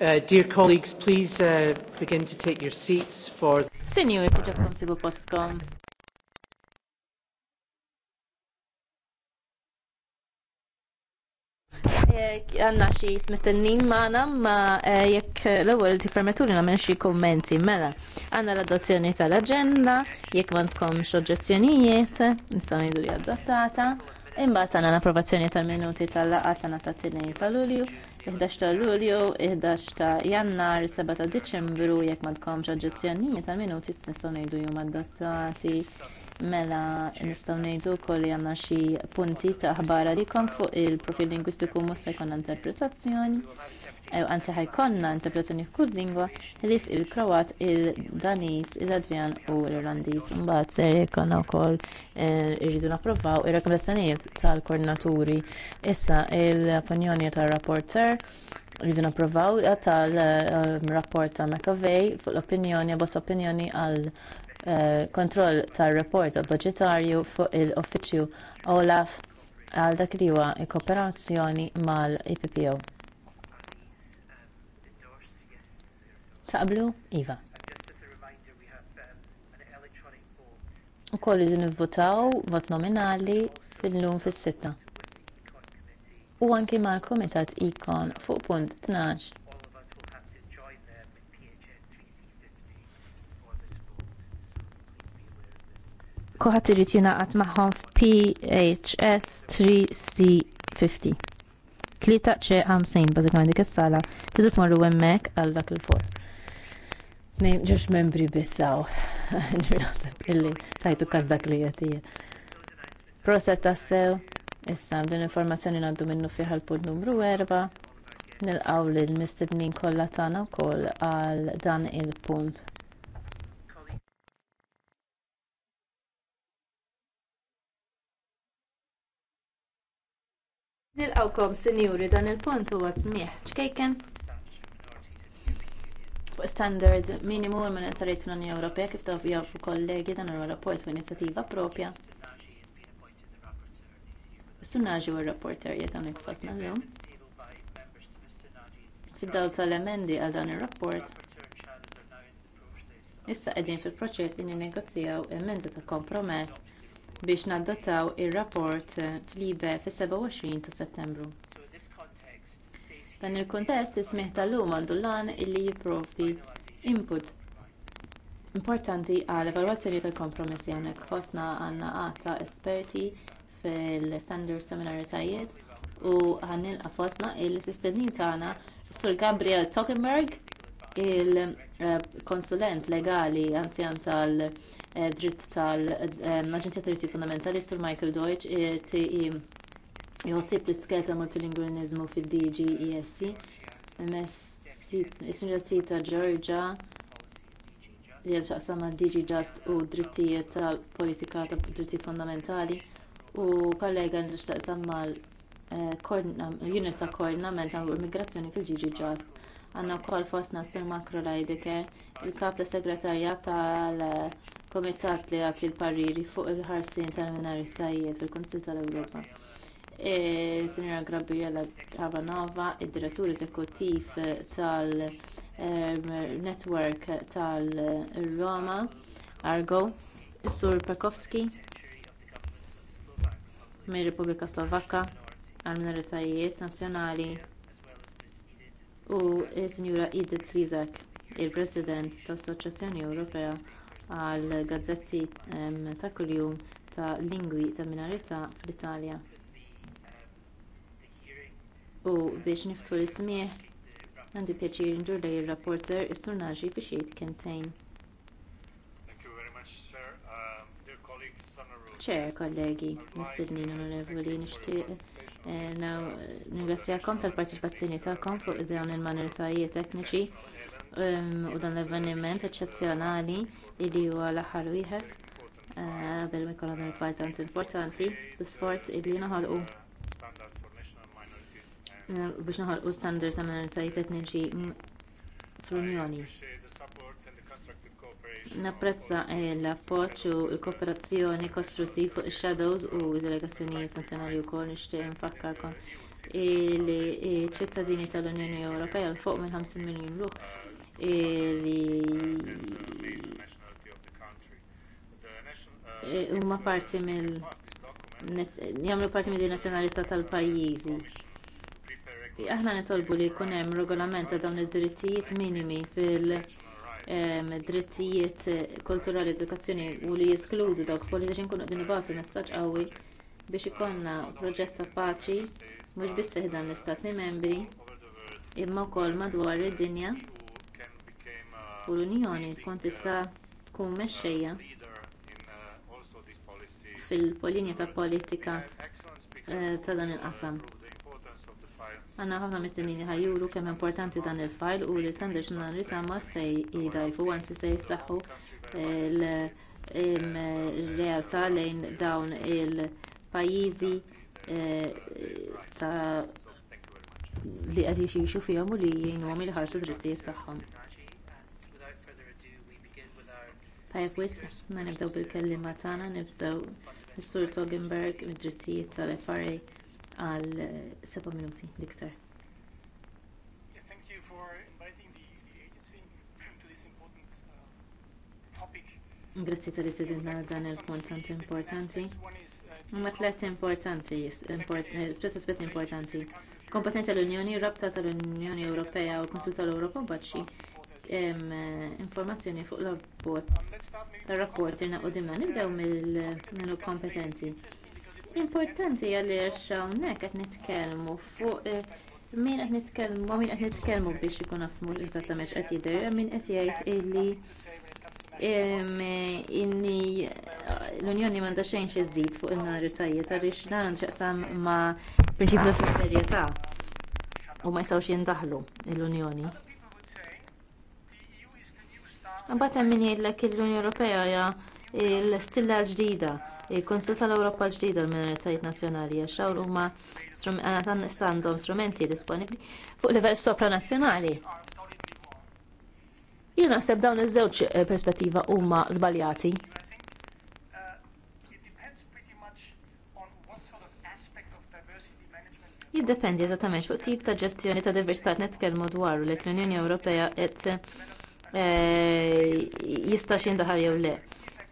Uh, dear colleagues, please uh, begin to take your seats for... Għanna xie smistennin maħna ma eh, jekk l-ewel ti permetu li xie kommenti mela. Għanna l-adozzjoni tal-agenda, jekk mandkom xoġġezzjonijiet, nistan jidu li għaddattata. Imbat għanna l-approvazzjoni tal-minuti tal-laqqa ta' 2 ta' lulju 11 ta' Lulju, 11 ta' Jannar, 7 ta' Diċembru, jekk ma tkomx oġġezzjonijiet ta' minuti nistgħu ngħidu jum adattati. Mela, nistgħu ngħidu wkoll li għandna xi punti ta' ħbara li fuq il-profil lingwistiku mhux se jkollna interpretazzjoni. Anzi ħajkonna interpretazzjoni f'kull lingwa li il-Kroat, il-Daniż, il-Latvjan u l-Irlandiż. Mbagħad se jkollna wkoll eh, irridu napprovaw ir-rakkomandazzjonijiet tal-koordinaturi. Issa l-opinjoni tar-rapporter Rridu napprovaw eh, tal-rapport eh, ta' McAvey fuq l-opinjoni, boss opinjoni għal Eh, kontroll tar-report budġetarju fuq il-Uffiċċju Olaf għal dak li huwa kooperazzjoni mal-IPPO. Taqblu? Iva. Ukoll iżin votaw vot nominali fil-lum fis-sitta. U anki mal-Kumitat Ikon fuq punt 12 Kohat irrit jinaqat maħħom PHS 3C50. Tlita ċe għamsejn, bazzikament dik is-sala, tiżu tmorru hemmhekk għal dak il-for. Nejn ġewx membri bissaw, naħseb illi tajtu każ dak li jatija. Proset tassew, issa din informazzjoni għaddu minnu fiħal pod numru 4, li lil mistednin kollha tagħna wkoll għal dan il-punt. Nilqawkom, sinjuri, dan il-punt huwa smieħ ċkejken fuq standard minimu monetariet fl-Unjoni Ewropea kif taw jafu kollegi dan huwa rapport fuq inizjattiva propja. Sunnaġi u r-rapporter jiet hawnhekk fasna llum. Fid-dawl tal-emendi għal dan ir-rapport. Issa qegħdin fil-proċess li ninnegozzjaw emenda ta' kompromess biex nadottaw ir-rapport fl-IBE fis-27 ta' Settembru. Dan il-kuntest ismiħ tal-lum għandu li illi jipprovdi input importanti għal evalwazzjoni tal-kompromessi għandek ħosna għandna għata esperti fil-standard seminaritajiet u għannilqa fosna il fistennin tagħna Sur Gabriel Tokenberg, il-konsulent legali anzjan tal- Eh, dritt tal eh, aġenzija tal-Dritti Fundamentali Sur Michael Deutsch jħossib eh, l-iskel ta' multilingwinizmu fid-DG ESC. is ta' Georgia li għal ma' DG e Just u drittijiet tal-politika ta' drittijiet fundamentali u kollega nixtaqsam mal unit ta' koordinament ta' immigrazzjoni fil-DG e Just. Għanna kol fosna Sur Makro Lajdeker, il-kap ta' segretarja tal- komitat li għat il parriri fuq il-ħarsin tal-minorizzajiet fil-Konsil tal-Ewropa. E, Sinjora Grabriela Habanova, id-direttur eżekuttiv tal-Network tal-Roma, Argo, Sur Pakowski, mir Repubblika Slovakka, għal-Minoritajiet Nazzjonali, u e, Sinjura Idit Rizak, il-President tal soċjazzjoni Ewropea għal gazzetti ta' kuljum ta' lingwi ta' minarita fl-Italja. U biex niftu l-ismieħ, għandi pjaċir nġur lej il-rapporter is-surnaġi biex jgħid kentejn. Um, ċer kollegi, mistednin onorevoli, nixtieq ningrazzjakom tal-partiċipazzjoni tagħkom fuq dawn il manirtajiet tekniċi u dan l-avveniment eċċezzjonali li huwa l-aħħar wieħed eh, qabel ma jkollna dan il-fajl tant importanti, l-isforz illi naħolqu eh, biex naħolqu standards ta' minoritajiet etniċi fl-Unjoni. Napprezza eh, l-appoġġ u l-kooperazzjoni kostruttiv fuq ix-shadows u d-delegazzjonijiet nazzjonali wkoll nixtieq infakkarkom li ċittadini tal-Unjoni Ewropea l fuq minn 50 miljun ruħ li huma parti mill jagħmlu parti mid nazzjonalità tal-pajjiżi. Aħna nitolbu li jkun hemm regolament ta' dawn id-drittijiet minimi fil-drittijiet ehm, kulturali edukazzjoni u li jeskludu dawk politiċi nkunu qegħdin nibagħtu messaġġ qawwi biex ikollna proġett ta' paċi mhux biss fih dan l-istati membri imma wkoll madwar id-dinja u l-Unjoni tkun tista' tkun mexxejja fil-polinja ta' politika eh, ta' dan il-qasam. Għanna ħafna mistennini ħajuru kemm importanti dan il-fajl u l-standards nari ta' ma se jidajfu għansi se jissaxħu eh, l-realtà lejn dawn il-pajizi eh, ta' li qed jiexu fihom u li jgħinuhom il-ħarsu drittijiet tagħhom. Tajab nibdew bil-kellima tagħna, nibdew Is-Sur Togenberg mid-drittijiet tal-FRA għal eh, seba' minuti l-iktar. Uh, Grazzi tal-istudinna dan il-punt tant importanti. Uh, Huma tliet importanti, tliet eh, aspetti importanti. Kompetenza tal-Unjoni, rabta tal-Unjoni Ewropea u Konsul tal-Ewropa mbaċċi Eh, informazzjoni fuq l-abbozz tar-rapport irna qudimna nibdew mill-kompetenzi. Importanti għaliex hawnhekk qed nitkellmu fuq eh, min qed nitkellmu min qed nitkellmu biex ikun naf mhux eżattament qed jidher, min qed jgħid illi inni l-Unjoni m'għandha xejn xi żid fuq in-nar għaliex dan għandu x'aqsam ma' prinċipju ta' sussidjarjetà u ma jistgħux jindaħlu l-Unjoni. Mbagħad hemm min jgħidlek l-Unjoni Ewropea hija l-stilla l-ġdida, il-Konsil tal-Ewropa l-ġdida l-Minoritajiet Nazzjonali għax hawn huma eh, għandhom strumenti disponibbli fuq livell sopranazzjonali. Jien naħseb dawn iż-żewġ eh, perspettiva huma żbaljati. Jiddependi eżattament fuq tip ta' ġestjoni ta' diversità qed nitkellmu dwar li l-Unjoni Ewropea qed Eh, jistax jindaħal jew le.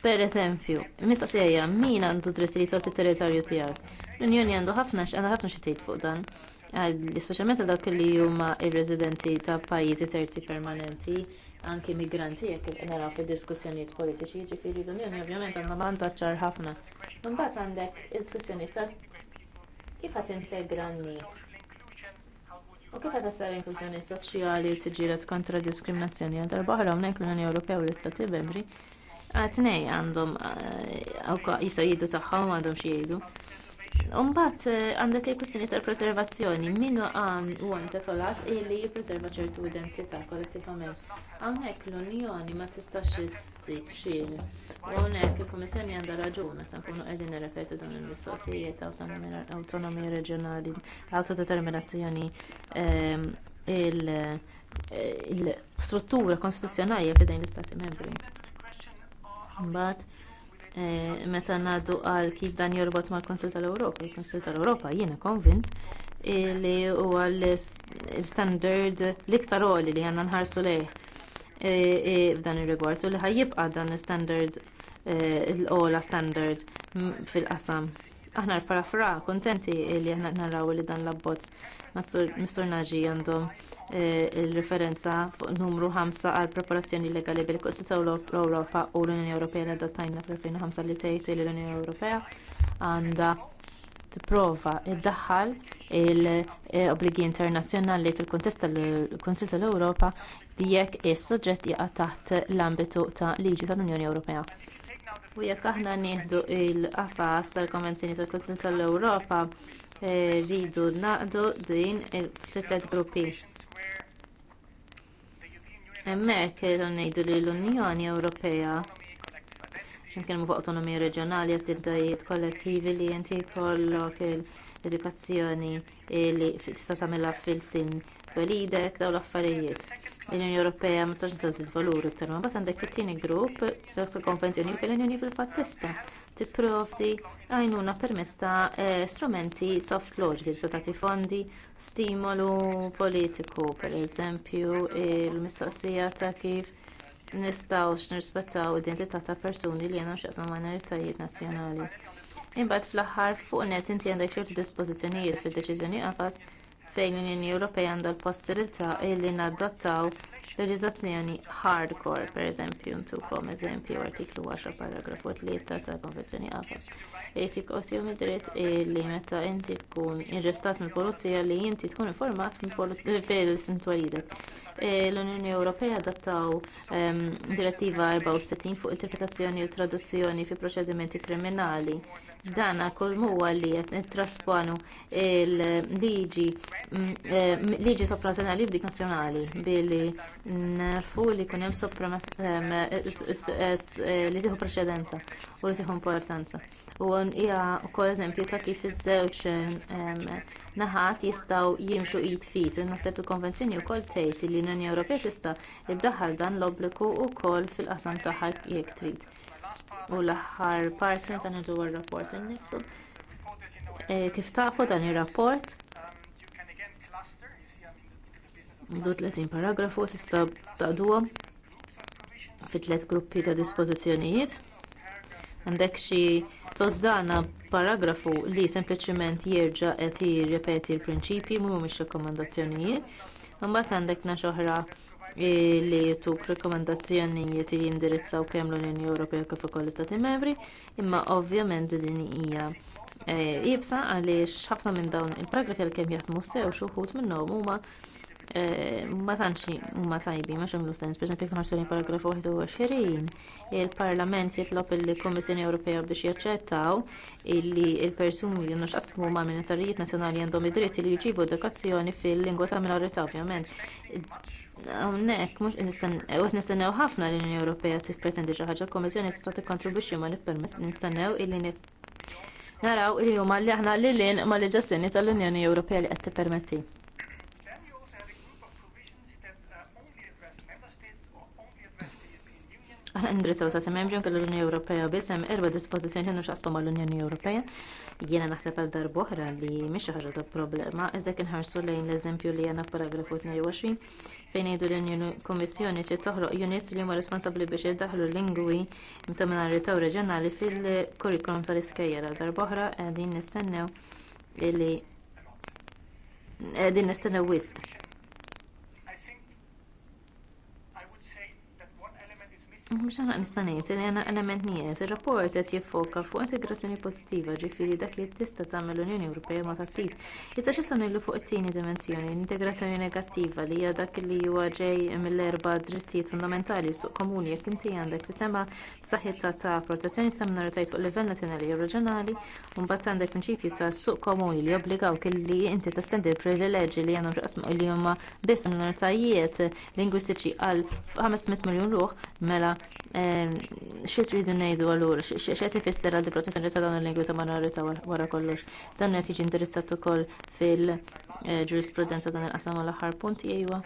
Per eżempju, sejja min għandu dritt li it-territorju tiegħek. L-Unjoni għandu ħafna għandu ħafna xi tgħid fuq dan. Speċjalment dawk li huma ir-residenti ta' pajjiżi terzi permanenti, anki migranti jekk naraw fid-diskussjonijiet politiċi, jiġifieri l-Unjoni ovvjament għandna vantaġġar ħafna. Imbagħad għandek il-kwistjoni ta' kif qed integra n-nies U kif għadha sar inklużjoni soċjali t-ġirat kontra diskriminazzjoni għal u nek l-Unjoni Ewropea u l-Istati Membri għatnej għandhom eh, jistgħu jgħidu tagħhom għandhom xi jgħidu. Umbat eh, għandek il-kwistjoni tal-preservazzjoni, minnu għan u um, għan t-tolat illi jippreserva ċertu identità kollettivament. Hawnhekk l-Unjoni ma t-istaxis ftit xir. U hawnhekk il-Kummissjoni għandha raġun meta nkunu qegħdin nirrepetu dawn il-mistoqsijiet autonomija reġjonali, autodeterminazzjoni ehm, il-struttura konstituzzjonali fidejn l-Istati membri. Mbagħad eh, meta ngħaddu għal kif dan jorbot mal-Konsil tal-Ewropa, il-Konsil tal-Ewropa jiena konvint li huwa l-standard l-iktar għoli li għandna nħarsu lejh f'dan ir-rigward u li ħajjibqa' dan l-standard e, l-ola standard fil-qasam. Aħna l-parafra kuntenti li aħna naraw li dan l-abbozz Mr. Naġi għandhom e, il-referenza fuq numru 5 għal preparazzjoni legali bil-Kosti ta' l-Europa u l-Unjoni Ewropea li adottajna fl-2005 li tgħid li l-Unjoni Ewropea għandha tipprova ddaħħal l e, obbligi internazzjonali fil-kuntest tal-Kunsil tal-Ewropa jekk is-suġġett jaqa' taħt l-ambitu ta' liġi tal-Unjoni Ewropea. U jekk aħna nieħdu l-qafas tal-Konvenzjoni tal-Kunsil tal-Ewropa eh, rridu naqdu din il-tliet gruppi. Hemmhekk ngħidu li l-Unjoni Ewropea x'imkien fuq autonomija reġjonali attivitajiet kollettivi li jenti jkollok l-edukazzjoni li tista' tagħmilha fil-sin twelidek dawn l-affarijiet l-Unjoni Ewropea ma tistax tiżżoż il-valur iktar ma mbagħad għandek it-tieni grupp ta' konvenzjoni fil-Unjoni fil-fatt tista' tipprovdi għajnuna permezz ta' eh, strumenti soft law ġifieri se tagħti fondi, stimolu politiku, pereżempju il-mistoqsija ta' kif nistgħux nirrispettaw identità ta' persuni li għandhom x'aqsmu minoritajiet nazzjonali. Imbagħad fl-aħħar fuq net inti għandek xorti dispożizzjonijiet fid-deċiżjoni qafas fejn l-Unjoni Ewropea għandha l-possibilità li nadattaw leġiżlazzjoni hardcore, pereżempju ntukom eżempju artiklu 10 paragrafu 3 tal-Konvenzjoni Qafas. Irid jikqosjom id-dritt li meta inti tkun irrestat mill-Pulizija li inti tkun informat fil-sintwalidek. E, L-Unjoni Ewropea adattaw ehm, direttiva 64 fuq interpretazzjoni u traduzzjoni fi proċedimenti kriminali Dan kol huwa li qed nittrasponu il-liġi mm, eh, liġi soprazjonali b'dik nazzjonali billi nerfu li jkun hemm ehm, eh, li tieħu preċedenza u li tieħu importanza. U hija wkoll eżempju ta' kif iż-żewġ ehm, naħat jistgħu jimxu id fit u naħseb il-konvenzjoni wkoll tgħid li l-Unjoni Ewropea tista' iddaħħal dan l-obbligu wkoll fil-qasam tagħha jekk trid. U l-aħħar parti ta' nidu rapport innifsu. Eh, kif tafu dan ir-rapport? Mdu 30 paragrafu tista' taqduhom fi tliet gruppi ta' dispożizzjonijiet. Għandek xi tożżana paragrafu li sempliċement jerġa' qed jirrepeti l-prinċipji mhumiex rakkomandazzjonijiet. Mbagħad għandek nax oħra li jituk rekomendazzjonijiet li jindirizzaw kemm l-Unjoni Ewropea kif ukoll l-Istati Membri, imma ovvjament din hija eh, jibsa għaliex ħafna minn dawn il-paragrafi għal kemm jaħdmu sew xi wħud minnhom huma eh, ma tantx huma tajbin ma xemlu sens, pereżempju fl-ħarsu paragrafu 21, il-Parlament jitlob il-Kommissjoni Ewropea biex jaċċettaw illi il-persuni li nux qasmu ma' nazzjonali għandhom id-dritt li jġibu edukazzjoni fil-lingwa ta' minorità ovvjament hawnhekk mhux qed nistennew ħafna l-Unjoni Ewropea tippretendi xi ħaġa l-Kummissjoni tista' tikkontribwixxi ma nippermett nistennew illi naraw li huma li aħna lilin ma leġazzjoni tal-Unjoni Ewropea li qed tippermetti. Għal Aħna indirizzaw sa' membri anke l-Unjoni Ewropea biss hemm erba' dispożizzjoni kienu x'qasba mal-Unjoni Ewropea. Jiena naħseb għal darba oħra li mhix ħaġa ta' problema, iżda kien ħarsu lejn l-eżempju li għandna paragrafu 22 fejn jgħidu l-Unjoni Kummissjoni ċi toħloq units li huma responsabbli biex jiddaħlu lingwi ta' minoritaw reġjonali fil-kurrikulum tal-iskejjer għal darba oħra qegħdin nistennew li qegħdin nistennew wisq Mux għana nistanejt, li għana element nijes, il-rapport għet jiffoka fuq integrazzjoni pozittiva ġifiri dak li tista tagħmel l-Unjoni Ewropea ma Jista Issa xissan illu fuq it-tieni dimensjoni, l-integrazzjoni negattiva li hija dak li huwa ġej mill-erba drittijiet fundamentali suq komuni jekk inti għandek sistema saħħitta ta' protezzjoni ta' minoritajt fuq level nazjonali u reġjonali, u mbagħad għandek prinċipju ta' suq komuni li obbligaw kelli inti testendi l-privileġġi li għandhom x'qasmu li huma bis minoritajiet lingwistiċi għal 500 miljun ruħ mela xi tridu ngħidu allura, x'qed ifisser għal protezzjoni ta' dawn il-lingwi ta' minorità wara kollox. Dan qed jiġi indirizzat ukoll fil-ġurisprudenza eh, dan il-qasam l-aħħar punt jgħiwa.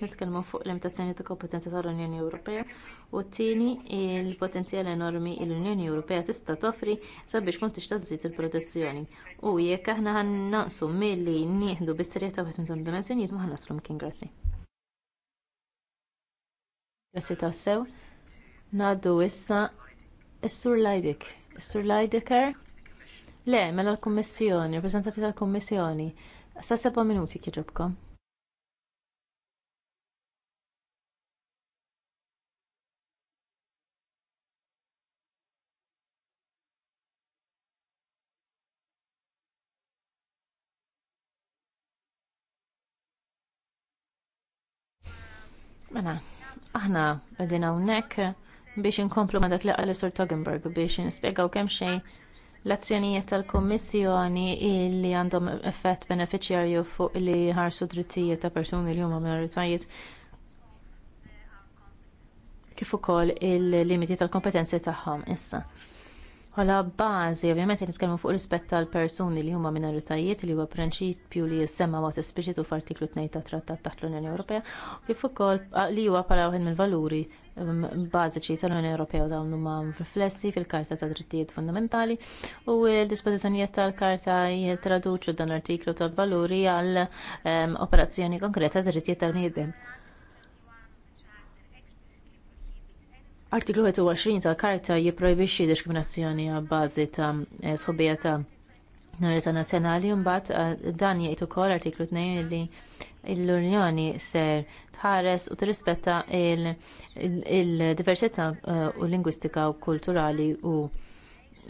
Nitkellmu fuq limitazzjoni ta' kompetenza tal-Unjoni Ewropea u t-tieni il-potenzjal enormi l unjoni Ewropea tista' toffri sabiex kont tixta' żżid il-protezzjoni. U jekk aħna ħannaqsu milli nieħdu bis-serjetà waħed minn dawn id-donazzjonijiet ma ħanaslu mkien grazzi. Grazzi tassew. Naddu issa Is-Sur Lajdik. Is-Sur Lajdiker? Le, mela l-Kummissjoni, rappresentanti tal-Kummissjoni. Sa seba' minuti kieġobkom. Mela. Aħna għedin hawnhekk biex inkomplu ma dak li qal Sur Togenberg biex nispjegaw kemm xejn l-azzjonijiet tal-Kummissjoni li għandhom effett benefiċjarju fuq li ħarsu drittijiet ta' persuni li huma minoritajiet kif ukoll il-limiti tal-kompetenzi tagħhom issa. Għala bażi, ovvjament qed nitkellmu fuq rispett tal-persuni li huma minoritajiet li huwa prinċipju li jissemma mod espliċitu f'artiklu 2 tat Trattat taħt l-Unjoni Ewropea, kif ukoll li huwa pala wieħed mill-valuri mm, bażiċi tal-Unjoni Ewropea u dawn huma riflessi fil-Karta ta' Drittijiet Fundamentali u l-dispożizzjonijiet tal-Karta jittraduċu dan l-artiklu tal-valuri għal ehm, operazzjoni konkreta drittijiet tal-bniedem. Artiklu 21 tal-Karta jipprojbixxi diskriminazzjoni għabbażi ta' eh, sħobija ta' minorità nazzjonali mbagħad eh, dan jgħid ukoll artiklu 2 li l-Unjoni ser tħares u tirrispetta il-diversità eh, u lingwistika u kulturali u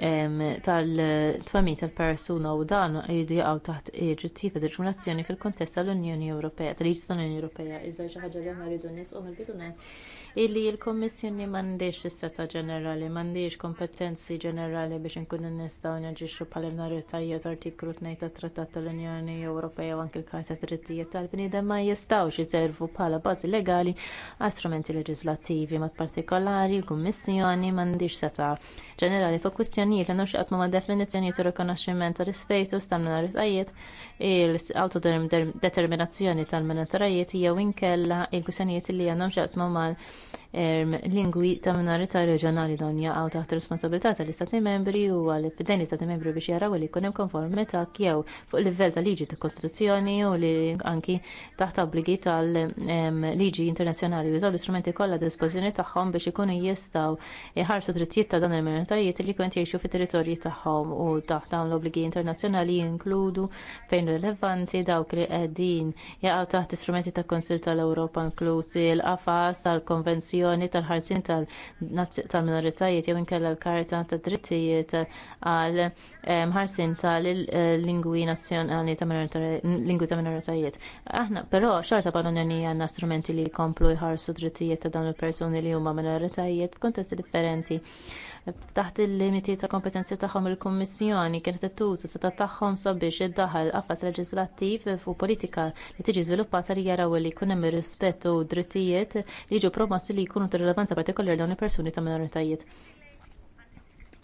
tal-tfami tal-persuna u dan jridu taħt ir-rittijiet ta' diskriminazzjoni fil-kontest tal-Unjoni Ewropea, tal-Liġi tal-Unjoni Ewropea, iżda xi ħaġa li aħna rridu nisqu mill illi l-Kommissjoni m'għandix is-seta ġenerali, m'għandix kompetenzi ġenerali biex inkunu nistgħu naġixxu bħala minoritajiet artiklu 2 tat-Trattat tal-Unjoni Ewropea u anke l-Karta Trittijiet tal-Bniedem ma jistgħux iservu bħala bażi legali għal strumenti leġislattivi mat partikolari l-Kummissjoni m'għandix seta ġenerali fuq kwistjonijiet li nux qasma ma' definizzjonijiet u rikonoxximent tal-istatus tal-minoritajiet l-autodeterminazzjoni tal-minatarajiet jew inkella il-kwistjonijiet li għandhom x'jaqsmu mal Erm, lingwi ta' minorità reġjonali dawn jaqgħu taħt responsabilità tal-istati membri u għal epideni stati membri biex jaraw li jkun hemm konformità jew fuq livell ta' liġi ta' kostruzzjoni u li anki taħt obbligi tal-liġi ehm, internazzjonali jużaw l-istrumenti kollha dispożizzjoni tagħhom biex ikunu jistgħu jħarsu drittijiet ta' dawn il-minoritajiet li kont jgħixu fit-territorji tagħhom u taħt dawn l-obbligi internazzjonali jinkludu fejn rilevanti dawk li qegħdin jaqgħu taħt istrumenti ta' Konsil tal-Ewropa inklużi l-qafas tal-Konvenzjoni kwestjoni tal-ħarsin tal-minoritajiet jew inkella l-karta tad drittijiet għal ehm, ħarsin tal-lingwi nazzjonali lingwi ta' minoritajiet. Aħna però xorta pal-Unjoni għandna strumenti li jkomplu jħarsu drittijiet ta' dawn il-persuni li huma minoritajiet f'kontesti differenti taħt il-limiti ta' kompetenzi tagħhom il-Kummissjoni kienet tuża seta' tagħhom sabiex iddaħħal qafas leġislattiv u politika li tiġi żviluppata li jaraw li jkun hemm rispett u drittijiet li jiġu promossi li jkunu ta' rilevanza partikolari dawn il-persuni ta' minoritajiet.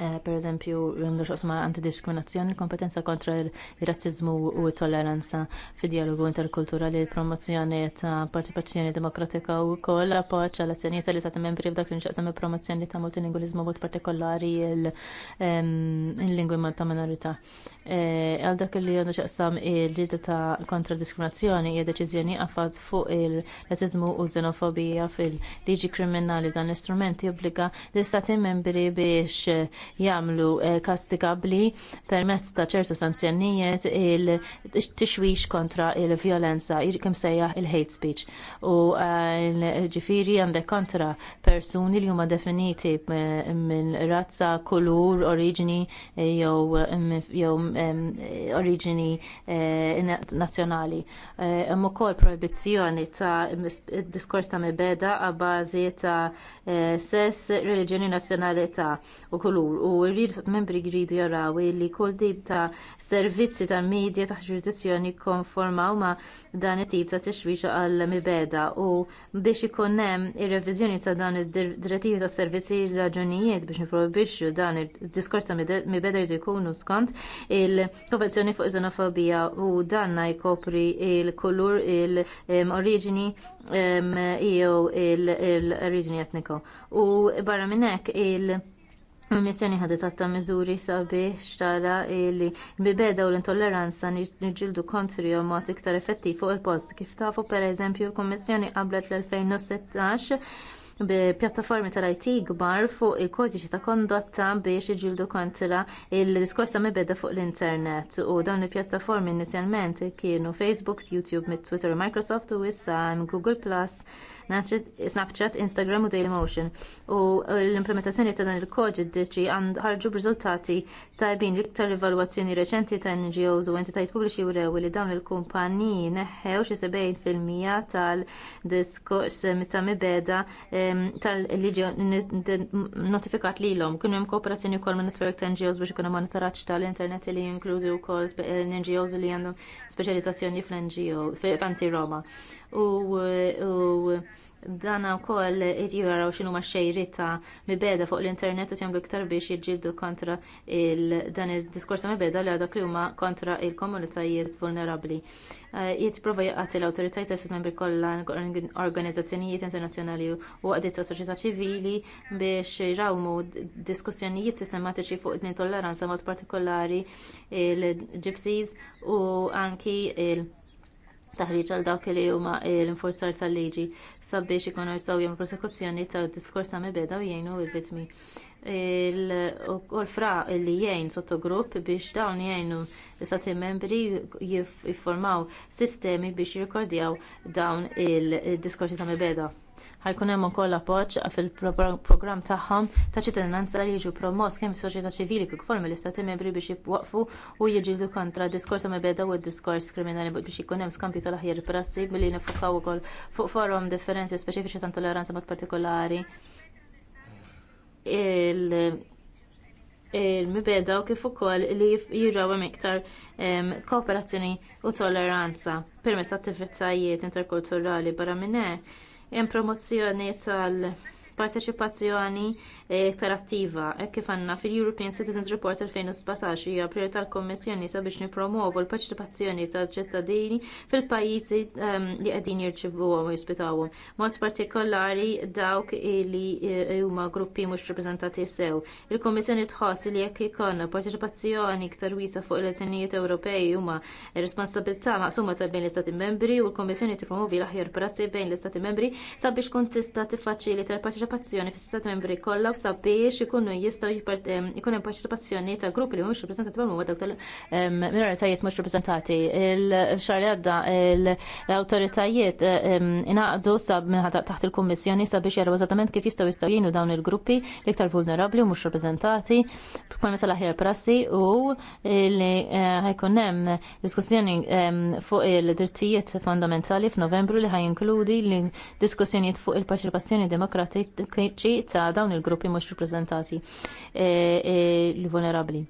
Eh, per eżempju, għandu xoqsma antidiskriminazzjoni, kompetenza kontra il-razzizmu u tolleranza fi dialogu interkulturali, promozzjoni ta' partipazzjoni demokratika u kol, appoċ għal azzjonijiet li ta' membri f'dak li nxaqsam promozzjoni ta' multilingualizmu mod partikolari il-lingwi ta' minorita. Eh, għal dak li għandu xoqsam il-rida ta' kontra diskriminazzjoni hija deċiżjoni għafad fuq il-razzizmu u xenofobija fil-liġi kriminali dan l-istrument jobbliga l-istati membri biex jagħmlu eh, kastikabli permezz ta' ċertu sanzjonijiet il-tixwix kontra il-vjolenza, kemm sejjaħ il-hate speech. U eh, ġifiri għandek kontra persuni li huma definiti minn razza, kulur, oriġini eh, jew mm, mm, oriġini nazzjonali. Hemm ukoll proibizzjoni ta' diskors ta' mibeda għabbażi ta' sess, reliġjoni, nazzjonalità u kulur u rridu sat membri jridu jaraw li kull tip ta' servizzi tal-medja taħt ġurisdizzjoni konformaw ma' dan it-tip ta' tixwiċa għal mibeda u biex ikun hemm ir-reviżjoni ta' dan id-direttivi tas servizzi raġunijiet biex niprobixxu dan id-diskors ta' mibeda jridu jkunu skont il-konvenzjoni fuq xenofobija u danna jkopri il-kulur il-oriġini jew il-oriġini etniko. U barra minnek il- Il-missjoni ħadet għatta miżuri sabiex tara li bibeda u l-intolleranza niġġieldu u mod iktar effettiv fuq il-post. Kif tafu pereżempju l-Kummissjoni qablet l-2016 b'pjattaformi tal-IT kbar fuq il-kodiċi ta' kondotta biex iġildu kontra il-diskors ta' mibeda fuq l-internet u dawn il-pjattaformi inizjalment kienu Facebook, YouTube, Twitter u Microsoft u issa Google Plus, Snapchat, Instagram u Dailymotion. U l-implementazzjoni ta' dan il-kodiċi għand ħarġu b'riżultati tajbin l-iktar evalwazzjoni reċenti ta' NGOs u entitajiet pubbliċi u rew li dawn il-kumpaniji neħħew xi 70% tal-diskors ta' mibeda eh, tal-liġi notifikat li l-om. Kienu jem kooperazzjoni kol minn netwerk ta' NGOs biex ikunu monitoraċ tal-internet li jinkludi u kol eh, NGOs li għandhom specializzazzjoni fl-NGO, f'anti-Roma. U dana wkoll qed jaraw x'inhuma x-xejriet ta' mibeda fuq l-internet u tjamlu iktar biex jiġġieldu kontra dan id diskorsa ta' mibeda li għadak li huma kontra l komunitajiet vulnerabbli. Eh, prova jgħati l-awtoritajiet ta' membri kollha organizzazzjonijiet internazzjonali u għadit ta' soċjetà ċivili biex jrawmu diskussjonijiet sistematiċi fuq id-nitolleranza mod partikolari il-gypsies u anki il- taħriġ għal dawk li huma l-infurzar tal-liġi sabiex ikunu jistgħu jagħmlu prosekuzzjoni tad diskors ta' mibeda u jgħinu l-vittmi. Il-fra li jgħin sottogrupp biex dawn jgħinu stati membri jiffurmaw sistemi biex jirkordjaw dawn il-diskorsi ta' mibeda ħajkun hemm ukoll appoġġ fil-programm tagħhom ta' ċittadinanza li jiġu promoss kemm is-soċjetà ċivili kif ukoll mill-istati membri biex jwaqfu u jiġġieldu kontra diskors mibeda u d-diskors kriminali biex ikun hemm skambju tal-aħjar prassi billi nifukaw ukoll fuq forum differenzi speċifiċi ta' toleranza mod partikolari il-mibeda u kif ukoll li hemm iktar kooperazzjoni u tolleranza permezz attivitajiet interkulturali barra minn hekk jem promozzjoni tal- parteċipazzjoni eh, iktar attiva. Hekk kif għandna fil-European Citizens Report 2017 hija priorità tal-Kommissjoni sabiex nippromovu l-parteċipazzjoni tal-ċittadini fil-pajjiżi ehm, li qegħdin jirċivuhom u jispitawhom. Mod partikolari dawk li eh, huma gruppi mhux rappreżentati sew. Il-Kommissjoni tħoss li jekk ikollna parteċipazzjoni iktar wiesa fuq il elezzjonijiet Ewropej huma responsabilità maqsuma ta' bejn l-Istati membri u l-Kommissjoni tippromovi l-aħjar prassi bejn l-Istati membri sabiex kun tista' tiffaċilita l-parteċipazzjoni parteċipazzjoni fis-sistat membri kollha u sabiex ikunu jistgħu jkun hemm parteċipazzjoni ta' gruppi li mhumiex rappreżentati bħal huma dawk tal-minoritajiet mhux rappreżentati. Il-xahar li għadda l-awtoritajiet ingħaqdu sab taħt il-kummissjoni sabiex jaraw eżattament kif jistgħu jistgħu jgħinu dawn il-gruppi l-iktar vulnerabbli u mhux rappreżentati bħal mesa l-aħjar prassi u li eh, ħajkun hemm diskussjoni fuq il-drittijiet fondamentali f'Novembru li ħajinkludi l-diskussjonijiet fuq il-parċipazzjoni demokratik il ta' dawn il-gruppi mhux rappreżentati eh, eh, l vulnerabli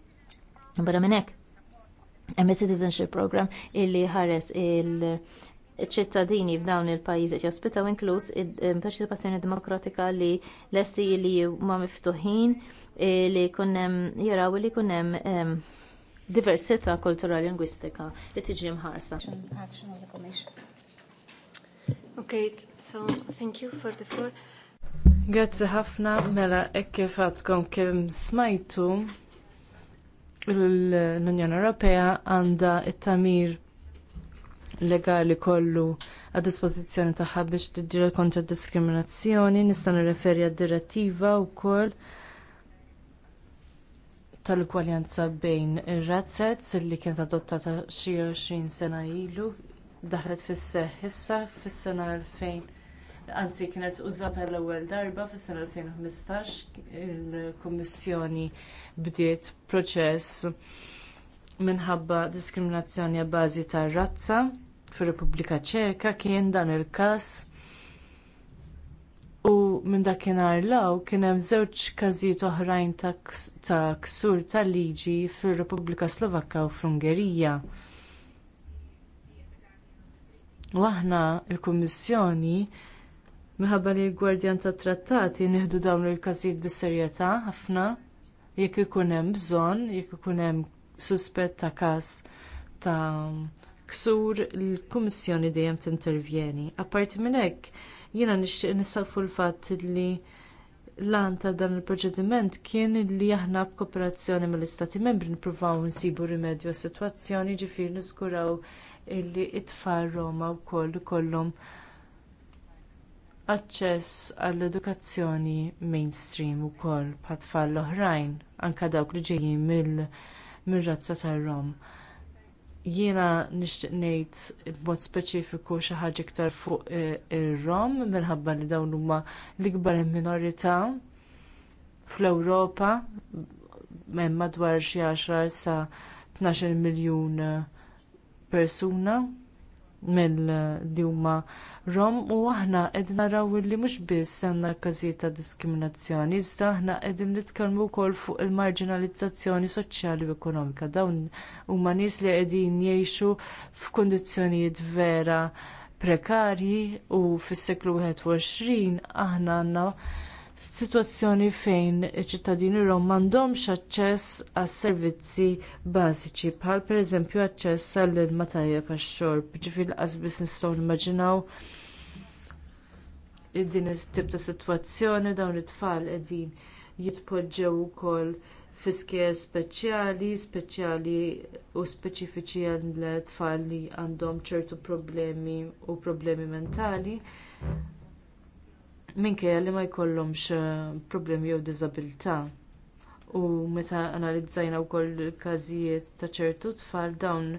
Bara minnek, hekk, hemm citizenship program illi ħares il- ċittadini f'dawn il-pajjiżi qed jospitaw inkluż il-parċipazzjoni demokratika li lesti li huma miftuħin eh, li kunnem jaraw li kunnem hemm ehm, diversità kulturali lingwistika li tiġi mħarsa. Okay, so thank you for the floor. Grazzi ħafna mela hekk kif għadkom kemm smajtu l-Unjoni Ewropea għandha it tamir legali kollu għad dispożizzjoni tagħha biex tiddira kontra d diskriminazzjoni, nista' nirreferi għad-direttiva wkoll tal-ugwaljanza bejn ir-razzets li kienet adottata xi 20 sena ilu daħlet fis-seħħ issa fis-sena 2000 anzi kienet użata l-ewwel darba fis-sena 2015 il-Kummissjoni bdiet proċess minħabba diskriminazzjoni bażi tar-razza fir-Repubblika Ċeka kien dan il-każ U minn dakinhar law kien hemm żewġ każijiet oħrajn ta' ksur tal-liġi fir-Repubblika Slovakka u fl-Ungerija. U aħna kummissjoni Minħabba li l-gwardjan tat trattati nieħdu dawn il-każijiet bis-serjetà ħafna jekk ikun hemm bżonn, jekk ikun hemm suspett ta' każ ta' ksur il-Kummissjoni dejjem tintervjeni. Apparti minn hekk, jiena nixtieq nisafu l-fatt li l-għan ta' dan il-proċediment kien li aħna b'kooperazzjoni mill-Istati Membri nippruvaw nsibu rimedju għas-sitwazzjoni ġifieri niżguraw li t tfal Roma wkoll ikollhom aċċess għall-edukazzjoni mainstream ukoll bħat tfal l-oħrajn, anke dawk li ġejjin mir-razza tar-Rom. Jiena nixtieq ngħid b'mod speċifiku xi ħaġa iktar fuq e, ir-Rom minħabba li dawn huma l-ikbar minorità fl-Ewropa hemm madwar xi 10 sa 12 miljun persuna mill-li huma rom u aħna qegħdin naraw li mhux biss għandna każijiet ta' diskriminazzjoni, iżda aħna qegħdin nitkellmu wkoll fuq il-marginalizzazzjoni soċjali u ekonomika. Dawn huma nies li qegħdin jgħixu f'kundizzjonijiet vera prekarji u fis-seklu 21 aħna għandna situazzjoni fejn iċ-ċittadini rom m'għandhomx aċċess għas servizzi bażiċi bħal pereżempju aċċess għall ilma tajjeb għax-xorb. Ġifieri biss nistgħu nimmaġinaw din tip ta' sitwazzjoni dawn it-tfal qegħdin jitpoġġew ukoll fi skiel speċjali, speċjali u speċifiċi għal tfal li għandhom ċertu problemi u problemi mentali minke li ma jkollhomx eh, problemi jew diżabilità. U meta analizzajna wkoll każijiet ta' ċertu tfal dawn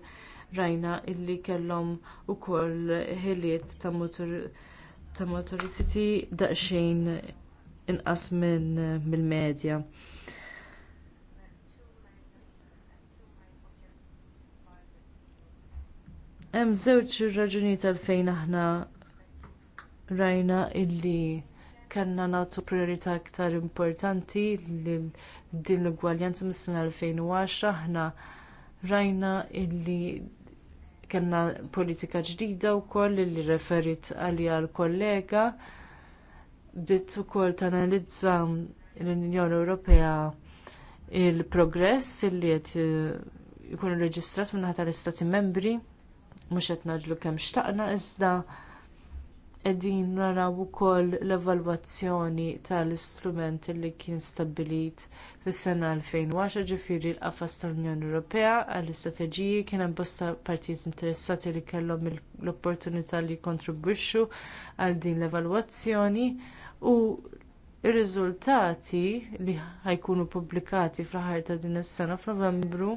rajna illi kellhom ukoll ħiliet ta' motor ta' daqsxejn inqas minn eh, mill-medja. Hemm żewġ raġunijiet għalfejn aħna rajna illi kellna nagħtu priorità aktar importanti lil din l-ugwaljanza mis-sena 2010 aħna rajna illi kellna politika ġdida wkoll illi referit għaliha għal kollega bdiet ukoll tanalizza l-Unjoni Ewropea l progress illi qed eh, jkun reġistrat minn tal-Istati Membri mhux qed naġlu kemm xtaqna iżda qegħdin naraw ukoll l-evalwazzjoni tal-istrument li kien stabbilit fis-sena 2010 ġifieri l-qafas tal-Unjoni Ewropea għall-istrateġiji kien hemm bosta partijiet interessati li kellhom l-opportunità li jikkontribwixxu għal din l-evalwazzjoni u r-riżultati li ħajkunu pubblikati fl-aħħar ta' din is-sena f'Novembru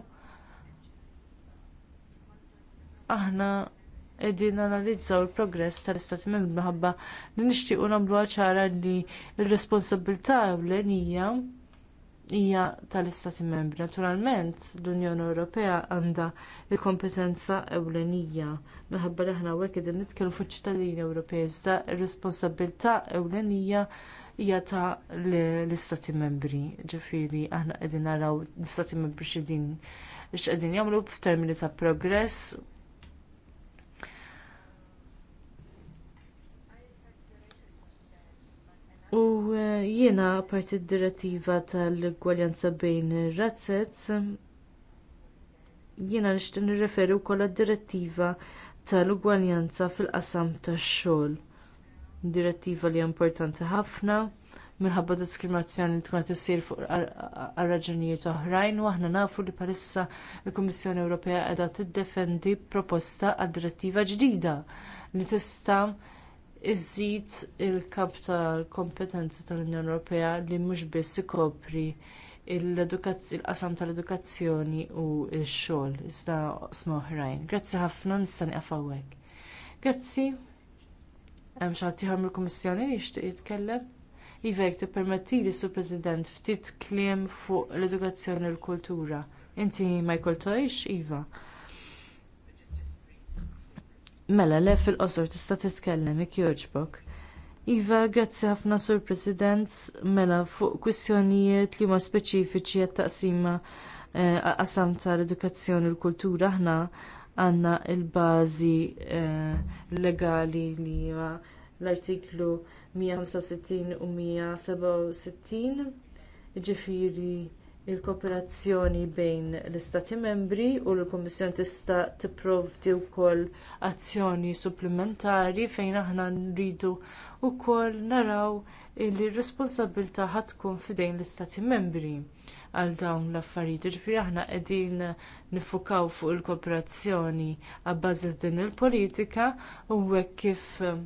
aħna qegħdin analizzaw il-progress tal-Istati Membri minħabba li nixtiequ nagħmlu ċara li l-responsabilità ewlenija hija tal-Istati Membri. Naturalment l-Unjoni Ewropea għandha l kompetenza ewlenija minħabba li aħna hawnhekk qegħdin nitkellmu fuq ċittadini Ewropej iżda r-responsabilità ewlenija hija ta' l-istati membri, Ġifieri aħna qegħdin naraw l-istati membri x'edin x'qegħdin jagħmlu f'termini ta' progress U eh, jiena parti d-direttiva tal-gwaljanza bejn ir-razzet, jiena nixtieq nirreferi wkoll għad-direttiva tal-ugwaljanza fil-qasam tax-xogħol. Direttiva li hija importanti ħafna minħabba diskriminazzjoni li tkun qed issir fuq raġunijiet oħrajn u aħna nafu li bħalissa l-Kummissjoni Ewropea qiegħda tiddefendi proposta għad direttiva ġdida li tista' iżid il-kap tal-kompetenza tal-Unjoni Ewropea li mhux biss ikopri il-qasam tal-edukazzjoni u x-xogħol iżda qosma oħrajn. Grazzi ħafna nista' nieqaf hawnhekk. Grazzi. Hemm xi ħadd mill-Kummissjoni li jixtieq jitkellem? Iva, jekk tippermettili, li su president ftit kliem fuq l-edukazzjoni u l-kultura. Inti ma jkoltojx, Iva. Mela, le fil-qosor tista' titkellem jekk jogħġbok. Iva, grazzi ħafna sur President, mela fuq kwistjonijiet li huma speċifiċi għat-taqsima eh, qasam tal-edukazzjoni u l-kultura aħna għandna l-bażi eh, legali li hija l-artiklu 165 u 167 ġifiri il-kooperazzjoni bejn l-Istati membri u l-Kummissjoni tista' tipprovdi wkoll azzjoni supplementari fejn aħna nridu wkoll naraw li r-responsabilità ħad tkun fidejn l-Istati membri għal dawn l-affarijiet. Ġifieri aħna qegħdin nifukaw fuq il-kooperazzjoni għabbażi din il-politika u hekk kif eh,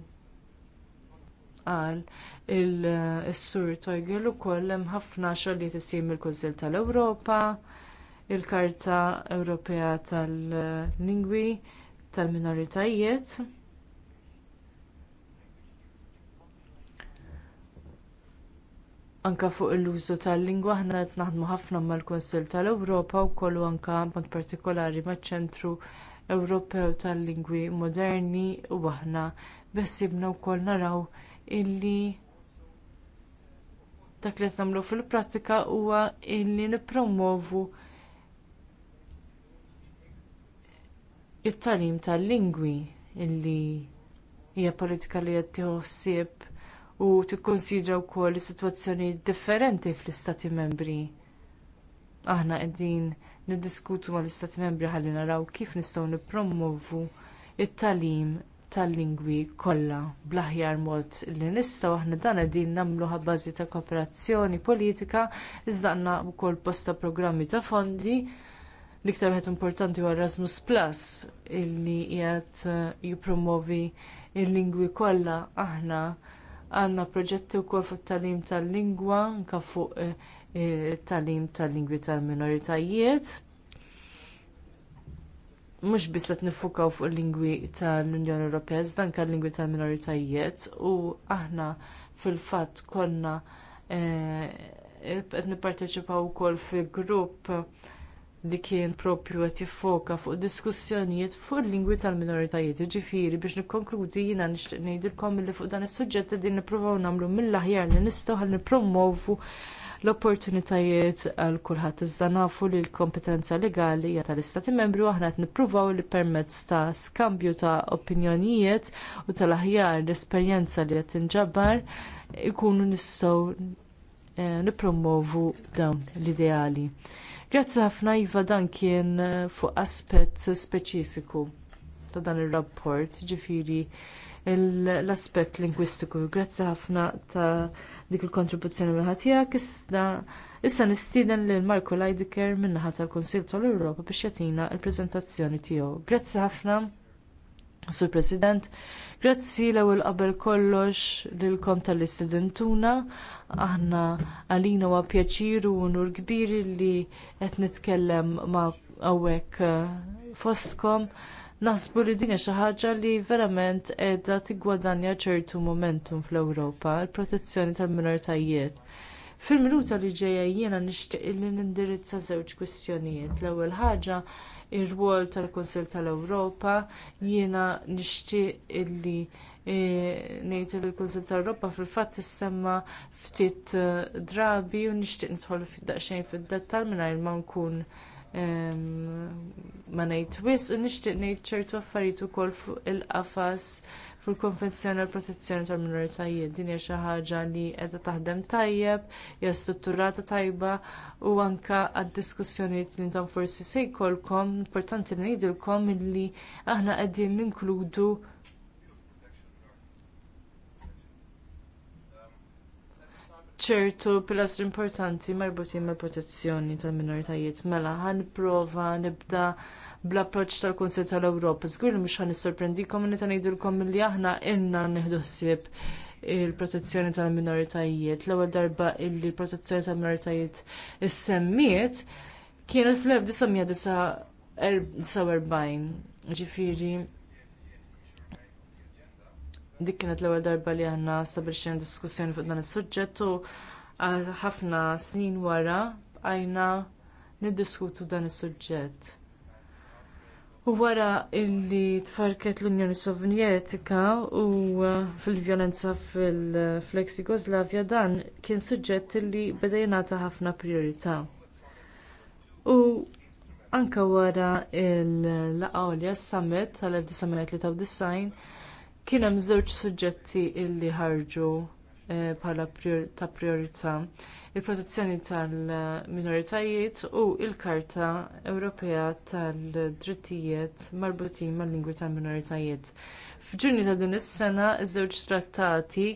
qal il-sur Tojgel ukoll hemm ħafna xogħol li tisim il-Kunsill tal-Ewropa, il-Karta Ewropea tal-Lingwi tal-Minoritajiet. Anke fuq il użu tal-lingwa aħna qed naħdmu ħafna mal-Kunsill tal-Ewropa wkoll anke b'mod partikolari maċ-Ċentru Ewropew tal-Lingwi Moderni u aħna beħsibna wkoll naraw illi dak li qed nagħmlu fil-prattika huwa illi nippromovu it-talim tal-lingwi illi hija politika li qed tiħossib u tikkunsidra wkoll situazzjoni differenti fl-istati membri. Aħna qegħdin niddiskutu mal istati membri ħalli naraw kif nistgħu nippromovu it-talim tal-lingwi kollha bl-aħjar mod li nistgħu aħna dan qegħdin nagħmluha bbażi ta' kooperazzjoni politika iżda għandna wkoll bosta programmi ta' fondi l-iktar wieħed importanti huwa Erasmus Plus illi qiegħed eh, jippromovi l lingwi kollha aħna għandna proġetti wkoll fuq it-talim tal-lingwa anke fuq eh, eh, it-talim tal-lingwi tal-minoritajiet mhux biss qed nifukaw fuq il-lingwi tal-Unjoni Ewropea, iżda anke l-lingwi tal-minoritajiet u aħna fil-fatt konna eh, qed nipparteċipaw ukoll fi grupp li kien propju qed jiffoka fuq diskussjonijiet fuq il-lingwi tal-minoritajiet. Ġifieri biex nikkonkludi jiena nixtieq ngħidilkom li fuq dan is-suġġett qegħdin nippruvaw nagħmlu mill-aħjar li nistgħu ħalli nippromovu l-opportunitajiet għal kulħadd iżda nafu li l-kompetenza legali hija tal-Istati Membru aħna qed nippruvaw li permezz ta' skambju ta' opinjonijiet u tal-aħjar l-esperjenza li qed inġabbar ikunu nistgħu eh, nippromovu dawn l-ideali. Grazzi ħafna Iva dan kien eh, fuq aspett speċifiku ta' dan ir-rapport, ġifiri l-aspett lingwistiku. Grazzi ħafna ta' dik il-kontribuzzjoni minn tiegħek, issa issa nistieden lil Marco Leidecker min-naħa tal-Kunsil tal-Ewropa biex jagħtina l-preżentazzjoni tiegħu. Grazzi ħafna, Sur President, grazzi l-ewwel qabel kollox lilkom tal-istudentuna, aħna għalina huwa pjaċir u nur kbir li qed nitkellem ma' hawnhekk eh, fostkom. Nasbu li din xi ħaġa li verament qiegħda tiggwadanja ċertu momentum fl-Ewropa, il-protezzjoni tal-minoritajiet. Fil-minuta li ġejja jiena nixtieq li nindirizza żewġ kwistjonijiet. L-ewwel ħaġa ir-rwol tal-Kunsill tal-Ewropa jiena nixtieq e, li ngħid il l-Kunsill tal-Ewropa fil-fatt issemma ftit e, drabi u nixtieq nidħol daqsxejn fid-dettall mingħajr ma nkun ma ngħid wis, nixtieq ngħid ċertu affarijiet ukoll fuq il-qafas fil-Konvenzjoni għall protezzjoni tal-Minoritajiet. Din hija xi ħaġa li qiegħda taħdem tajjeb, hija strutturata tajba u anke għad-diskussjonijiet li dan forsi se jkollkom importanti ngħidilkom li aħna qegħdin ninkludu ċertu pilastri importanti marbutin mal-protezzjoni tal-minoritajiet. Mela, ħanprova nibda bl-approċċ tal-Kunsil tal-Ewropa. Żgur li mhux ħanissorprendikom li ngħidulkom li aħna inna nieħdu ħsieb il-protezzjoni tal-minoritajiet. L-ewwel darba illi l-protezzjoni tal-minoritajiet issemmiet kienet fl-1949 ġifieri dik kienet l-ewwel darba li aħna stabilxina diskussjoni fuq dan is-suġġett u ħafna snin wara bqajna niddiskutu dan is-suġġett. U wara illi tfarket l-Unjoni Sovjetika u fil-vjolenza fil flexigoslavja Jugoslavja dan kien suġġett illi beda jingħata ħafna priorità. U anke wara l-laqgħa s summit tal-1993 Kien hemm żewġ suġġetti illi ħarġu eh, bħala ta' priorità il-protezzjoni tal-minoritajiet u l karta Ewropea tal-drittijiet marbutin mal-lingwi tal-minoritajiet. F'ġunju ta' din is-sena iż-żewġ trattati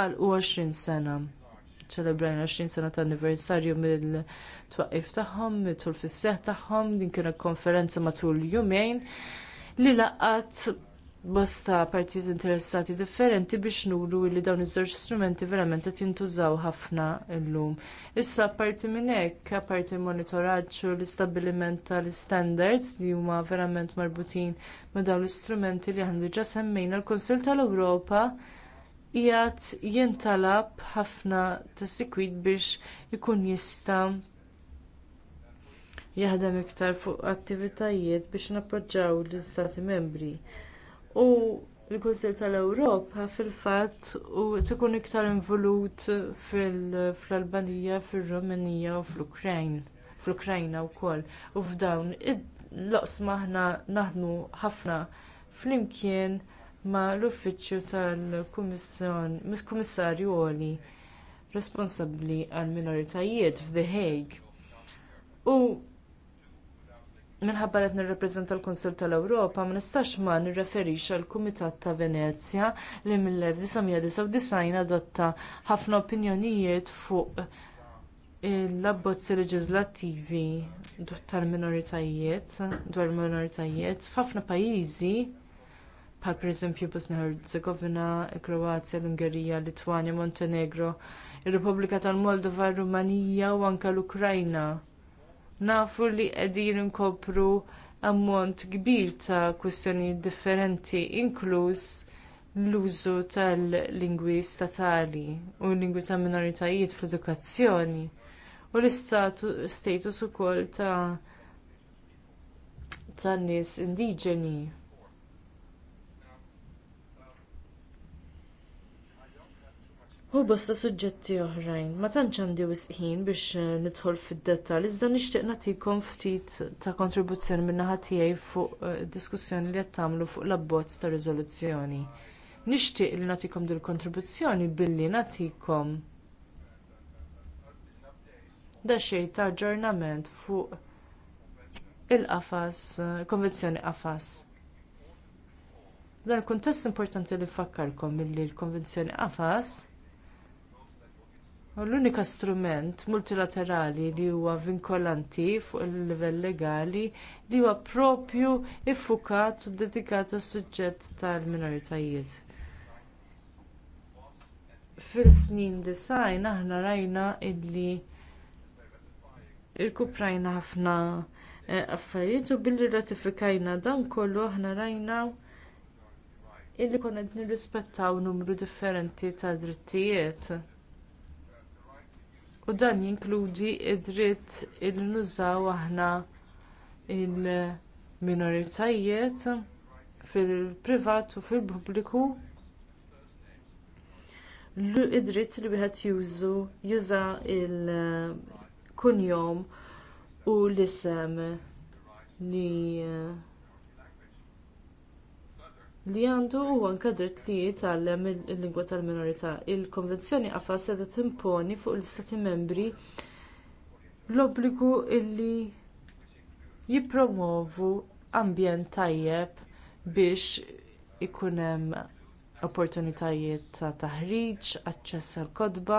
għal 20 sena ċelebrajna 20 sena ta' anniversarju mill-twaqqif tagħhom, mit-tul fis-seħ tagħhom, din kienet konferenza matul jumejn li laqgħat bosta partijiet interessati differenti biex nuru li dawn iż-żewġ strumenti verament qed jintużaw ħafna llum. Issa apparti minn hekk, apparti monitoraġġ u l-istabbiliment tal-standards li huma verament marbutin ma' dawn l-istrumenti li aħna diġà semmejna l-Kunsill tal-Ewropa qiegħed jintalab ħafna ta' sikwit biex ikun jista' jaħdem iktar fuq attivitajiet biex nappoġġjaw l istati membri. U l-Kunsil tal-Ewropa fil-fatt u tkun iktar involut fil-Albanija, fil-Rumenija u fl-Ukrajn, fl-Ukrajna wkoll. U f'dawn id-loqsma aħna naħdmu ħafna flimkien ma' l-uffiċċju tal-Kummissarju għoli responsabbli għall minoritajiet f'The Hague. U minħabba qed nirrappreżenta l-Kunsill tal-Ewropa ma nistax ma nirreferix għal Kumitat ta' Venezja li mill-1999 adotta ħafna opinjonijiet fuq l-abbozzi leġislattivi tal-minoritajiet dwar il-minoritajiet f'ħafna pajjiżi bħal pereżempju Bosnia Herzegovina, il-Kroazja, l-Ungerija, Litwanja, Montenegro, ir-Repubblika tal-Moldova, Rumanija u anke l-Ukrajna nafu li qegħdin inkopru ammont kbir ta' kwistjonijiet differenti, inkluż l-użu tal-lingwi statali u l-lingwi ta' minoritajiet fl-edukazzjoni u l-status ukoll ta' tan nies indiġeni U bosta suġġetti oħrajn, ma tantx għandi wisqin biex eh, nidħol fid-dettall, iżda nixtieq nagħtikom ftit ta' kontribuzzjoni minn naħa tiegħi fuq eh, diskussjoni li qed tagħmlu fuq l-abbozz ta' riżoluzzjoni. Nixtieq li nagħtikom dil kontribuzzjoni billi nagħtikom da xejn ta' aġġornament fuq il-qafas, eh, konvenzjoni qafas. Dan il kuntest importanti li fakkarkom milli l-konvenzjoni qafas L-unika strument multilaterali li huwa vinkolanti fuq il-livell legali li huwa proprju iffukat u dedikat għas-suġġett tal-minoritajiet. Fil-snin design aħna rajna illi irkuprajna ħafna eh, affarijiet u billi ratifikajna dan kollu aħna rajna illi konna nirrispettaw numru differenti ta' drittijiet u dan jinkludi id-dritt il nużaw aħna il-minoritajiet fil-privat u fil-pubbliku id-dritt li wieħed jużu juża l kunjom u l-isem li eh, li għandu u anke dritt li jitallem il-lingwa tal-minorità. Il-konvenzjoni qafas se timponi fuq l-istati membri l-obbligu illi jippromovu ambjent tajjeb biex ikun hemm opportunitajiet ta' taħriġ, aċċess għall kotba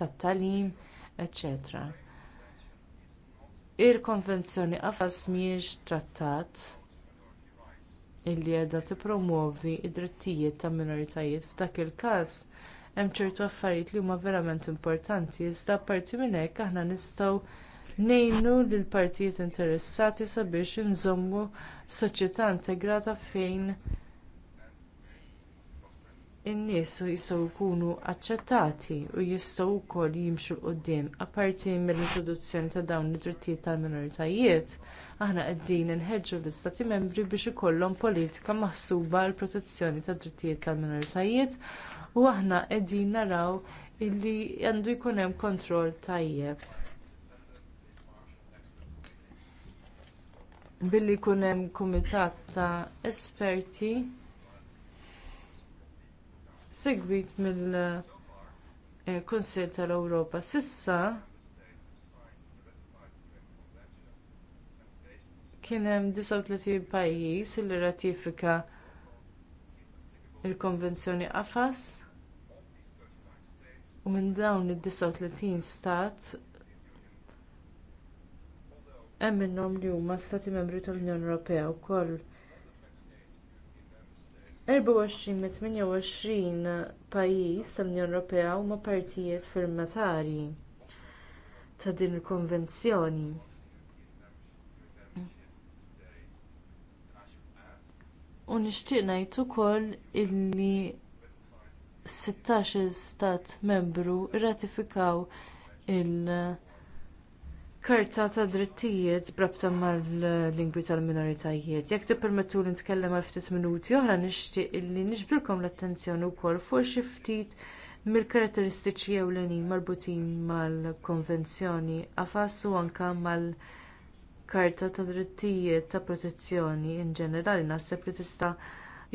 tat-tagħlim, etc. Il-konvenzjoni qafas mhijiex trattat illi qiegħda tippromuovi d drittijiet ta' minoritajiet f'dak il-każ hemm ċertu affarijiet li huma verament importanti iżda apparti minn hekk aħna nistgħu ngħinu lill partijiet interessati sabiex inżommu soċjetà integrata fejn in-nies jistgħu jkunu aċċettati u jistgħu wkoll jimxu l-qudiem. Apparti mill-introduzzjoni ta' dawn id-drittijiet tal-minoritajiet, aħna qegħdin inħeġġu l-Istati membri biex ikollhom politika maħsuba għall protezzjoni tad drittijiet tal-minoritajiet u aħna qegħdin naraw illi għandu jkun hemm kontroll tajjeb. billi jkun hemm kumitat ta' esperti segwit mill-Kunsill eh, tal-Ewropa. Sissa kien hemm 39 pajjiż li ratifika l konvenzjoni qafas u minn dawn id-39 stat hemm minnhom li huma stati membri tal-Unjoni Ewropea wkoll 24 mit 28 pajjiż tal-Unjoni Ewropea huma partijiet firmatari ta' din il-konvenzjoni. U nixtieq ngħid ukoll illi 16 stat membru rratifikaw il- karta ta' drittijiet brabta mal-lingwi tal-minoritajiet. Jekk tippermettu li nitkellem għal ftit minuti oħra nixtieq illi nixbilkom l-attenzjoni wkoll fuq xi ftit mill-karatteristiċi ewlenin marbutin mal-konvenzjoni għafas u anke mal-karta ta' drittijiet ta' protezzjoni in ġenerali naħseb li tista'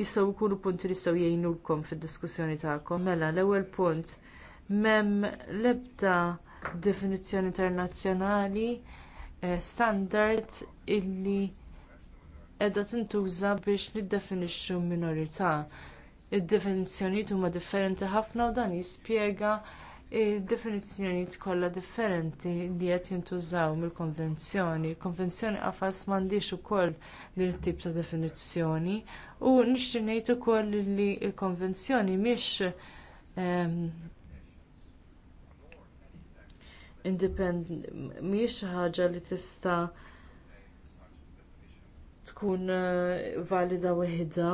jistgħu jkunu punti li jistgħu jgħinulkom fid-diskussjoni tagħkom. Mela l-ewwel punt m'hemm l-ebda definizzjoni internazzjonali eh, standard illi qiegħda tintuża biex niddefinixxu minorità. Id-definizzjonijiet huma differenti ħafna u dan jispjega il-definizzjonijiet kollha differenti li qed jintużaw mill-konvenzjoni. Il-konvenzjoni qafas m'għandix ukoll din it-tip ta' definizzjoni u nixtieq ngħid ukoll li l-konvenzjoni mhix ehm, independent mhijiex xi ħaġa li tista' tkun eh, valida weħida.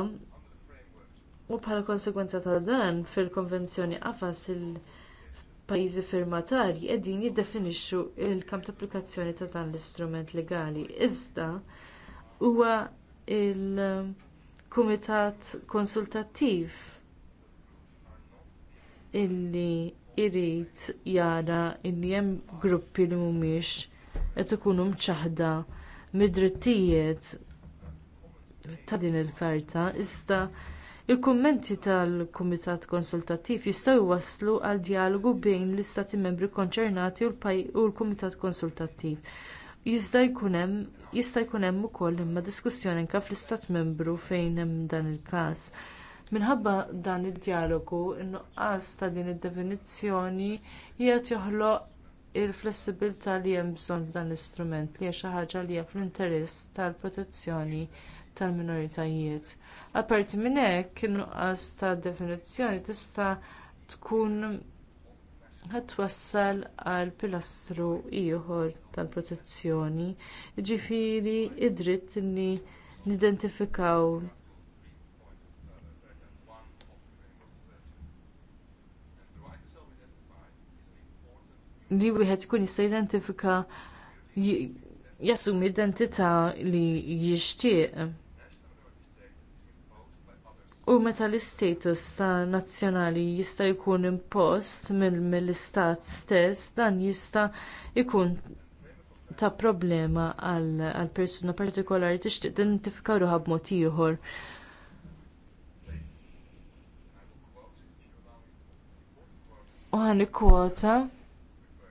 U bħala konsegwenza ta' dan fil-konvenzjoni qafas il-pajjiżi firmatarji qegħdin jiddefinixxu l kamp ta' applikazzjoni ta' dan l-istrument legali. Iżda huwa l kumitat konsultattiv illi irid jara li hemm gruppi li mhumiex qed ikunu mċaħda mid-drittijiet ta' din il-karta iżda il-kummenti tal-Kumitat Konsultattiv jistgħu jwasslu għal dijalogu bejn l-istati membri konċernati u l-Kumitat Konsultattiv. Jista' jkun hemm ukoll imma diskussjoni anke fl-istat membru fejn hemm dan il-każ Minħabba dan id-dialogu, in-nuqqas ta' din id-definizzjoni qiegħed joħloq il-flessibilità li hemm bżonn f'dan l-istrument li hija xi ħaġa li hija fl-interess tal-protezzjoni tal-minoritajiet. Apparti minn hekk, in-nuqqas ta' definizzjoni tista' tkun ħatwassal għal pilastru ieħor tal-protezzjoni, jiġifieri id-dritt li nidentifikaw li wieħed ikun jista' jidentifika jassumi identità li jixtieq. U meta l-istatus ta' nazzjonali jista' jkun impost mill-istat stess, dan jista' jkun ta' problema għal persuna partikolari tixtieq identifika ruħha b'mod ieħor. U ħan kwota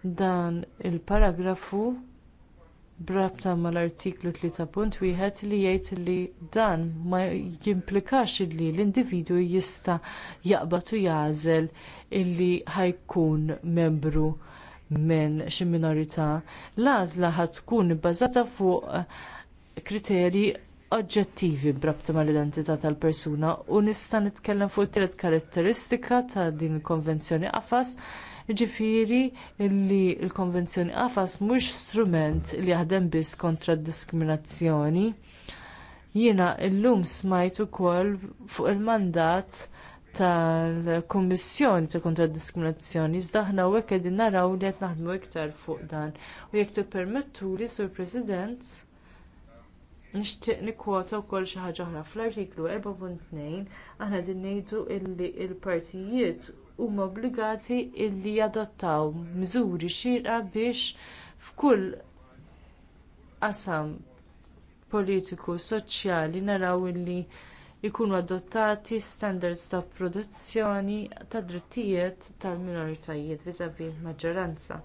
dan il-paragrafu brabta mal-artiklu 3.1 li jgħid li dan ma jimplikax li l-individwu jista jaqbad u jażel illi ħajkun membru minn xi minorità. L-għażla ħadd tkun bbażata fuq kriterji oġġettivi brabta mal-identità tal-persuna u nista' nitkellem fuq tielet karatteristika ta' din il-konvenzjoni qafas Ġifiri li l-konvenzjoni qafas mhux strument li jaħdem biss kontra d-diskriminazzjoni. Jiena llum smajt ukoll fuq il-mandat tal-Kummissjoni ta' kontra d diskriminazzjoni, iżda aħna hawnhekk qegħdin naraw li qed naħdmu iktar fuq dan. U jekk tippermettuli sur President, nixtieq nikkwota wkoll xi ħaġa oħra fl-artiklu 4.2 aħna din ngħidu li l-partijiet huma obbligati illi jadottaw miżuri xierqa biex f'kull qasam politiku soċjali naraw illi jkunu adottati standards ta' produzzjoni ta' drittijiet tal-minoritajiet viżavi l-maġġoranza.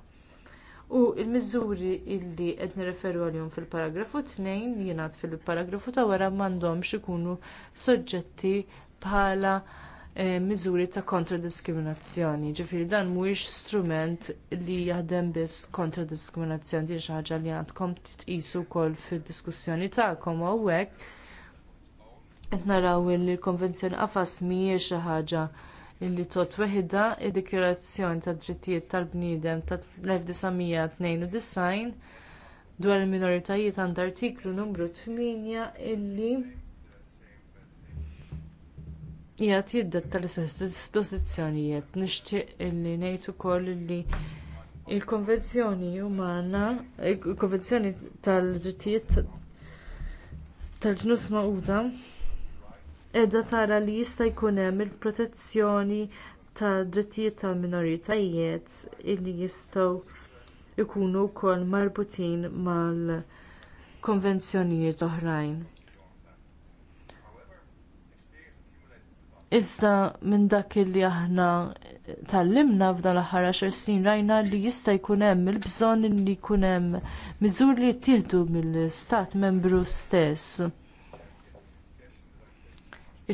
U l il miżuri illi qed nirreferu għalihom fil-paragrafu 2 jingħad fil-paragrafu ta' wara m'għandhomx ikunu soġġetti bħala Eh, miżuri ta' kontra diskriminazzjoni. Ġifiri dan mhuwiex strument li jaħdem biss kontra diskriminazzjoni di xi ħaġa li għandkom tqisu wkoll fid-diskussjoni tagħkom hawnhekk. Qed naraw li l-konvenzjoni qafas mhijiex xi ħaġa illi tot weħida id dikjarazzjoni tad drittijiet tal-bniedem tal-1992 dwar il-minoritajiet għandha artiklu numru 8 illi jgħat jiddet tal-istess dispożizzjonijiet. Nixtieq illi ngħid ukoll li il-konvenzjoni umana, il-konvenzjoni tal-drittijiet tal-ġnus ma'uda edha tara li jista' jkun hemm il-protezzjoni tad drittijiet tal-minoritajiet illi jistgħu jkunu wkoll marbutin mal-konvenzjonijiet oħrajn. Iżda minn dak li aħna tal-limna f'dan l-aħħar għaxar snin rajna li jista' jkun hemm il-bżonn li jkun hemm miżur li jittieħdu mill istat membru stess.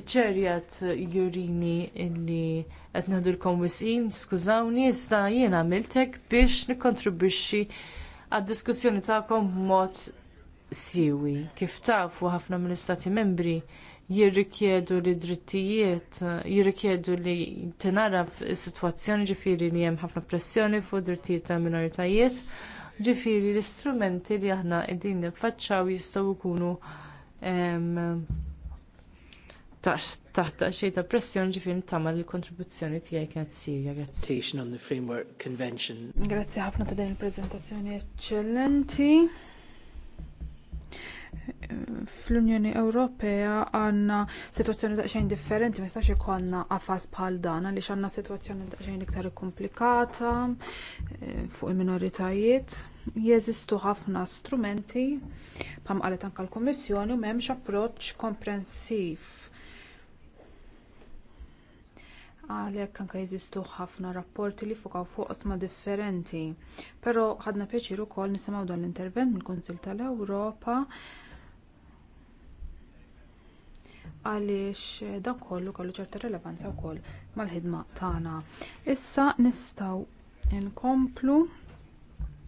Iċċerjat jurini illi qed naħdu l-konwisin, skużawni, iżda jien għamiltek biex nikkontribwixxi għad-diskussjoni tagħkom b'mod siewi. Kif tafu ħafna mill-Istati membri jirrikjedu li drittijiet, jirrikjedu li tinara situazzjoni ġifiri li hemm ħafna pressjoni fuq drittijiet ta' minoritajiet, ġifiri l-istrumenti li aħna qegħdin niffaċċaw jistgħu jkunu taħt xejn ta' pressjoni ġifiri tama il l-kontribuzzjoni tiegħi kienet sirja. Grazzi. Grazzi ħafna ta' din il-preżentazzjoni eċċellenti fl-Unjoni Ewropea għandna sitwazzjoni daqsxejn differenti, ma jistax ikollna għafas bħal dan għaliex għandna sitwazzjoni daqsxejn iktar komplikata eh, fuq il-minoritajiet. Jeżistu ħafna strumenti pam għalet anke l-Kummissjoni u m'hemmx approċċ komprensiv. Għalhekk anke jeżistu ħafna rapporti li fukaw fuq osma differenti. Però ħadna pjaċir ukoll nisimgħu dan l-intervent mill-Kunsil tal-Ewropa għaliex dak kollu kollu ċerta rilevanza wkoll mal-ħidma tagħna. Issa nistgħu nkomplu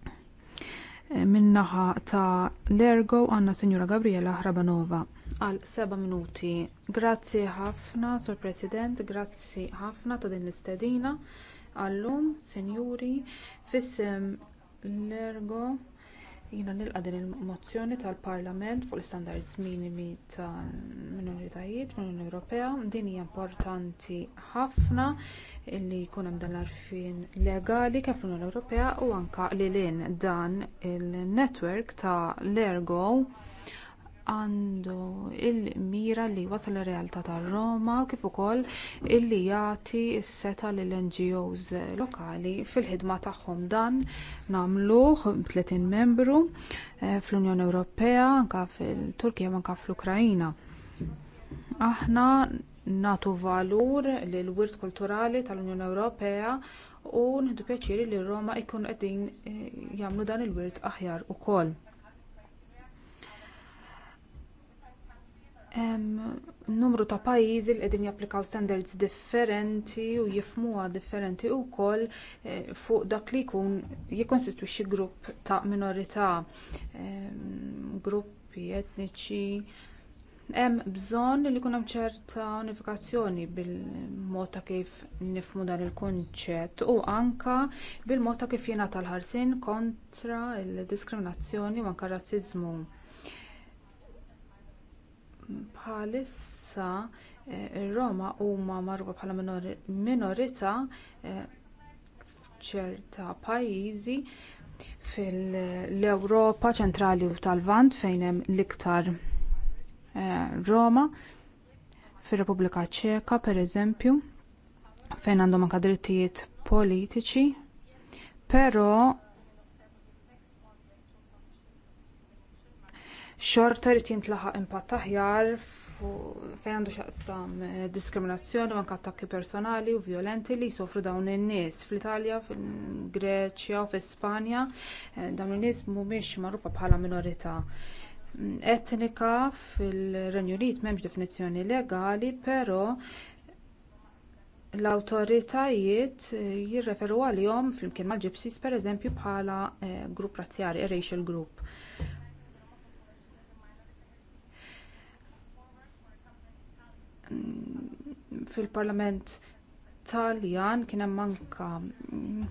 eh, min-naħa ta' Lergo għandna Sinjura Gabriela Hrabanova għal seba' minuti. Grazzi ħafna, Sur President, grazzi ħafna ta' din l-istedina għallum, Sinjuri, fissem Lergo Jiena nilqa' din il-mozzjoni tal-Parlament fuq l-istandards minimi tal-minoritajiet mill-Unjoni Ewropea. Din hija importanti ħafna li jkun hemm dan l-arfin legali kif fl unjoni Ewropea u anke lil dan il netwerk ta' l-ergo għandu il-mira li wasal ir-realtà ta' Roma kif ukoll illi jagħti s-seta lill NGOs lokali fil-ħidma tagħhom dan nagħmluh 30 membru eh, fl-Unjoni Ewropea anke fil-Turkija anke fl ukraina Aħna nagħtu valur lill wirt kulturali tal-Unjoni Ewropea u nħidu pjaċiri li Roma jkunu qegħdin eh, jagħmlu dan il-wirt aħjar ukoll numru ta' pajjiżi li qegħdin japplikaw standards differenti u jifhmuha differenti wkoll eh, fuq dak li jkun xi grupp ta' minorità gruppi etniċi hemm bżonn li jkun hemm ċerta unifikazzjoni bil-mod ta' kif nifhmu dan il-kunċett u anke bil-mod ta' kif jingħata l-ħarsien kontra d diskriminazzjoni u anke r-razziżmu bħalissa eh, ir-Roma huma magħrufa bħala minorità eh, f'ċerta pajjiżi fil-Ewropa ċentrali u tal-Vant fejn hemm l-iktar eh, Roma fir-Repubblika Ċeka pereżempju fejn għandhom anke drittijiet politiċi però xorta rrit jintlaħaq impatt aħjar fejn għandu xaqsam eh, diskriminazzjoni u anke attakki personali u vjolenti li jsofru dawn in-nies fl-Italja, fil-Greċja u fl-Ispanja. Eh, dawn in-nies mhumiex magħrufa bħala minorità mm, etnika fil-Renju Unit m'hemmx definizzjoni legali, però l-awtoritajiet eh, jirreferu għalihom flimkien mal-ġipsis pereżempju bħala grupp razzjali, racial group. fil-Parlament Taljan kien hemm manka mm,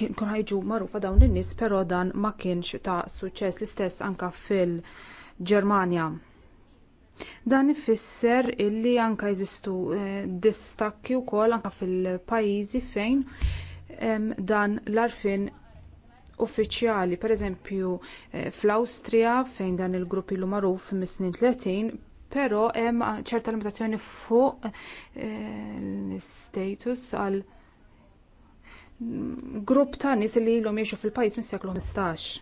kien ħajġu magħrufa dawn in-nies, però dan ma kienx ta' suċċess l-istess anke fil-Ġermanja. Dan ifisser illi anke jeżistu eh, distakki wkoll anke fil-pajjiżi fejn dan l-arfin uffiċjali, pereżempju eh, fl-Awstrija fejn dan il-grupp ilu magħruf mis-snin 30, però hemm ċerta limitazzjoni fuq eh, l-status għal grupp ta' nies li ilhom jgħixu fil-pajjiż mis-seklu 15.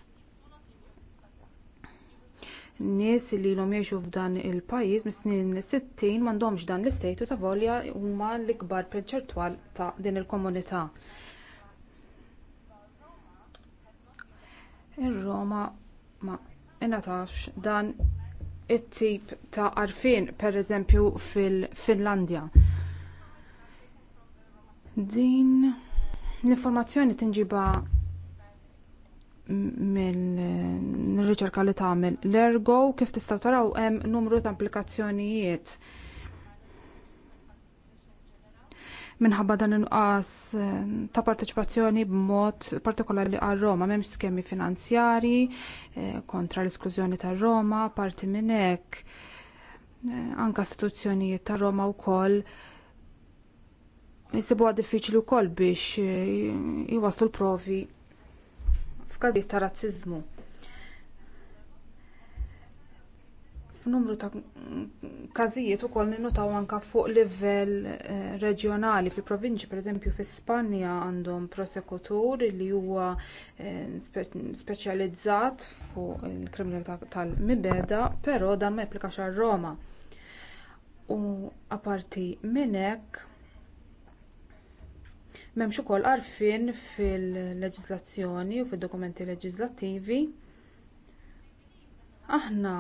Nies li ilhom jgħixu f'dan il-pajjiż mis-snin 60 m'għandhomx dan l-istatus avolja huma l-ikbar perċentwal ta' din il-komunità. Ir-Roma ma ingħatax dan it-tip ta' arfin, pereżempju fil-Finlandja. Din l-informazzjoni tinġiba mill-riċerka li tagħmel l-ergo kif tistgħu taraw hemm numru ta' applikazzjonijiet minħabba dan inqas eh, ta' parteċipazzjoni b'mod partikolari għal Roma m'hemmx skemi finanzjarji eh, kontra l-isklużjoni tar Roma, parti minn hekk eh, anka istituzzjonijiet tar Roma wkoll għad diffiċli wkoll biex jwaslu l-provi f'każijiet ta' razziżmu. f'numru ta' każijiet ukoll ninnotaw anke fuq livell eh, reġjonali fil-provinċi pereżempju fl Spanja għandhom prosekutur li huwa eh, speċjalizzat fuq il-kriminalità tal-mibeda, però dan ma japplikax għal Roma. U apparti minn hekk m'hemmx ukoll għarfien fil-leġiżlazzjoni u fid-dokumenti leġislattivi aħna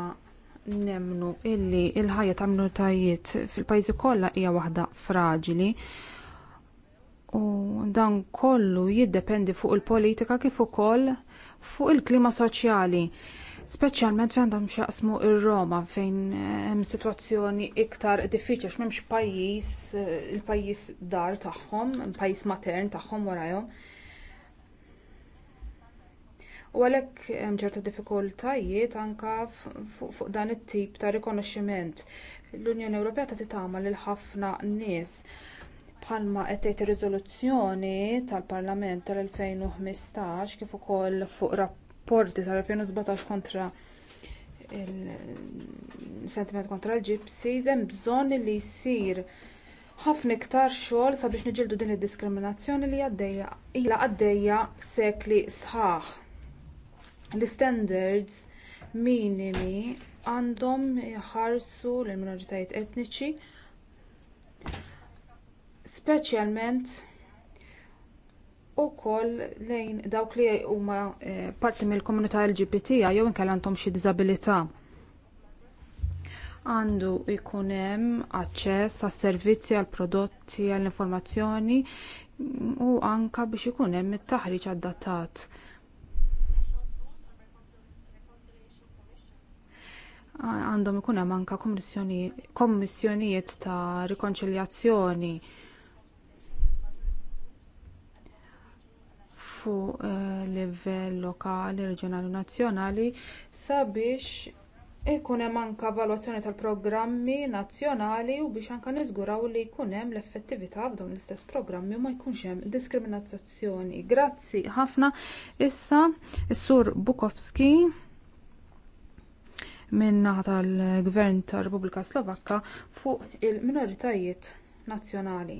nemnu illi il-ħajja ta' minoritajiet fil-pajjiżi kollha hija waħda fraġili u dan kollu jiddependi fuq il-politika kif ukoll fuq il-klima soċjali speċjalment fejn għandhom xaqsmu ir-Roma fejn eh, hemm sitwazzjoni iktar diffiċli m'hemmx pajjiż eh, il-pajjiż dar tagħhom, pajjiż matern tagħhom warajhom u għalhekk hemm ċerta diffikultajiet anke fuq dan it-tip ta' rikonoxximent. L-Unjoni Ewropea tagħti titama lil ħafna nies bħalma qed tgħid ir-riżoluzzjoni tal-Parlament tal-2015 kif ukoll fuq rapporti tal-2017 kontra il-sentiment kontra l-ġipsis hemm bżonn li jsir ħafna iktar xogħol sabiex niġildu din id-diskriminazzjoni li għaddejja ilha għaddejja sekli sħaħ. L-standards minimi għandhom jħarsu l-minoritajiet etniċi, speċjalment ukoll lejn dawk li huma eh, parti mill-komunità LGBT jew inkella għandhom xi diżabilità. Għandu jkun hemm aċċess għas servizzi għal prodotti għall informazzjoni u anke biex ikun hemm it-taħriġ adattat. għandhom ikun hemm anke kommissjonijiet ta' rikonċiljazzjoni Fu eh, livell lokali, reġjonali u nazzjonali sabiex ikun hemm anke evalwazzjoni tal-programmi nazzjonali u biex anke niżguraw li jkun hemm l-effettività f'dawn l-istess programmi u ma jkunx hemm diskriminazzjoni. Grazzi ħafna issa is-sur Bukowski minna tal-Gvern tar Repubblika Slovakka fuq il-minoritajiet nazzjonali.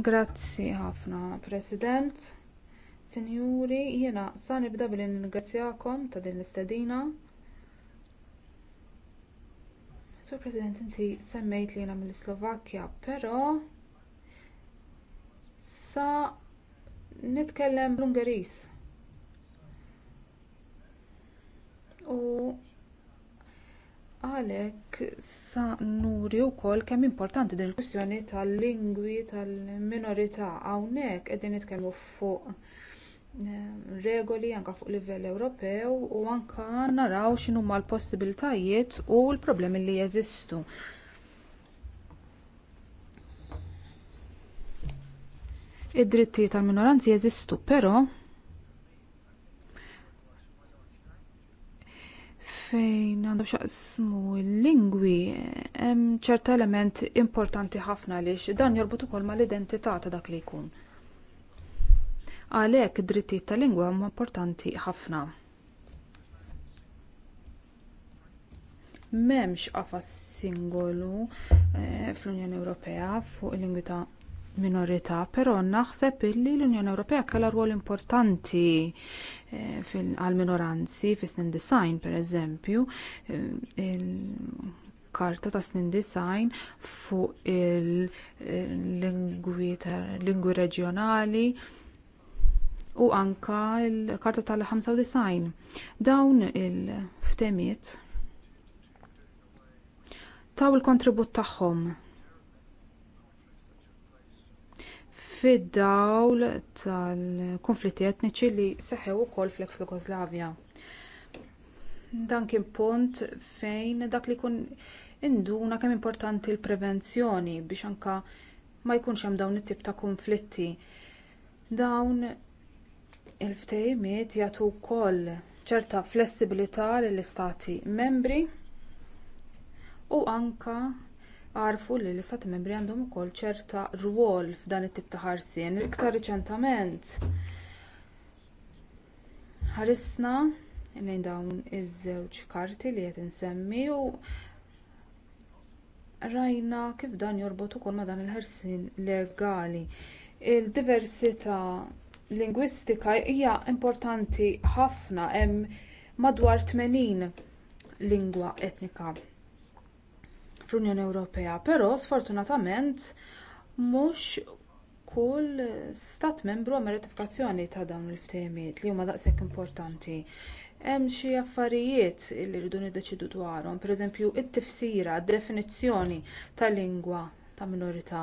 Grazzi ħafna, President. Sinjuri, jiena sa nibda billi ningrazzjakom ta' din l-istedina. Sur President, inti semmejt li jena mill-Slovakkja, però sa nitkellem bl-Ungeris. U għalhekk sa nuri wkoll kemm importanti din il-kwistjoni tal-lingwi tal-minorità hawnhekk qegħdin nitkellmu fuq eh, regoli anke fuq livell Ewropew u anke naraw x'inhuma l possibiltajiet u l-problemi li jeżistu. Id-dritti tal-minoranzi jeżistu, però fejn għandu xaqsmu l-lingwi hemm ċerta element importanti ħafna għaliex dan jorbot ukoll mal-identità ta' dak li jkun. Għalhekk id-drittijiet tal-lingwa huma importanti ħafna. M'hemmx għafas singolu eh, fl-Unjoni Ewropea fuq il-lingwi ta' minorità, però naħseb illi l-Unjoni Ewropea kellha rwol importanti eh, għal minoranzi fi snin design pereżempju, eh, il-karta ta' snin design fuq il-lingwi reġjonali u anka l-karta tal-95. Dawn il-ftemiet taw il-kontribut tagħhom fid-dawl tal-konflitti etniċi li seħew ukoll fl-eks Jugoslavja. Dan kien punt fejn dak li jkun induna kemm importanti l-prevenzjoni biex anke ma jkunx hemm dawn it-tip ta' konflitti. Dawn il-ftehimiet jagħtu wkoll ċerta flessibilità lill-istati membri u anke għarfu li l-istati membri għandhom ukoll ċerta rwol f'dan it-tip ta' ħarsien. Iktar riċentament ħarisna lejn dawn iż-żewġ karti li qed insemmi u rajna kif dan jorbot ukoll ma' dan il-ħarsien legali. Il-diversità lingwistika hija importanti ħafna hemm madwar 80 lingwa etnika fl-Unjoni Ewropea, però sfortunatament mhux kull stat membru għamel ratifikazzjoni ta' dawn il-ftehimiet li huma daqshekk importanti. Hemm xi affarijiet li rridu niddeċidu dwarhom, pereżempju it-tifsira, definizzjoni ta' lingwa ta' minorità.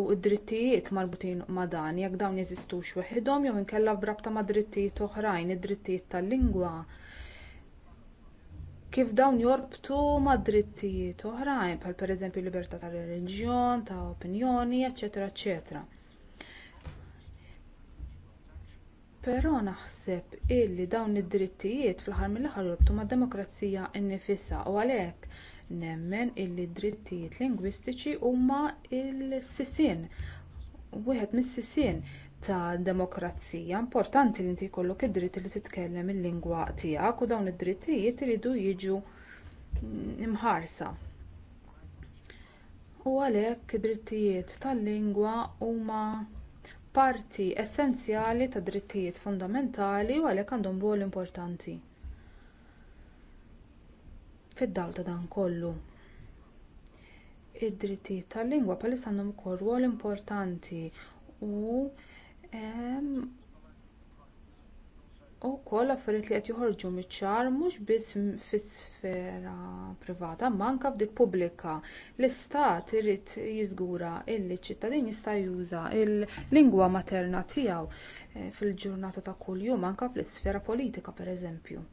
u d-drittijiet marbutin ma' dan jekk dawn jeżistux weħidhom jew inkella b'rabta ma' drittijiet oħrajn, id-drittijiet tal-lingwa, kif dawn jorbtu mad drittijiet oħrajn bħal pereżempju libertà tal-reliġjon, ta' opinjoni, eċetera, eċetera. Però naħseb illi dawn id-drittijiet fl-aħħar mill-aħħar jorbtu mad-demokrazija nnifisha u għalhekk nemmen illi d-drittijiet lingwistiċi huma l-sisien wieħed mis-sisien ta' demokrazija importanti li inti jkollok id-dritt li titkellem il-lingwa tiegħek u dawn id-drittijiet iridu jiġu imħarsa. U għalhekk id-drittijiet tal-lingwa huma parti essenzjali tad drittijiet fundamentali u għalhekk għandhom rol importanti. Fid-dawl ta' dan kollu id-drittijiet tal-lingwa bħalissa għandhom ukoll rwol importanti u U koll affarijiet li qed joħorġu miċ-ċar mhux biss fis-sfera privata, ma anke f'dik pubblika. L-istat irid jiżgura li ċ ċittadin jista' juża l lingwa materna tiegħu eh, fil-ġurnata ta' kuljum anke fl-isfera politika pereżempju.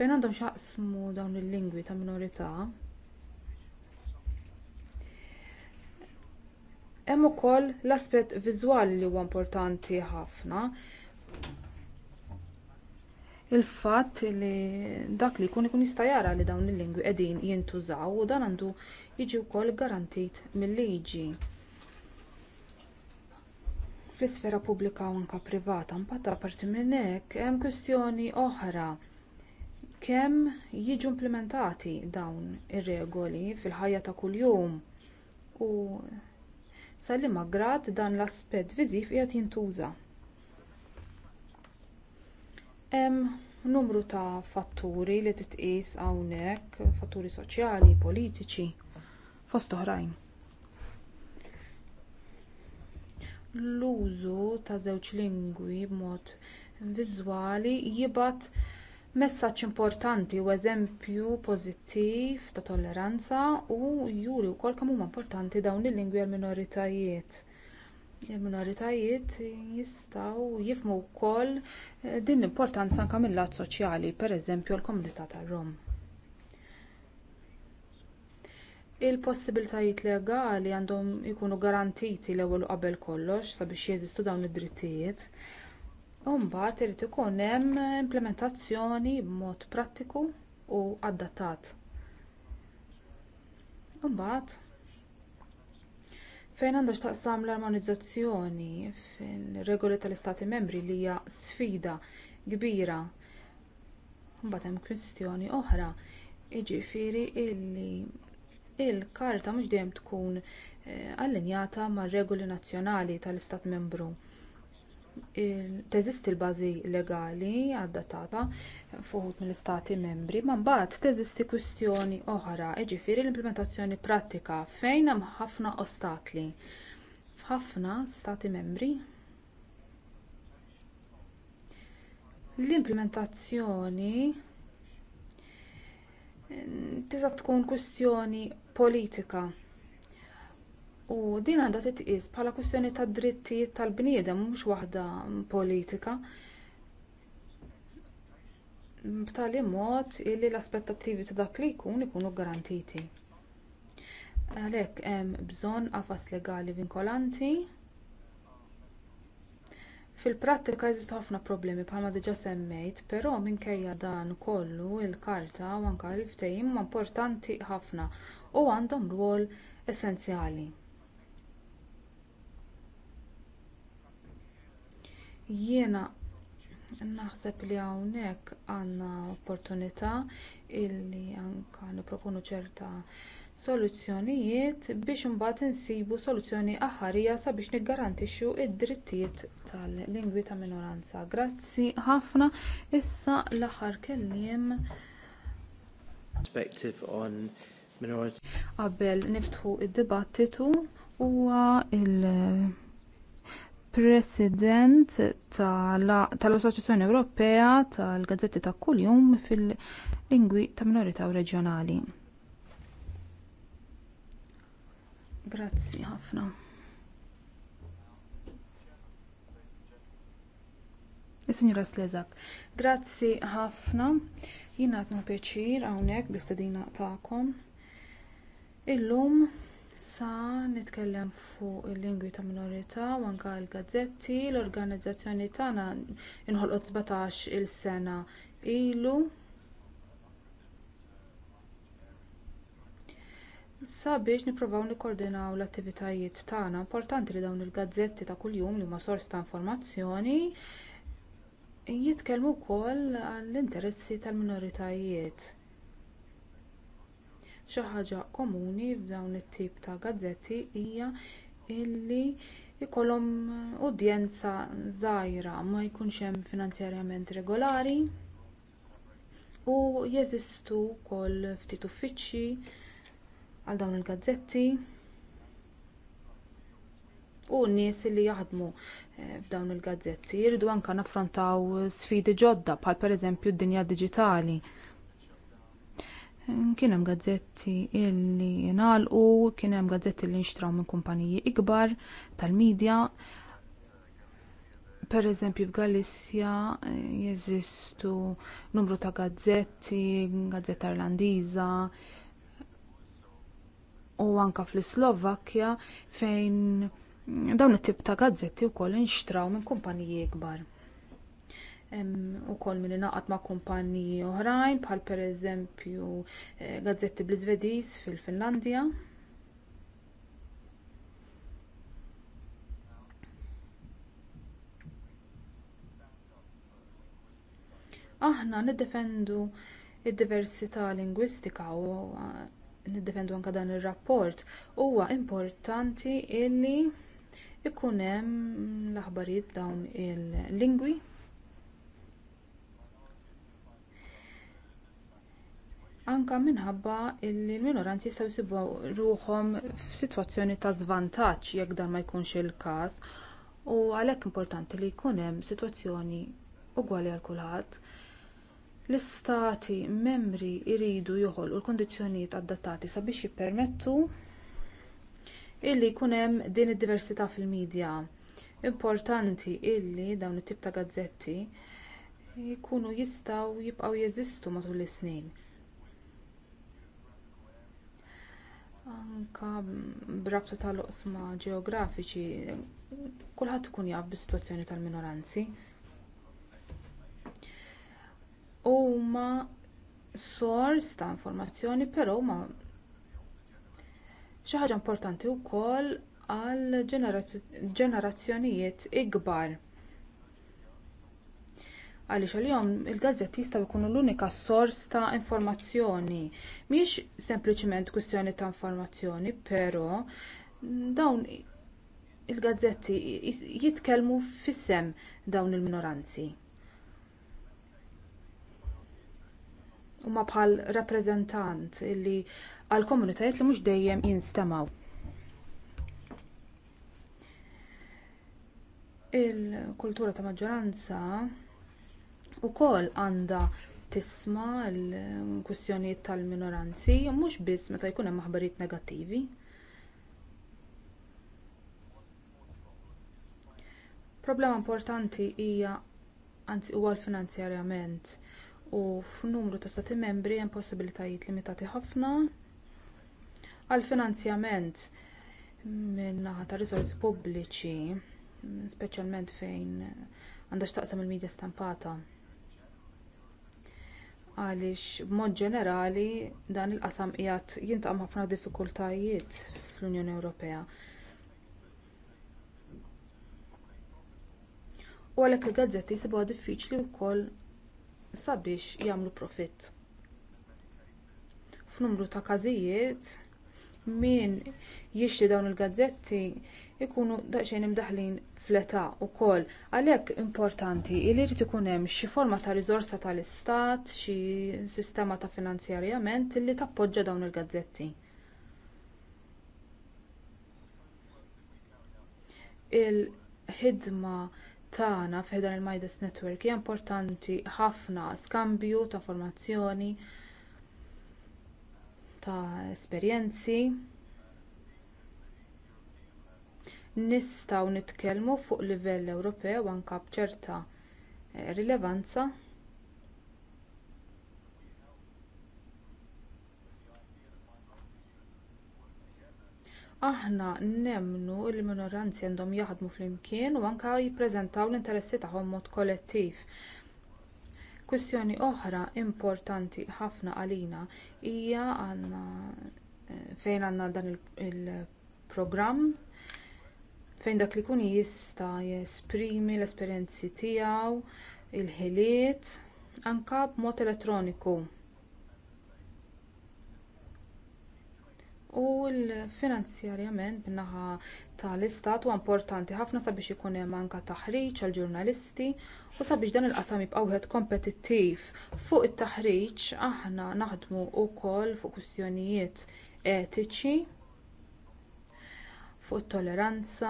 Fejn għandhom x'jaqsmu dawn il-lingwi ta' minorità, Hemm ukoll l-aspett viżwali li huwa importanti ħafna. Il-fatt li dak li jkun ikun jista' jara li dawn il-lingwi qegħdin jintużaw u dan għandu jiġi wkoll garantit mill-liġi. Fl-isfera pubblika u anke privata mbagħad apparti minn hekk hemm kwistjoni oħra kemm jiġu implementati dawn ir-regoli fil-ħajja ta' kuljum u sa liema grad dan l-aspett viżiv qiegħed jintuża hemm numru ta' fatturi li titqies hawnhekk fatturi soċjali politiċi fost oħrajn l-użu ta' żewġ lingwi b'mod viżwali jibgħat messaġġ importanti u eżempju pożittiv ta' tolleranza u juri wkoll kemm huma importanti dawn il-lingwi għall minoritajiet Il-minoritajiet jistgħu jifhmu wkoll eh, din l-importanza anke mill-lat soċjali, pereżempju l-komunità tar-Rom. Il-possibiltajiet legali għandhom ikunu garantiti l-ewwel qabel kollox sabiex jeżistu dawn id-drittijiet Umbat irid ikun hemm implementazzjoni b'mod prattiku u adattat. Imbagħad, fejn għandha x'taqsam l-armonizzazzjoni fil-regoli tal-Istati Membri li hija sfida kbira. Mbagħad hemm kwistjoni oħra, jiġifieri illi il-karta mhux dejjem tkun eh, allinjata mar regoli nazzjonali tal-Istat Membru teżisti l-bażi legali adattata f'uħud mill-istati membri ma mbagħad teżisti kwistjoni oħra jiġifieri l-implementazzjoni prattika fejn hemm ħafna ostakli f'ħafna stati membri l-implementazzjoni tista' tkun kwistjoni politika U din għandha titqis bħala kwistjoni tad drittijiet tal-bniedem mhux waħda politika. B'tali mod illi l-aspettattivi ta' dak li jkun ikunu garantiti. Għalhekk hemm bżonn qafas legali vinkolanti. Fil-prattika jżistu ħafna problemi bħalma diġà semmejt, però minkejja dan kollu il-karta u anke l-ftehim importanti ħafna u għandhom rwol essenzjali Jiena naħseb li hawnhekk għandna opportunità illi anke nipproponu ċerta soluzzjonijiet biex imbagħad insibu soluzzjoni aħħarija sabiex niggarantixxu id-drittijiet tal-lingwi ta' minoranza. Grazzi ħafna issa l-aħħar kelliem Qabel niftħu id-dibattitu huwa il- president tal-Assoċjazzjoni Ewropea tal-Gazzetti ta' Kuljum fil-lingwi ta' minorità u reġjonali. Grazzi ħafna. Is-Sinjura Slezak, grazzi ħafna. Jien għatnu pjaċir hawnhekk bl-istedina tagħkom. Illum Sa nitkellem fuq il-lingwi ta' minorità u anka l-gazzetti, l-organizzazzjoni tagħna inħolqot 17 il sena ilu. Sabiex nippruvaw nikkoordinaw l-attivitajiet tagħna, importanti li dawn il-gazzetti ta' kuljum li huma sors ta' informazzjoni jitkellmu wkoll għall-interessi tal-minoritajiet Xi ħaġa komuni f'dawn it-tip ta' gazzetti hija li jkollhom udjenza żgħira ma jkunx hemm finanzjarjament regolari u jeżistu wkoll ftit uffiċċji għal dawn il-gazzetti u n-nies li jaħdmu eh, f'dawn il-gazzetti jridu anke naffrontaw sfidi ġodda bħal pereżempju d-dinja diġitali Kien hemm gazzetti illi jingħalqu, kien hemm gazzetti li nxtraw minn kumpaniji ikbar tal-medja. Pereżempju f'Galissja eh, jeżistu numru ta' gazzetti, gazzetta Irlandiża, u anke fl-Slovakkja fejn dawn it-tip ta' gazzetti wkoll inxtraw minn kumpaniji ikbar u kol minni naqat ma' kumpanji oħrajn bħal per eżempju eh, gazzetti bl-Izvediż fil-Finlandja. Aħna niddefendu id-diversità lingwistika u eh, niddefendu anka dan ir-rapport huwa importanti illi ikun hemm l-aħbarijiet dawn il-lingwi anke minħabba li l-minoranzi jistgħu jsibu ruhom f'sitwazzjoni ta' żvantaġġ jekk dan ma jkunx il-każ u għalhekk importanti li jkun hemm sitwazzjoni ugwali għal kulħadd. L-istati membri jridu joħolqu l-kundizzjonijiet adattati sabiex jippermettu illi jkun hemm din id-diversità fil-medja. Importanti illi dawn it-tip ta' gazzetti jkunu jistgħu jibqgħu jeżistu matul is-snin Anka brabta tal-oqsma ġeografiċi, kulħadd ikun jaf bis-sitwazzjoni tal-minoranzi. Huma sors ta' informazzjoni, però ma xi ħaġa importanti wkoll għal ġenerazzjonijiet ikbar għaliex għalihom il-gazzetti jistgħu jkunu l-unika sors ta' informazzjoni. Miex sempliċement kwistjoni ta' informazzjoni, però dawn il-gazzetti jitkellmu fissem dawn il-minoranzi. U ma bħal rappreżentant illi għal komunitajiet li mhux dejjem jinstemaw. Il-kultura ta' maġġoranza kol għandha tisma' l-kwistjonijiet tal-minoranzi mhux biss meta jkun hemm aħbarijiet negattivi. Problema importanti hija anzi huwa l-finanzjarjament u f'numru ta' stati membri hemm possibilitajiet limitati ħafna għal finanzjament min-naħa ta' risorsi pubbliċi, speċjalment fejn għandha x'taqsam il-medja stampata għaliex b'mod ġenerali dan il-qasam qiegħed jintam ħafna diffikultajiet fl-Unjoni Ewropea. U għalhekk il-gazzetti jsibuha diffiċli wkoll sabiex jagħmlu profitt. F'numru ta' każijiet min jixtri dawn il-gazzetti ikunu daqsxejn imdaħlin fl-età wkoll għalhekk importanti li jrid ikun hemm xi forma ta' riżorsa tal-istat, xi sistema ta' finanzjarjament li tappoġġa dawn il-gazzetti. Il-ħidma tagħna f'ħidan il-Midas Network hija importanti ħafna skambju ta' formazzjoni ta' esperjenzi nistgħu nitkellmu fuq livell Ewropew anke b'ċerta eh, rilevanza aħna nemmnu li l-minoranzi għandhom jaħdmu flimkien u anke jippreżentaw l-interessi tagħhom b'mod kollettiv kwistjoni oħra importanti ħafna għalina hija eh, fejn għandna dan il-programm il fejn dak li jkun jista jesprimi l-esperjenzi tiegħu, il-ħiliet, anke b'mod elettroniku. U l-finanzjarjament bin-naħa tal-istat huwa importanti ħafna sabiex ikun hemm anke taħriġ għall ġurnalisti u sabiex dan il-qasam jibqa' wieħed kompetittiv. Fuq it-taħriġ aħna naħdmu wkoll fuq kwistjonijiet etiċi fuq it-toleranza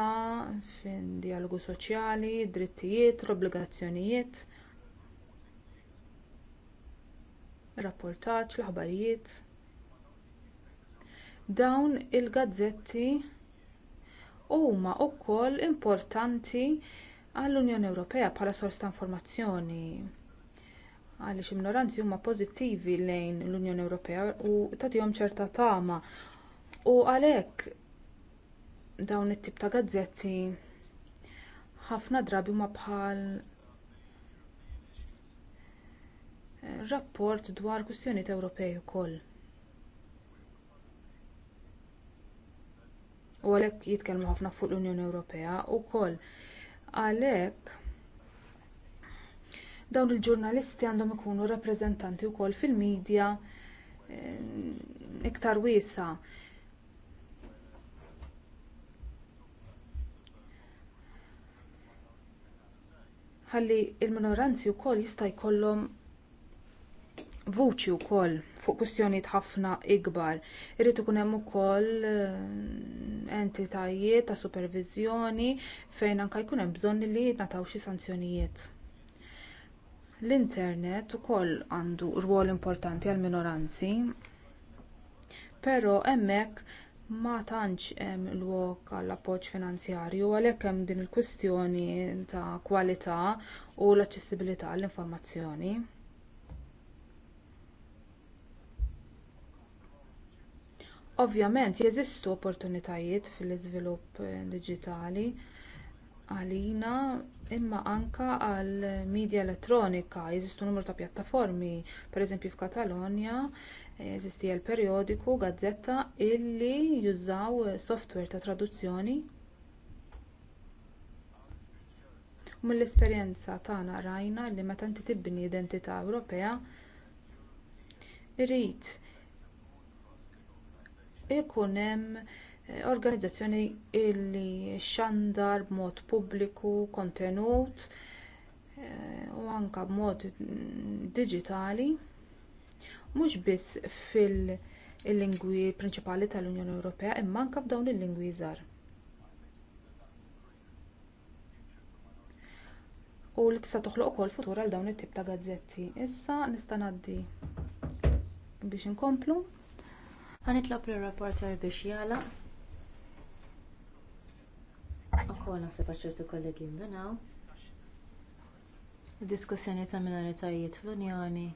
fin dialogu soċjali, drittijiet, obbligazzjonijiet, rapportaġġ, l-aħbarijiet. Dawn il-gazzetti huma wkoll importanti għall-Unjoni Ewropea bħala sors ta' informazzjoni għaliex minoranzi huma pożittivi lejn l-Unjoni Ewropea u tagħtihom ċerta tama u għalhekk dawn it-tip ta' gazzetti ħafna drabi huma bħal eh, rapport dwar kwistjonijiet Ewropej ukoll. U għalhekk jitkellmu ħafna fuq l-Unjoni Ewropea wkoll għalhekk dawn il-ġurnalisti għandhom ikunu rappreżentanti wkoll fil-medja eh, iktar wiesa' ħalli l minoranzi wkoll jista' jkollhom vuċi wkoll fuq kwistjonijiet ħafna ikbar. Irid ikun hemm ukoll eh, entitajiet ta' superviżjoni fejn anka jkun hemm bżonn li nataw xi sanzjonijiet. L-internet ukoll għandu rwol importanti għall minoranzi, però hemmhekk ma tantx hemm l-wok għall appoġġ finanzjarju għalhekk hemm din il-kwistjoni ta' kwalità u l-aċċessibilità għall-informazzjoni. Ovvjament jeżistu opportunitajiet fil-iżvilupp diġitali għalina imma anke għall midja elettronika jeżistu numru ta' pjattaformi, pereżempju f'Katalonja għal perjodiku gazzetta illi jużaw software ta' traduzzjoni u mill-esperjenza tagħna rajna li meta inti tibni identità Ewropea irid ikun hemm eh, organizzazzjoni li xandar b'mod pubbliku kontenut eh, u anke b'mod mm, digitali mhux biss fil-lingwi prinċipali tal-Unjoni Ewropea imma anke f'dawn il-lingwi żgħar. U li tista' toħloq ukoll futur għal dawn it-tip ta' gazzetti. Issa nista' ngħaddi biex inkomplu. Ħanitlob lir-rapporter biex jagħlaq. Ukoll naħseb ċertu kollegi jindunaw. Diskussjoni ta' minoritajiet fl-Unjoni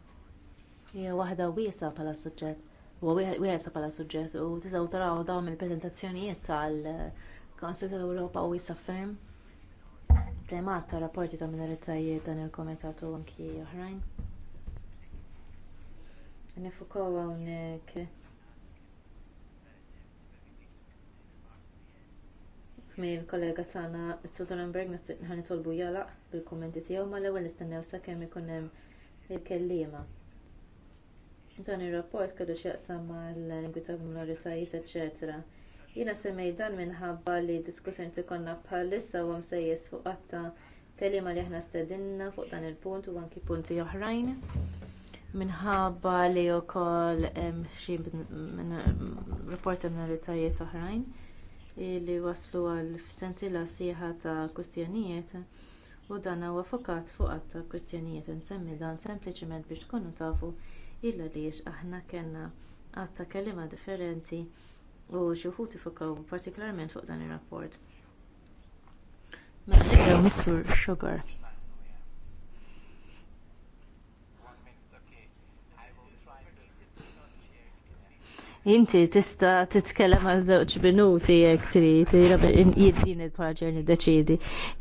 hija waħda wiesa bħala suġġett huwa wiesa bħala suġġett u tiżgħu taraw dawn il preżentazzjonijiet tal-Konsil tal-Ewropa u wiesa ferm. Temat ta' rapporti ta' minoritajiet dan il-komitat u anki oħrajn. Nifukaw hawnhekk mill kollega tagħna Sudanenberg ħanitolbu jalaq bil-kummenti tiegħu mal-ewwel nistennew sakemm ikun hemm il-kelliema. Dan ir-rapport kellu x'jaqsam l lingwi ta' minoritajiet, etc. Jiena semmej dan minħabba li diskussjoni tikonna bħalissa huwa msejjes fuq għatta kelima li aħna stedinna fuq dan il-punt u anki punti oħrajn. Minħabba li wkoll hemm xi rapport ta' minoritajiet oħrajn li waslu għal sensiela sieħa ta' kwistjonijiet u dan huwa fokat fuq qatta kwistjonijiet insemmi dan sempliċement biex tkunu tafu illa għaliex aħna kellna għatta kelima differenti u xuħut wħud ifokaw partikolarment fuq dan ir rapport Mela nibdew mis-sur Sugar. Inti tista titkellem għal żewġ minuti jekk trid jiddin il-proġer niddeċidi.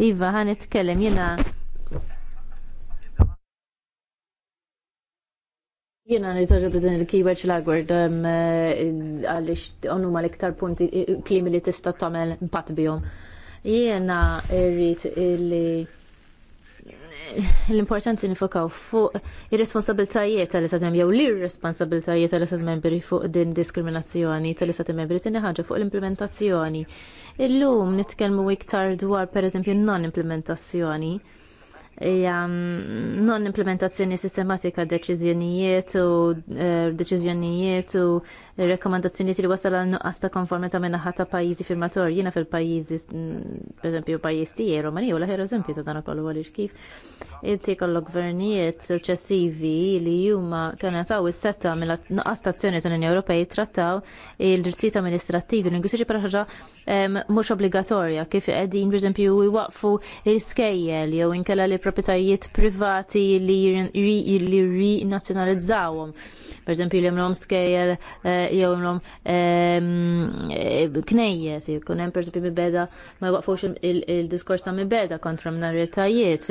Iva ħan nitkellem jiena Jena nitoġob b'din il-keyword l-agward eh, għalix għonu ma l-iktar punti eh, klimi li tista tamel mpat bihom. Jena rrit li l-importanti nifokaw fuq ir-responsabiltajiet tal-istat jew l-irresponsabiltajiet tal-istat membri fuq din diskriminazzjoni tal-istat membri tinni ħaġa fuq l-implementazzjoni. Illum nitkellmu iktar dwar pereżempju non-implementazzjoni. non non implementazzjoni Mm, non implementazzjoni sistematika deċiżjonijiet u eh, deċiżjonijiet u rekomandazzjonijiet li wasal għal nuqqas ta' konformità minn ta' pajjiżi firmator. Jiena fil-pajjiżi, mm, pereżempju pajjiż tiegħi Romanija u l-aħjar eżempju ta' dan ukoll għaliex kif inti kollok gvernijiet suċċessivi li huma kienu taw is-setta mill-nuqqas mela tazzjoni tal-Unjoni Ewropej trattaw il-drittijiet amministrattivi, l-ingwisiġi ħaġa mhux obbligatorja kif qegħdin pereżempju jwaqfu l-iskejjel jew inkella li proprjetajiet privati li rinazzjonalizzawhom. Pereżempju li jemlhom skejjel eh, jew jemlhom eh, knejjes, jkun hemm pereżempju mibeda ma waqfux il-diskors ta' mibeda kontra minoritajiet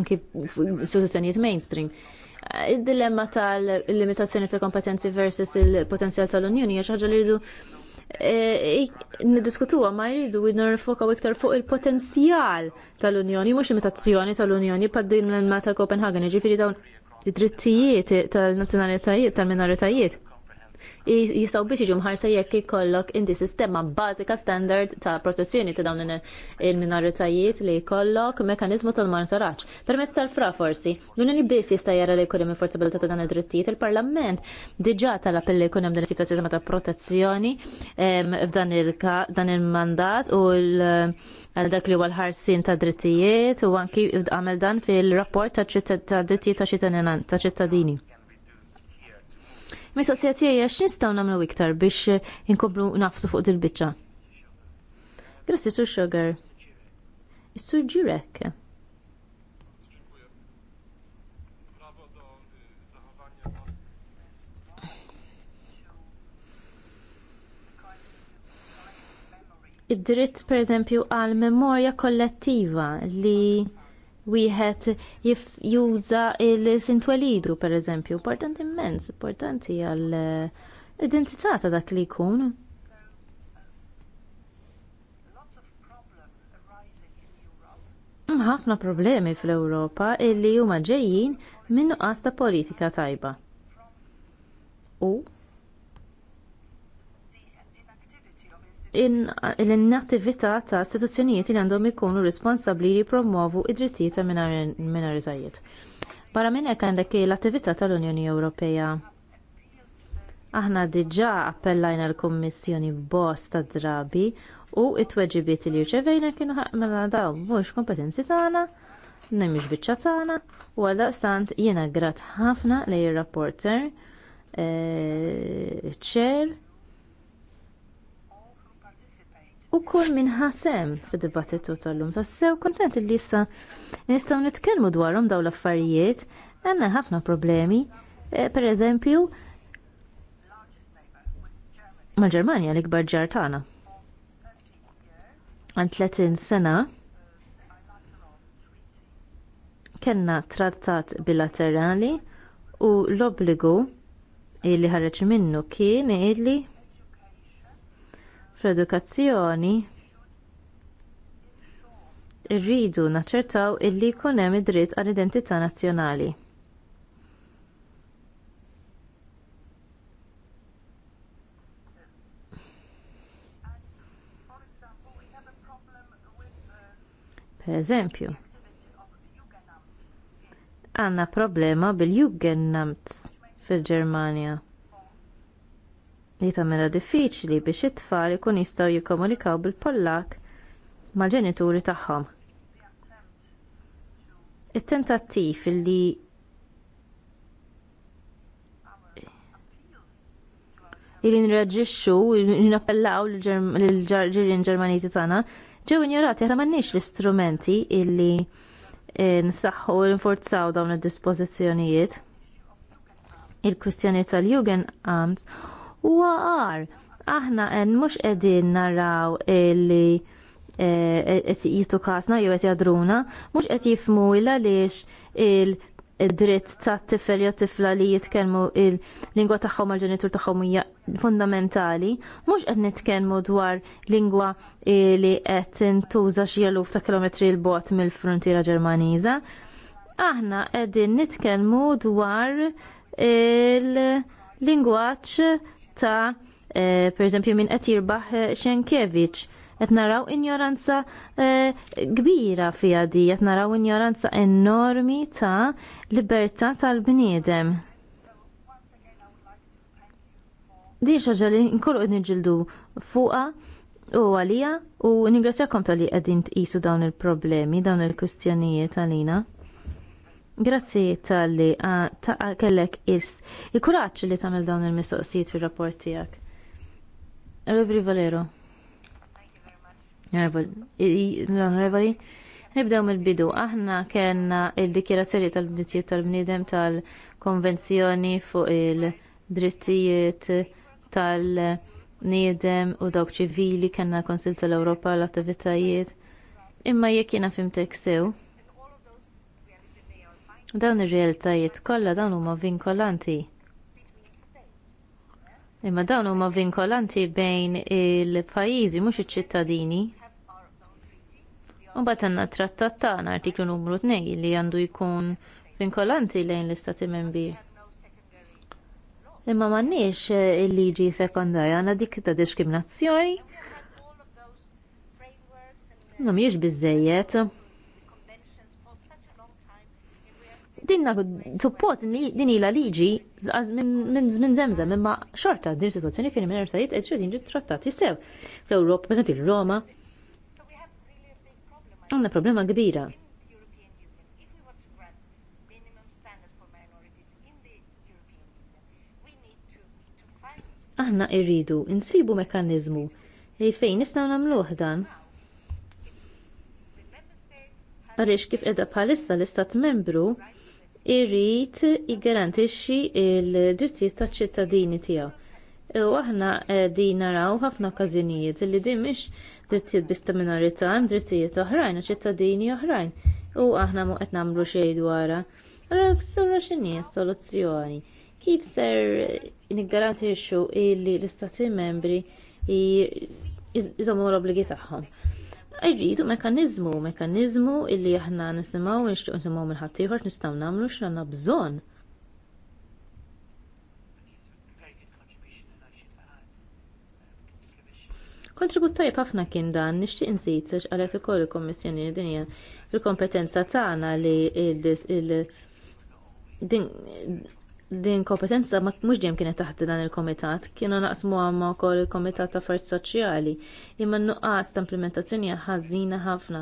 anki istituzzjonijiet mainstream eh, id-dilemma tal-limitazzjoni ta' kompetenzi versus il-potenzjal tal-Unjoni hija xi ħaġa li rridu Eh, nidiskutuha ma jridu u iktar fuq il-potenzjal tal-Unjoni, mhux limitazzjoni tal-Unjoni paddin l-ma ta' Copenhagen, ġifieri dawn id-drittijiet tal-nazzjonalitajiet tal-minoritajiet jistgħu biex jiġu mħarsa jekk ikollok inti sistema bażika standard ta' protezzjoni ta' dawn il-minoritajiet li jkollok mekanizmu tal-monitoraġġ. Permezz tal-fra forsi, l-Unjoni biss jista' jara li jkun hemm infortabilità ta' dan id-drittijiet, il-Parlament diġà tal-appell li jkun hemm din it ta' sistema ta' protezzjoni f'dan il-mandat u għal dak li huwa l-ħarsin ta' drittijiet u anki għamel dan fil-rapport ta' drittijiet ta' ċittadini. Mistoqsija tiegħi għax nistgħu nagħmlu iktar biex eh, inkomplu nafsu fuq dil-biċċa. Grassi Sur Sugar. is Ġirek. id-dritt pereżempju għal memoria kollettiva li wieħed juża il-sintwelidu pereżempju, importanti immens, importanti għal eh, identità ta' dak li jkun. ħafna problemi fl-Ewropa illi huma ġejjin minn nuqqas ta' politika tajba. U l nattività ta' istituzzjonijiet li għandhom ikunu responsabbli li jippromovu id-drittijiet ta' minoritajiet. Barra minn hekk għandek l-attività tal-Unjoni Ewropea. Aħna diġà appellajna l-Kummissjoni ta' drabi u it-tweġibiet li rċevejna kienu ħakmela daw mhux kompetenzi tagħna, nemix biċċa tagħna u għal jiena grat ħafna lej ir-rapporter ċer eh, u kol minn ħasem fid-dibattitu tal-lum sew kontent li issa nistgħu nitkellmu dwarhom dawn l-affarijiet għandna ħafna problemi. Eh, pereżempju mal-Ġermanja l-ikbar ġar tagħna. Għan 30 sena kellna trattat bilaterali u l-obbligu li ħareġ minnu kien illi fl-edukazzjoni irridu naċċertaw illi jkun hemm id-dritt għall identità nazzjonali. Pereżempju, għandna problema bil jugendamt fil-Ġermanja li tagħmilha diffiċli biex it-tfal ikun jistgħu jikkomunikaw bil-Pollak mal-ġenituri tagħhom. It-tentattiv li li nreġixxu, nappellaw lill-ġirien Ġermaniżi tagħna, ġew injorati aħna m'għandniex l-istrumenti illi eh, nsaħħu u nforzaw dawn id-dispożizzjonijiet. Il-kwistjoni tal-Jugend Arms huwa għar. Aħna en mhux qegħdin naraw illi qed eh, jitu kasna jew qed jadruna, mhux qed jifmu illa għaliex il-dritt tat tifel jew tifla li jitkellmu il-lingwa tagħhom mal-ġenitur tagħhom hija fundamentali, mhux qed nitkellmu dwar lingwa li qed tintuża xie eluf ta' kilometri l bot mill-frontiera Ġermaniża. Aħna qegħdin nitkellmu dwar il-lingwaġġ ta' eh, per eżempju minn qed jirbaħ eh, Xenkevic. Qed naraw injoranza eh, kbira fiha di, qed naraw injoranza enormi ta' libertà tal-bniedem. Di xaġa li nkollu qed niġildu fuqha u għalija u ningrazzjakom tal-li qegħdin tqisu dawn il-problemi, dawn il-kwistjonijiet għalina. Grazzi tal-li ta' kellek is il-kuraċ li tamil dawn il-mistoqsijiet fil rapport tijak. Revri Valero. Revri, nibdew mill-bidu. Aħna kena il-dikjerazzjoni tal-bnitiet tal-bnidem tal-konvenzjoni fuq il-drittijiet tal-nidem u dawk ċivili kena konsil tal-Europa l-attivitajiet. Imma jekk jena fimtek sew Dawn ir-realtajiet kollha dawn huma vinkolanti. Imma dawn huma vinkolanti bejn il-pajjiżi mhux iċ-ċittadini. U mbagħad għandna trattat tagħna artiklu numru 2 li għandu jkun vinkolanti lejn l-istati membri. Imma m'għandniex eh, il-liġi sekondarja għandna dik ta' diskriminazzjoni. Mhumiex bizzejiet. dinna suppost din ila liġi minn żmien minn imma xorta din situazzjoni fejn minn minoritajiet qed xedin trattati sew fl europa per esempio, roma Għanna problema kbira. aħna irridu insibu mekanizmu li fejn nistgħu nagħmluh dan. Għaliex kif qiegħda bħalissa l-istat membru irrid jiggarantixxi l-drittijiet taċ-ċittadini tiegħu. U aħna din naraw ħafna okkażjonijiet li din mhix drittijiet bis ta' minorità, hemm drittijiet oħrajn ċittadini oħrajn. U aħna mu qed nagħmlu xejn dwarha. Allora ksura x'inhi soluzzjoni. Kif ser niggarantixxu li l-istati membri jżommu l-obbligi tagħhom? irridu mekanizmu, mekanizmu illi aħna nisimaw, nishtuq nisimaw minn ħaddieħor nistgħu nagħmlu bżon. bżonn. Kontribut tajb ħafna kien dan, nixtieq nżid għax għalhekk ukoll il-Kommissjoni din hija fil kompetenza tagħna li din din kompetenza ma mhux dejjem kienet taħt dan il-komitat, kienu naqsmu għamma wkoll il-komitat ta' affarijiet soċjali, imma nuqqas ta' implementazzjoni ħażina ħafna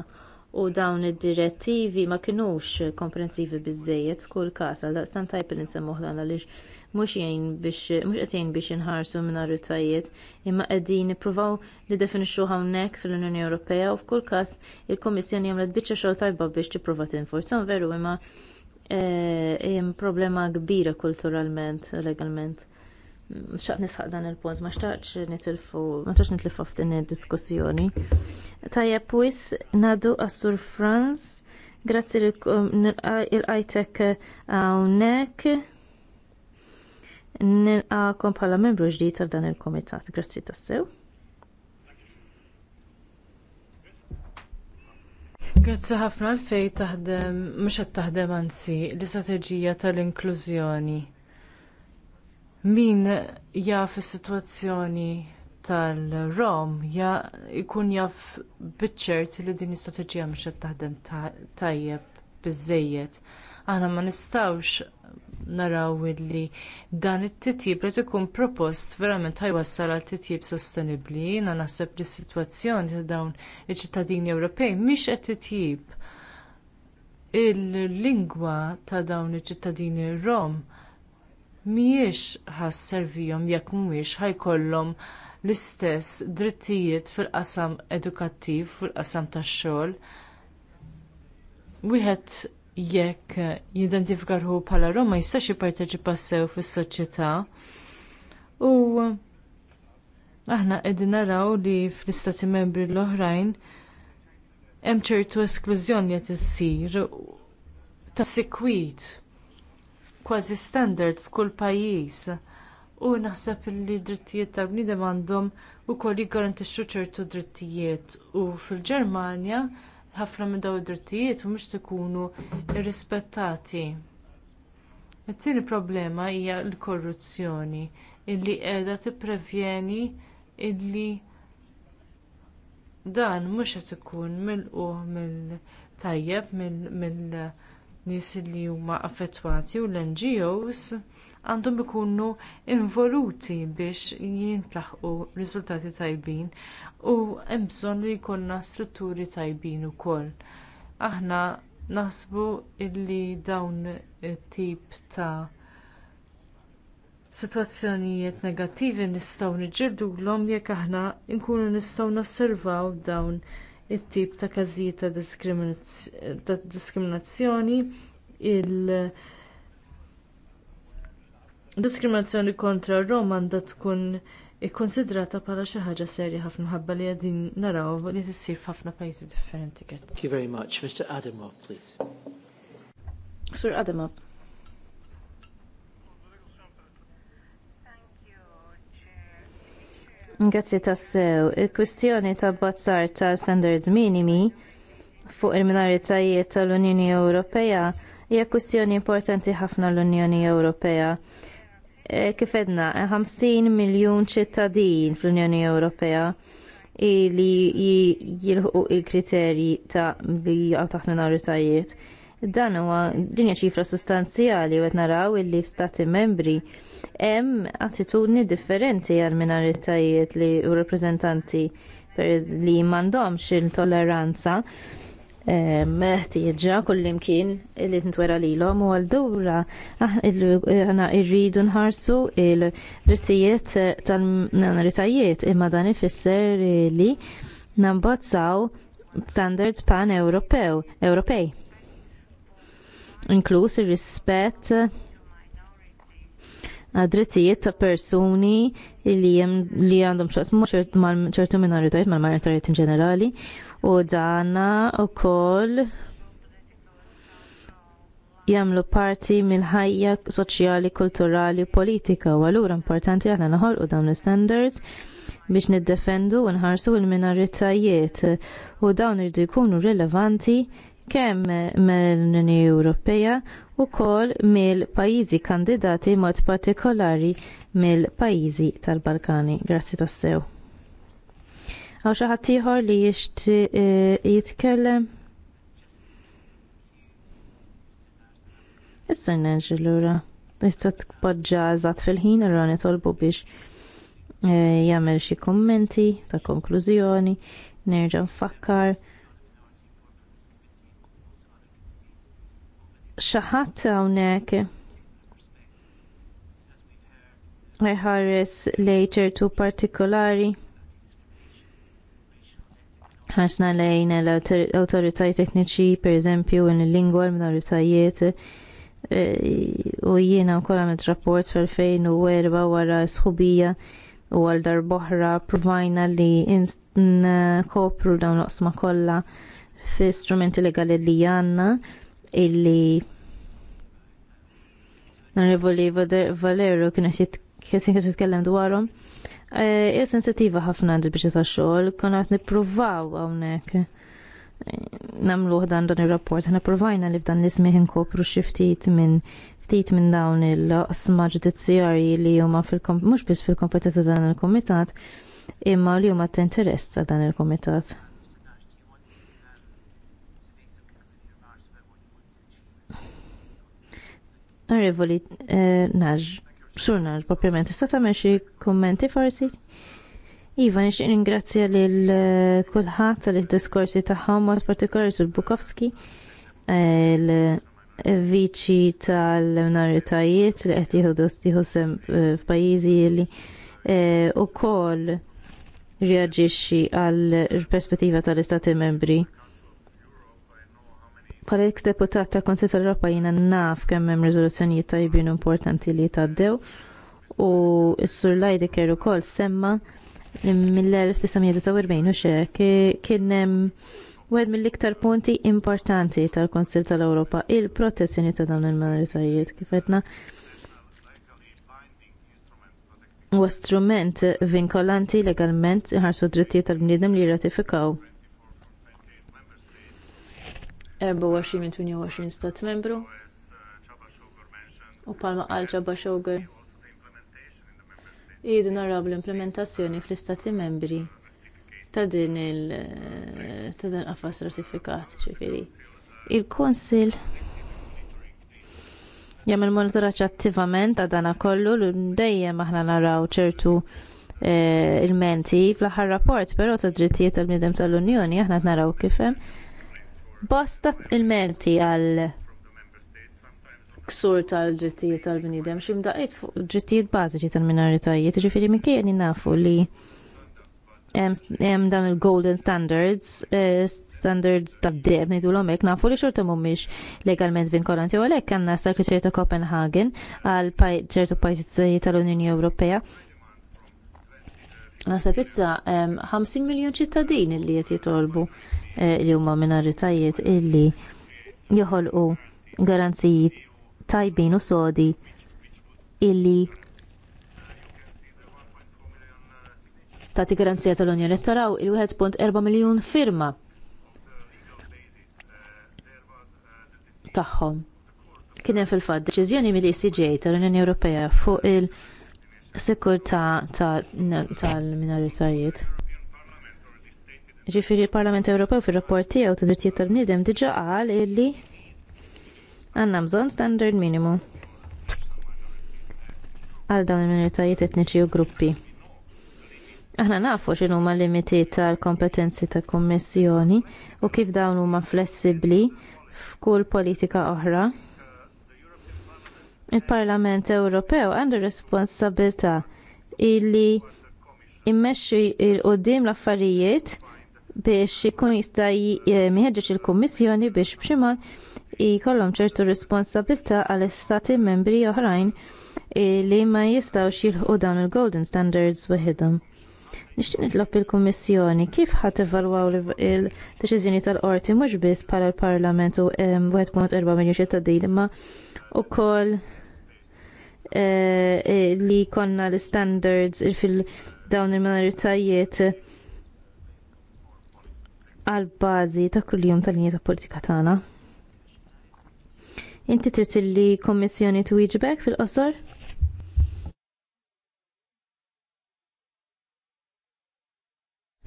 u dawn id-direttivi ma kinux komprensivi biżżejjed f'kull każ għal daqstan tajb li nsemmuh dan għaliex mhux jgħin biex mhux qed jgħin biex inħarsu mingħajr arrutajiet imma qegħdin ippruvaw nidefinixxu hawnhekk fl-Unjoni Ewropea u f'kull każ il-Kummissjoni għamlet biċċa xogħol tajba biex tipprova tinforzhom veru imma jem eh, problema kbira kulturalment, legalment. Xaqt nisħaq dan il-punt, ma xtaqx nitilfu, ma xtaqx nitilfu f'din il-diskussjoni. Tajja pwis, nadu għassur Franz, grazzi il ajtek għawnek, nilqakom bħala membru ġdijt għal dan il-komitat, grazzi tassew. Grazzi ħafna għal fej taħdem, mux qed taħdem anzi, l-istrateġija tal-inklużjoni. Min jaf is-sitwazzjoni tal-Rom ja jkun jaf biċċert li din l-istrateġija mhux qed taħdem tajjeb biżżejjed. Aħna ma nistgħux naraw illi dan it-titjib qed ikun propost verament ħajwassal għal titjib sostenibbli. Jiena naħseb li s-sitwazzjoni ta' dawn iċ-ċittadini Ewropej mhix qed titjib. Il-lingwa ta' dawn iċ-ċittadini Rom mhijiex ħasservijom jekk mhuwiex ħajkollhom l-istess drittijiet fil-qasam edukattiv, fil-qasam tax-xogħol wieħed jekk jidentifika rħu bħala Roma jistax jipparteċipa sew fis-soċjetà. U aħna qegħdin naraw li fl-istati membri l-oħrajn hemm ċertu esklużjoni qed issir ta' sikwit kważi standard f'kull pajjiż. U naħseb li drittijiet tal-bniedem għandhom ukoll jiggarantixxu ċertu drittijiet u fil-Ġermanja ħafna minn dawn id-drittijiet u mhux ikunu rrispettati. It-tieni problema hija l-korruzzjoni illi qiegħda tipprevjeni illi dan mhux qed ikun milqu mill-tajjeb mill-nies li huma affettwati u l-NGOs għandhom ikunu involuti biex jintlaħqu riżultati tajbin u hemm bżonn li jkollna strutturi tajbin ukoll. Aħna naħsbu li dawn it-tip ta' sitwazzjonijiet negattivi nistgħu niġġieldulhom jekk aħna nkunu nistgħu nosservaw dawn it-tip ta' każijiet ta' diskriminazzjoni il- diskriminazzjoni kontra r-Rom għandha tkun ikkonsidrata bħala xi ħaġa serja ħafna ħabba li qegħdin naraw li tissir f'ħafna pajjiżi differenti. Thank you very much. Mr. Adamov, please. Sur Adamov. Grazzi tassew. Il-kwistjoni ta' bazzar ta' standards minimi fuq il minaritajiet tal-Unjoni Ewropea hija kwistjoni importanti ħafna l-Unjoni Ewropea Eh, kif edna 50 miljun ċittadin fl-Unjoni Ewropea li jilħu il-kriterji ta' li jgħu taħt minoritajiet. Dan huwa dinja ċifra sustanzjali u qed naraw illi stati membri hemm attitudni differenti għal minoritajiet li u rappreżentanti li m'għandhomx toleranza meħtieġa kullimkien li l lilhom u għal-dura għana rridu nħarsu il-drittijiet tal-minoritajiet imma dan ifisser li nambazzaw standards pan-Ewropew, Ewropej. Inkluż ir-rispett drittijiet ta' persuni li għandhom li għandhom ċertu minoritajiet mal-minoritajiet in ġenerali u dana koll jagħmlu parti mill-ħajja soċjali, kulturali, politika u allura importanti aħna naħolqu dawn l-standards biex niddefendu u nħarsu l-minoritajiet u dawn irdu jkunu rilevanti kemm mill-Unjoni Ewropea u kol mill-pajjiżi kandidati mod partikolari mill-pajjiżi tal-Balkani. Grazzi tassew. Għaw xaħat ieħor li jixti eh, jitkellem. Issa nerġi lura. Issa tpoġġa eżatt fil-ħin irra nitolbu biex eh, jagħmel xi kummenti ta' konklużjoni, nerġa' nfakkar. xaħat hawnhekk ħajħares lejn ċertu partikolari ħarsna lejn l-autoritajiet tekniċi, per eżempju, in lingwa l-minoritajiet, e, u jiena u kolla met rapport fil-2004 wara sħubija u għal darboħra provajna li nkopru dawn l-osma kolla fi strumenti legali li għanna illi narrivoli Valero kienet jitkellem dwarom Eh, ja sensitiva ħafna għandi biex ta' xogħol, kon qed nippruvaw hawnhekk. Eh, namluh dan dan ir-rapport, ħna provajna li f'dan l-ismih inkopru xi ftit minn ftit minn dawn il-qasma ġudizzjarji li huma mhux biss fil-kompetenza dan il-kumitat, imma li huma t interess ta' dan il-kumitat. Onorevoli eh, Surnar, propjament, sta ta' xi kummenti forsi? Iva, nixtieq li lil eh, kulħadd għal diskorsi ta' mod partikolari sul Bukowski eh, l viċi tal-minoritajiet li qed jieħdu jieħu sem eh, f'pajjiżi li kol reaġixxi għal perspettiva tal-istati membri Pala ex deputat ta' Konsil tal-Europa jina naf kemm hemm riżoluzzjonijiet tajbin importanti li tgħaddew u s-sur Lajdeker ukoll semma mill-1949 u xek kien hemm wieħed mill-iktar punti importanti tal-Konsil tal-Ewropa il-protezzjoni ta' dawn il-minoritajiet kif qedna huwa strument vinkolanti legalment iħarsu drittijiet tal-bniedem li jirratifikaw 24 minn 28 stat membru. U palma qal ġabba xogur. Jidu narab l-implementazzjoni fl-istati membri ta' din il ta' dan ratifikat ċifiri. Il-Konsil jagħmel monitoraġġ attivament ta' dana kollu l dajjem aħna naraw ċertu eh, il-menti fl-aħħar rapport però ta' drittijiet tal midem tal-Unjoni aħna naraw kifem bosta il-menti għal ksur tal-ġittijiet tal-bnidem, daqqiet fuq ġittijiet bażiċi tal-minoritajiet, ġifiri minkejja nafu li hemm dan il-golden standards, eh, standards tad-deb nidu l-omek, nafu li xorta mhumiex legalment vinkolanti u għalhekk għandna s ta' Copenhagen għal ċertu pajzi tal-Unjoni Ewropea Nasab 50 miljon ċittadin li qed jitolbu Eh, li huma minoritajiet illi joħolqu garanziji tajbin u sodi illi tati garanzija tal-Unjoni taraw il-1.4 miljun firma tagħhom. Kien hemm fil-fatt deċiżjoni mill-ECJ tal-Unjoni Ewropea fuq il-sikurtà tal-minoritajiet. Ta, ta, ta Ġifiri il-Parlament Ewropew fir-rapport tiegħu ta' drittijiet tal-bniedem diġà qal illi għandna bżonn standard minimu għal dawn il-minoritajiet etniċi u gruppi. Aħna nafu x'in huma limiti tal-kompetenzi ta' kummissjoni u kif dawn huma flessibbli f'kull politika oħra. Il-Parlament Ewropew għandu responsabilità illi immexxi il-qoddim l-affarijiet biex ikun jista' jmeħġeġ eh, il-Kummissjoni biex b'xima jkollhom ċertu responsabilità għal istati membri oħrajn eh, li ma jistgħux jilħqu dawn il-golden standards waħedhom. Nixtieq nitlob il-Kummissjoni kif ħadd evalwaw il-deċiżjoni tal-qorti mhux biss bħala l-Parlament u 1.4 eh, miljun ċittadin imma ukoll li konna l-standards fil-dawn il-minoritajiet għal bazi ta' kuljum tal ta' politika tagħna. Inti trid li kommissjoni twieġbek fil-qosor?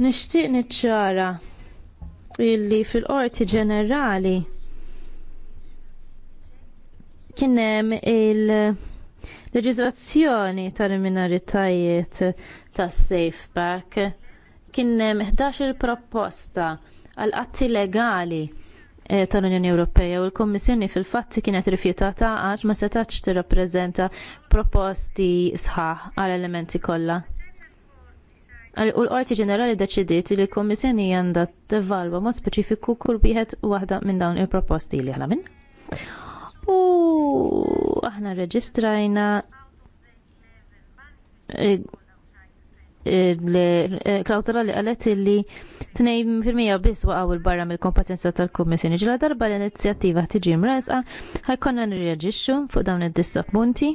Nixtieq niċċara illi fil-qorti ġenerali kien hemm il-leġiżlazzjoni tal-minoritajiet tas safe back kien hemm 11-il proposta għal qatti legali eh, tal-Unjoni Ewropea u l kummissjoni fil-fatt kienet rifjutata għax ma setax tirrappreżenta proposti sħaħ għal elementi kollha. U l-Qorti Ġenerali deċidiet li l-Kommissjoni għandha tevalwa mod speċifiku kull wieħed waħda minn dawn il-proposti li aħna minn. U aħna reġistrajna eh, l eh, klawzola li għalet li 2% biss waqgħu il-barra mill-kompetenza tal kommissjoni Ġila darba l-inizjattiva tiġi mresqa ħajkonna nirreġixxu fuq dawn id-disappunti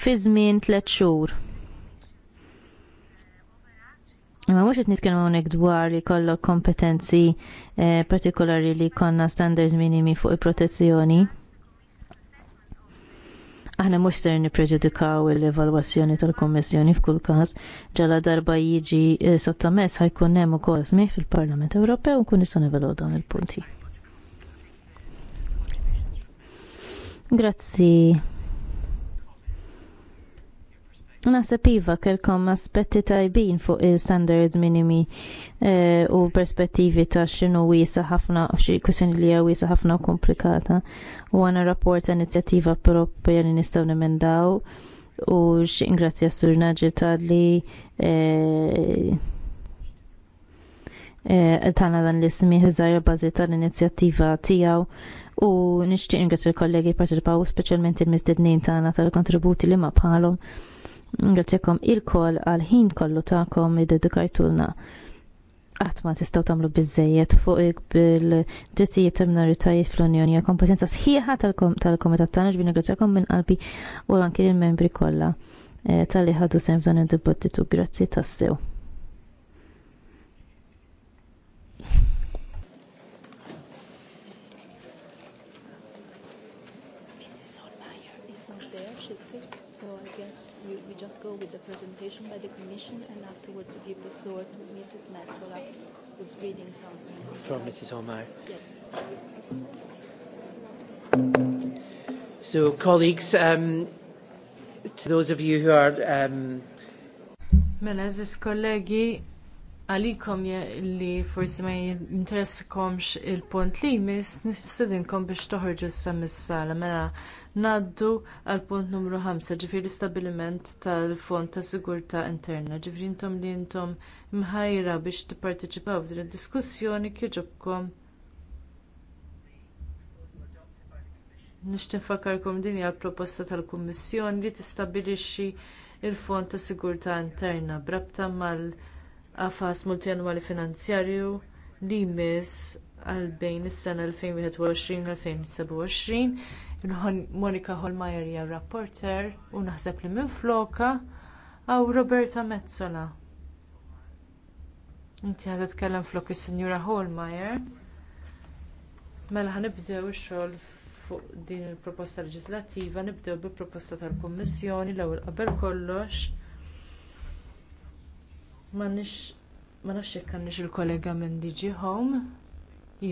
fi żmien tliet xhur. Ma mhux qed nitkellmu hawnhekk dwar li kollok kompetenzi eh, partikolari li konna standards minimi fuq il-protezzjoni. Aħna mhux ser nippreġudikaw l-evalwazzjoni tal-Kommissjoni f'kull każ ġala darba jiġi eh, sottomess ħajkun hemm ukoll smih fil-Parlament Ewropew u nkun nistgħu nevalwaw dawn il-punti. Grazzi Naħseb iva kelkom aspetti tajbin fuq il-standards minimi eh, u perspettivi ta' xinu wisa ħafna, xi kusin li wisa ħafna u komplikata. U għana rapport ta' inizjattiva propja li nistaw nemendaw u xingrazzja sur naġita li eh, eh, tana dan l-ismi ħizajra bazi tal-inizjattiva tijaw u nishtiq ingrazzja l-kollegi partiċipaw specialment il-mizdednin tana tal-kontributi li ma bħalom Grazzekom il-kol għal-ħin kollu ta'kom id-dedikajtulna. Għatma tistaw tamlu bizzejiet fuq bil-drittijiet minoritajiet fl-Unjoni għal kompetenza sħiħa tal-Komitat tagħna ġbin grazzakom minn qalbi u anki il-membri kollha eh, tal-li ħadu sem f'dan id-dibattitu. Grazzi tassew. floor to Mrs. Metzola, was reading something. From Mrs. Omar. Yes. So, colleagues, um, to those of you who are... Um, Mela, ziz kollegi, għalikom li forsi ma jinteressikomx il pont li jmiss, nistedinkom biex toħorġu s samissala Mela, Ngħaddu għal punt numru 5, ġifir l-istabiliment tal-Fond ta' Sigurtà Interna, ġifir intom li intom mħajra biex tipparteċipaw f'din id-diskussjoni kieġobkom. Nixtieq din hija l-proposta tal-Kummissjoni li tistabbilixxi l fond ta' Sigurtà Interna b'rabta mal-qafas multjanwali finanzjarju li jmiss għal bejn is-sena 2021-2027 Monika Holmajer hija rapporter u naħseb li floka għaw Roberta Mezzola. Inti għad tkellem flok is-Sinjura Holmajer. Mela ħanibdew ix xol fuq din il-proposta leġislattiva, nibdew bi proposta tal-Kummissjoni l-ewwel qabel kollox. Ma nafx jekk għandix il-kollega minn DG Home.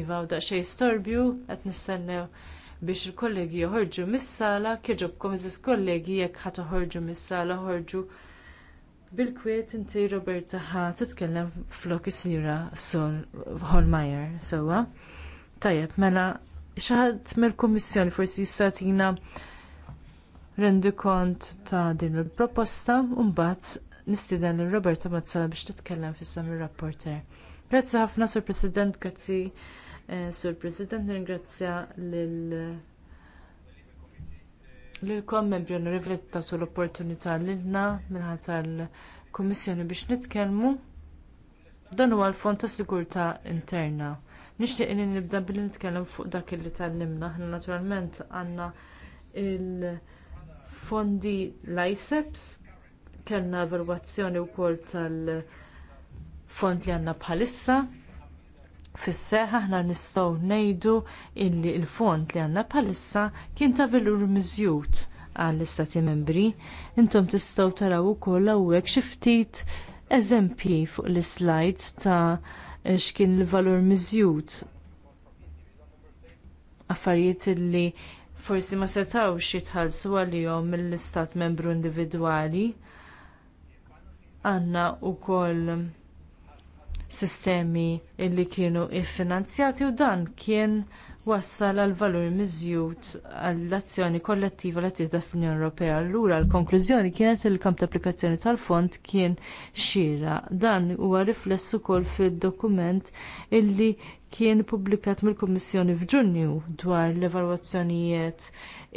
Iva, u daqsxejn storbju, qed nistennew biex il-kollegi joħorġu mis-sala, kieġobkom iżis kollegi jekk ħat ħorġu mis-sala ħorġu bil-kwiet inti Roberta ħa titkellem flok is-sinjura Sol Holmeyer sewwa. Tajjeb, mela xaħat mill-Kummissjoni forsi jistatina rendi kont ta' din il-proposta u mbagħad nistieden lil Roberta Mazzala biex titkellem fis-sam ir rapporter Grazzi ħafna, Sur President, grazzi Eh, Sur President, nirringrazzja l-kom membri onorevoli tagħtu l-opportunità lilna minħat għal-Komissjoni biex nitkellmu. Dan huwa l-fond ta' sigurtà interna. Nixtieq li nibda billi nitkellem fuq dak li tallimna. Aħna naturalment għandna il-fondi l-ISEPs, kellna evalwazzjoni wkoll tal-fond li għandna bħalissa, fis seħħ aħna nistgħu ngħidu illi l-fond li għandna bħalissa kien ta' velur miżjud għall-istati membri. Intom tistgħu taraw ukoll hawnhekk xi ftit eżempji fuq l-slide ta' x'kien il-valur miżjud. Affarijiet li forsi ma setawx jitħallsu għalihom mill-istat membru individwali. Għandna wkoll sistemi illi kienu iffinanzjati u dan kien wassal għal valur miżjud għall-azzjoni kollettiva li tieħda fl-Unjoni Ewropea. Allura l-konklużjoni kienet li l-kamp ta' applikazzjoni tal-fond kien xira. Dan huwa rifless ukoll fid-dokument illi kien publikat mill-Kummissjoni f'Ġunju dwar l-evalwazzjonijiet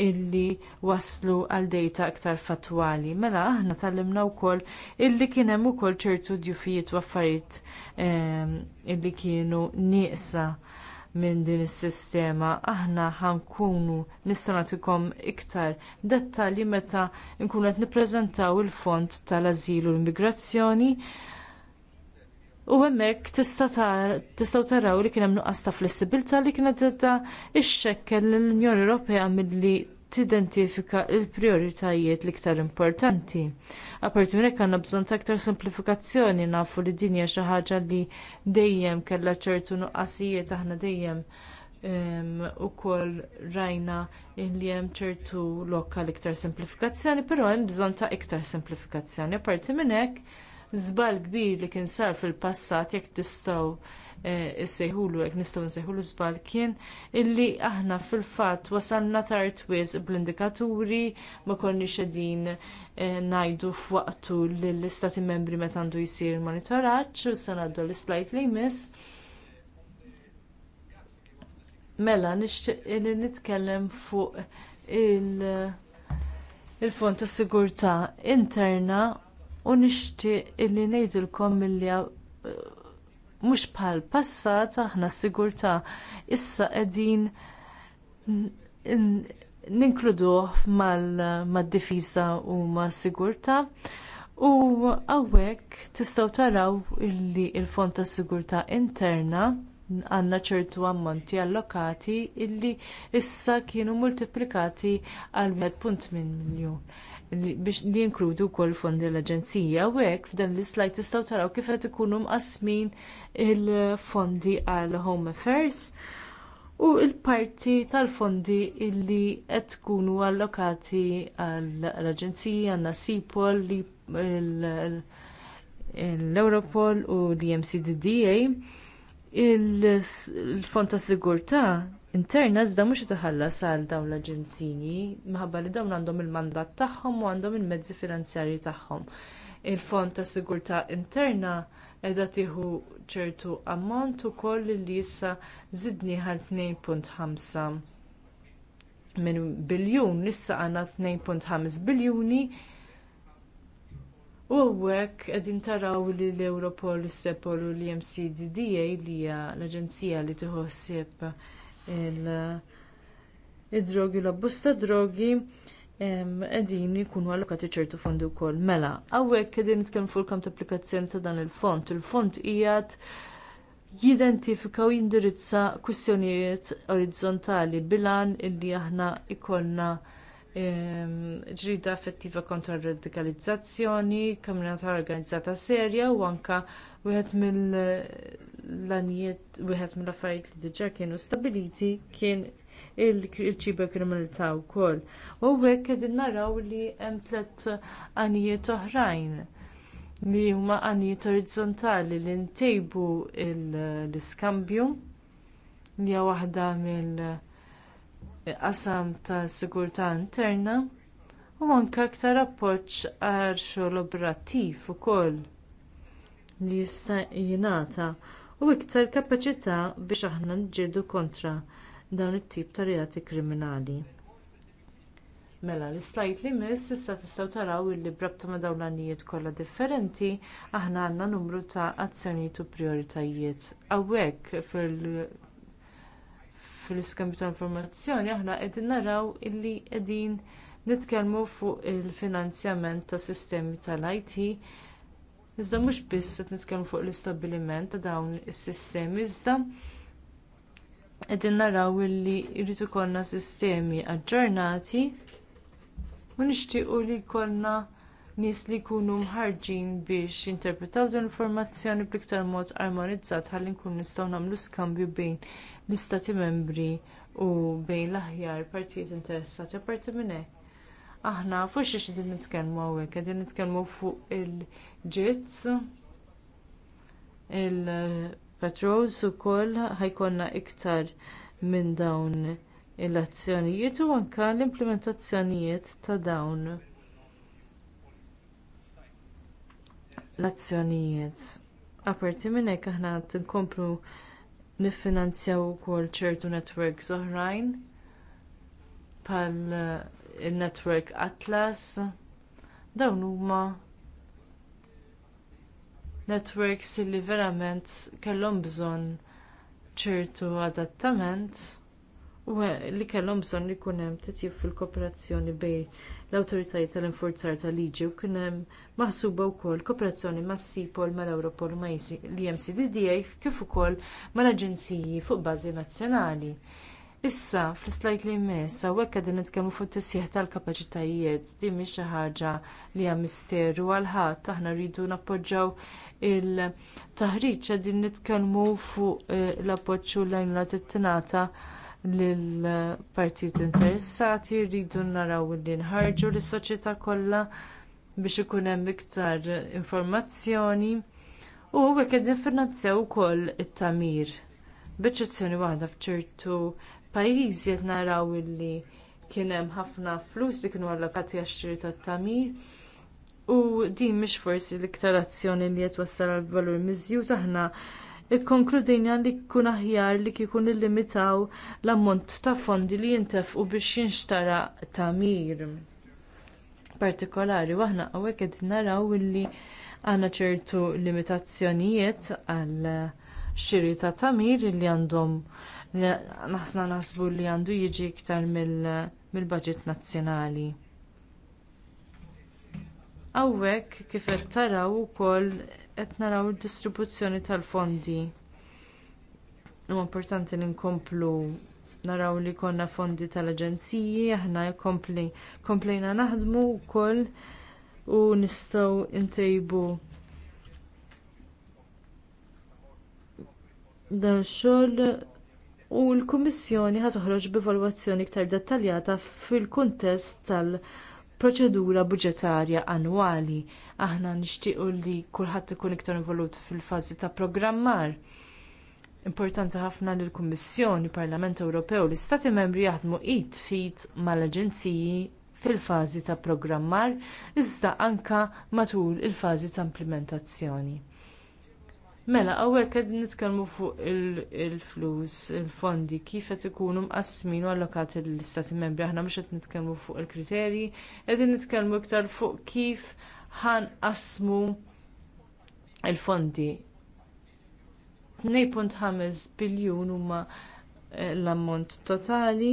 illi waslu għal dejta aktar fatwali. Mela aħna tallimna wkoll illi kien hemm ukoll ċertu djufijiet u affarijiet ehm, illi kienu nieqsa minn din is-sistema. Aħna ħankunu nistgħu nagħtikom iktar dettalji meta nkunu qed nippreżentaw il-Fond tal-Ażil u l-Immigrazzjoni. U hemmhekk tistgħu taraw li kien hemm nuqqas ta' flessibilità li kienet tedda ix-xekkel l-Unjoni Ewropea milli tidentifika l prijoritajiet l-iktar importanti. Apparti minn hekk għandna bżonn ta' aktar simplifikazzjoni nafu li din hija xi ħaġa li dejjem kellha ċertu nuqqasijiet aħna dejjem ehm, ukoll rajna li hemm ċertu lokal iktar simplifikazzjoni, però hemm bżonn ta' iktar simplifikazzjoni. Apparti minn hekk żball kbir li kien sar fil-passat jekk tistgħu Eh, issejħulu hekk nistgħu nsejħulu żball kien illi aħna fil-fatt wasalna tard wisq bl-indikaturi ma konniex qegħdin eh, ngħidu f'waqtu lill-istati membri meta għandu jsir monitoraġġ u se ngħaddu l-slide li jmiss. Mela nixtieq li nitkellem fuq il-Fond tas Sigurtà Interna u nixtieq illi ngħidilkom milli eh, mhux bħal passat aħna s-sigurtà issa qegħdin ninkluduh mad-difiża u mas-sigurtà u hawnhekk tistgħu taraw li l-fond tas-sigurtà interna għandna ċertu ammonti allokati illi issa kienu multiplikati għal 1.1 miljun biex li jinkludu wkoll fondi l-Aġenzija u hekk f'dan l-islajt tistgħu taraw kif qed ikunu mqasmin il-fondi għal Home Affairs u l-parti tal-fondi illi qed tkunu allokati għall aġenzija għandna Sipol, l-Europol u l-MCDDA il-fond ta' sigurtà interna iżda mhux qed iħallas għal dawn l-aġenziji minħabba li dawn għandhom il-mandat tagħhom u għandhom il-mezzi finanzjarji tagħhom. Il-Fond ta' Sigurtà Interna qiegħda tieħu ċertu ammont ukoll li issa żidni għal 2.5 minn biljun issa għandna 2.5 biljuni U għek qegħdin taraw li l-Europol, l-Sepol u l-MCDDA li hija l-Aġenzija li tħossib il-drogi, l abbusta ta' drogi qegħdin jikunu allokati ċertu fondi wkoll. Mela, għawek qegħdin nitkellmu fuq kam applikazzjoni ta' dan il-fond. Il-fond ijat jidentifika u jindirizza kwistjonijiet orizzontali bilan illi aħna ikollna ġrida effettiva kontra r radikalizzazzjoni, kriminalità organizzata serja u anke Wieħed mill-lanijiet, wieħed mill-affarijiet li diġà kienu stabiliti kien il ċiba kriminalità wkoll. U hekk qegħdin naraw li hemm tliet għanijiet oħrajn li huma għanijiet orizzontali li ntejbu l-iskambju li hija waħda mill-qasam ta' sigurtà interna u anke aktar appoġġ għal xogħol operattiv ukoll li jista' jingħata u iktar kapaċità biex aħna niġġieldu kontra dawn it-tip ta' reati kriminali. Mela, l istajt li miss issa tistgħu taraw li brabta ma' dawn kollha differenti aħna għandna numru ta' azzjonijiet u prijoritajiet. Hawnhekk fil- fil-iskambju ta' informazzjoni aħna qegħdin naraw illi qegħdin nitkellmu fuq il-finanzjament tas sistemi tal-IT Iżda mhux biss qed nitkellmu fuq l-istabbiliment ta' dawn is-sistemi, iżda qed naraw illi jrid ikollna sistemi aġġornati u nixtiequ li jkollna nies li jkunu mħarġin biex jinterpretaw din l-informazzjoni bl-iktar mod armonizzat ħalli nkunu nistgħu nagħmlu skambju bejn l-istati membri u bejn l-aħjar partijiet interessati apparti minn hekk aħna fuq xiex din nitkellmu hawnhekk, qegħdin nitkellmu fuq il-ġitz, il-petrols ukoll ħajkonna iktar minn dawn il-azzjonijiet u anke l-implementazzjonijiet ta' dawn l-azzjonijiet. Aperti minn hekk aħna tinkomplu niffinanzjaw ukoll ċertu networks oħrajn bħal il-Network Atlas. Dawn huma networks li verament kellhom bżonn ċertu adattament u li kellhom bżonn li jkun hemm titjib fil-kooperazzjoni bejn l-awtoritajiet tal-infurzar tal-liġi u kien hemm maħsuba wkoll kooperazzjoni mas sipol mal-Europol ma' l-MCDDA kif ukoll mal-aġenziji fuq bażi nazzjonali. Issa, fl-slajt li jmiss, għawek għadin nitkellmu fuq tisjeħ tal-kapaċitajiet, di mhix xi ħaġa li hija misteru għal ħadd aħna rridu nappoġġaw il-taħriġ qegħdin nitkellmu fuq eh, l appoġġu l-għajnuna tittinata lill-partit interessati, rridu naraw li nħarġu lis-soċjetà kollha biex ikun hemm iktar informazzjoni u għek qegħdin finanzjaw ukoll it-tamir b'eċċezzjoni waħda f'ċertu pajjiżi qed naraw illi kien hemm ħafna flus li kienu allokati għax-xiri tat tagħmir U din mhix forsi l-iktar azzjoni li qed wassal għal valur miżjud aħna ikkonkludejna li jkun aħjar li kikun illimitaw l-ammont ta' fondi li jintefqu biex jinxtara tagħmir partikolari waħna hawnhekk qed naraw li għandna ċertu limitazzjonijiet għal xiri ta' tagħmir li għandhom naħsna naħsbu li għandu jiġi iktar mill-budget nazzjonali. Hawnhekk kif qed taraw ukoll qed naraw id-distribuzzjoni tal-fondi. Huwa importanti li nkomplu naraw li jkollna fondi tal-aġenziji, aħna komplejna naħdmu wkoll u nistgħu ntejbu dan xogħol u l-Kummissjoni ħad toħroġ b'evalwazzjoni iktar dettaljata fil-kuntest tal-proċedura budġetarja annwali. Aħna nixtiequ li kulħadd ikun iktar involut fil-fażi ta' programmar. Importanti ħafna li l-Kummissjoni, Parlament Ewropew, l-Istati Membri jaħdmu id fit mal-Aġenziji fil-fażi ta' programmar iżda anke matul il-fażi ta' implementazzjoni. Mela, għawek għed nitkelmu fuq il-flus, il-fondi, kif qed ikunu mqasmin u allokati l-istati membri, aħna mhux qed nitkellmu fuq il-kriterji, qegħdin nitkellmu iktar fuq kif għan qasmu il-fondi. 2.5 biljun huma eh, l-ammont totali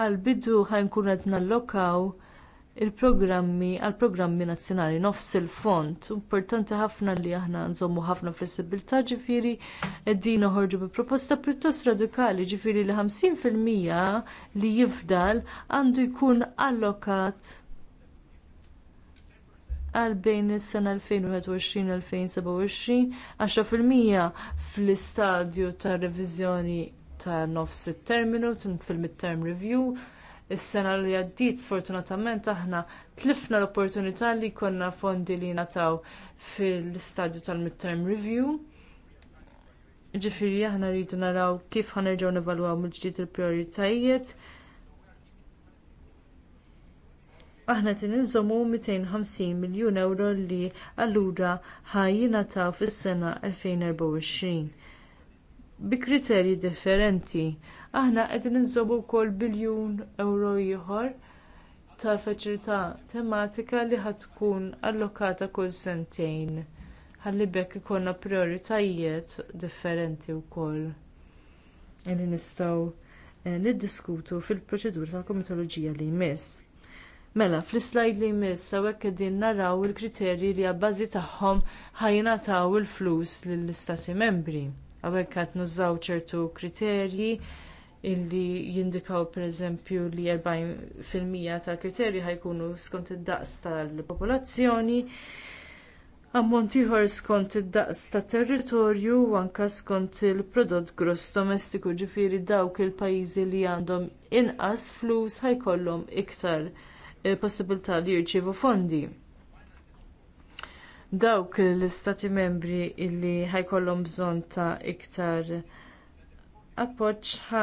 għal bidu ħajnkun qed nallokaw il-programmi għall programmi nazzjonali nofs il-fond. Importanti ħafna li aħna nżommu ħafna flessibilità ġifieri qegħdin joħorġu bi proposta pjuttost radikali ġifieri li 50% li jifdal għandu jkun allokat għal bejn is-sena 2021-2027 10% fl-istadju tar reviżjoni ta' nofs it-terminu fil-midterm review Is-sena li għaddiet sfortunatament aħna tlifna l-opportunità li jkollna fondi li nataw fil-istadju tal-midterm review. Ġifiri aħna rridu naraw kif ħanerġgħu nevalwaw mill-ġdid il-prioritajiet. Aħna tin inżommu 250 miljun euro li allura ħajjina taw fis-sena 2024 bi kriterji differenti Aħna qegħdin inżobu wkoll biljun euro ieħor ta' faċilità tematika li ħatkun allokata kull sentejn ħalli bekk ikollna prioritajiet differenti wkoll li nistgħu eh, niddiskutu fil-proċedura tal komitoloġija li jmiss. Mela, fl-slide li jmiss hawnhekk qegħdin naraw il-kriterji li għabbażi tagħhom ħajnataw il-flus lill-istati membri. Hawnhekk qed nużaw ċertu kriterji illi jindikaw pereżempju li 40% tal-kriterji ħajkunu skont id-daqs tal-popolazzjoni, ammont ieħor skont id-daqs tat territorju u anke skont il-prodott gross domestiku ġifieri dawk il-pajjiżi li għandhom inqas flus ħajkollhom iktar eh, possibilità li jirċievu fondi. Dawk l-istati membri illi ħajkollhom bżonn ta' iktar appoġġ ħa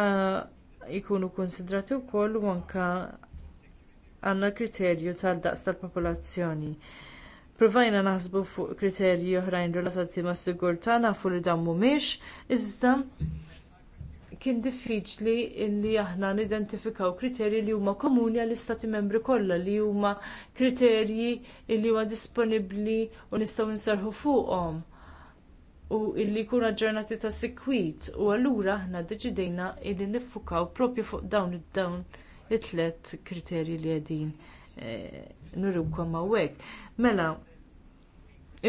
jkunu konsidrati wkoll u anke għandna kriterju tal-daqs tal-popolazzjoni. Provajna naħsbu fuq kriterji oħrajn relatati mas sigurtà nafu li dan mhumiex, iżda kien diffiċli li aħna nidentifikaw kriterji li huma komuni għall-istati membri kollha li huma kriterji li huma disponibbli u nistgħu nserħu fuqhom u illi jkunu aġġornati ta' sikwit u allura aħna deċidejna illi niffukaw proprju fuq dawn id-dawn it-tlet kriterji li għedin eh, nurrukom hawnhekk. Mela,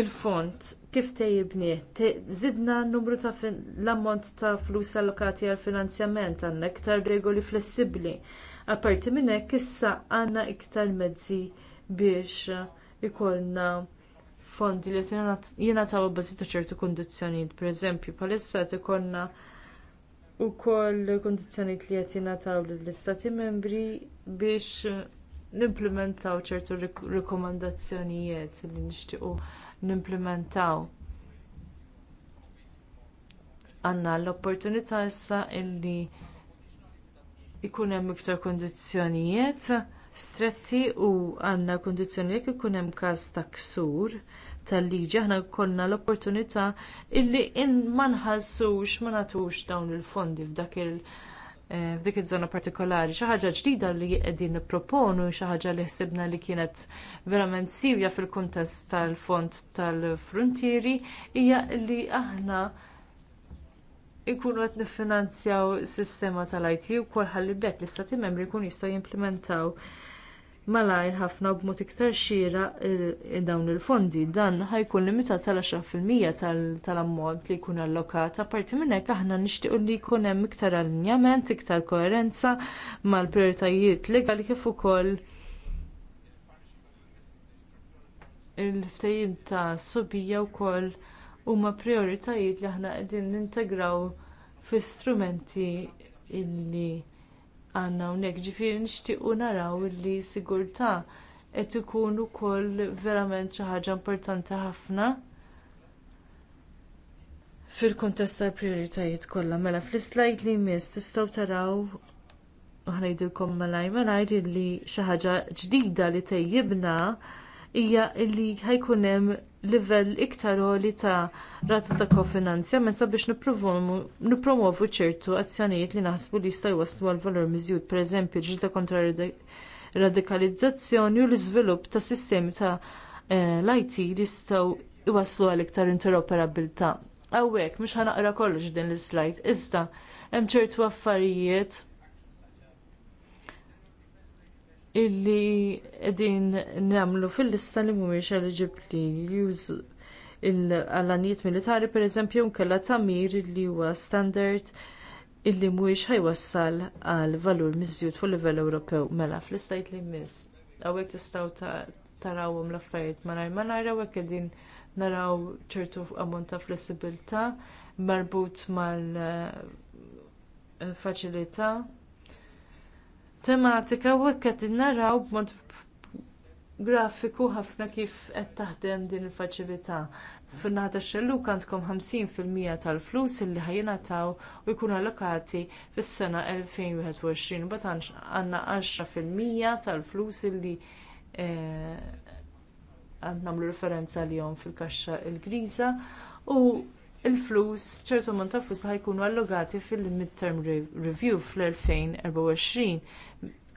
il-font kif tejjibnieh, zidna n-numru ta' l-ammont ta' flus allokati għall finanzjament għandna iktar regoli flessibbli. Apparti minn hekk issa għandna iktar mezzi biex ikollna fondi li jena taw bażita ċertu kundizzjonijiet, pereżempju bħalissa qed ikollna wkoll kundizzjonijiet li qed jingħataw lill-istati membri biex nimplementaw ċertu rikomandazzjonijiet li nixtiequ nimplementaw. Għandna l-opportunità issa illi ikun hemm iktar kundizzjonijiet stretti u għandna kundizzjonijiet ikun hemm każ ta' ksur tal-liġi aħna kollna l-opportunità illi in ma nħallsux ma nagħtux dawn il-fondi f'dak il- eh, f'dik iż-żona partikolari xi ħaġa ġdida li qegħdin nipproponu xi ħaġa li ħsibna li kienet verament sirja fil-kuntest tal-fond tal-frontieri hija li aħna ikunu qed niffinanzjaw is-sistema tal-IT wkoll ħalli bekk l-istati membri jkunu jistgħu jimplementaw malajr ħafna b'mod iktar xieraq dawn il-fondi. Dan ħajkun limitat tal-10% tal-ammont li jkun allokat. Apparti minn hekk aħna nixtiequ li jkun hemm iktar allinjament, iktar koerenza mal-prijoritajiet legali kif ukoll il-ftajim ta' sobija wkoll huma prijoritajiet li aħna qegħdin nintegraw fi strumenti illi għandna hawnhekk ġifieri nixtiequ naraw li sigurtà qed ikun ukoll verament xi ħaġa importanti ħafna fil kuntest tal-prijoritajiet kollha. Mela fl-slide li jmiss tistgħu taraw aħna jidilkom malaj malajr li xi ħaġa ġdida li tejjibna hija li ħajkun hemm livell iktar għoli ta' rata ta' kofinanzjament sabiex nippromovu ċertu azzjonijiet li naħsbu li jistgħu jwasslu għal valur miżjud, pereżempju ġita kontra radikalizzazzjoni u l-iżvilupp ta' sistemi ta' eh, l-IT li jistgħu jwasslu għal iktar interoperabilità. Hawnhekk mhux ħanaqra kollox din l-slide, iżda hemm ċertu affarijiet illi qegħdin nagħmlu fil-lista li mhumiex eligibbli jużu għall-anijiet militari pereżempju nkella tamir li huwa standard illi mhuwiex ħajwassal għal valur miżjud fuq livell Ewropew mela fl-istajt li miss. Hawnhekk tistaw tarawhom l-affarijiet malajr malajr hawnhekk qegħdin naraw ċertu ammont ta' flessibilità marbut mal eh, faċilità tematika u hekk qed b'mod grafiku ħafna kif qed taħdem din il-faċilità. Fin-naħa tax-xelluk għandkom 50% tal-flus illi ħajingħataw u jkunu allokati fis-sena 2021 bat għandna 10% tal-flus illi eh, għand nagħmlu referenza għalihom fil-kaxxa l griża u il-flus, ċertu mont ta' flus ħajkunu allogati fil-midterm review fl-2024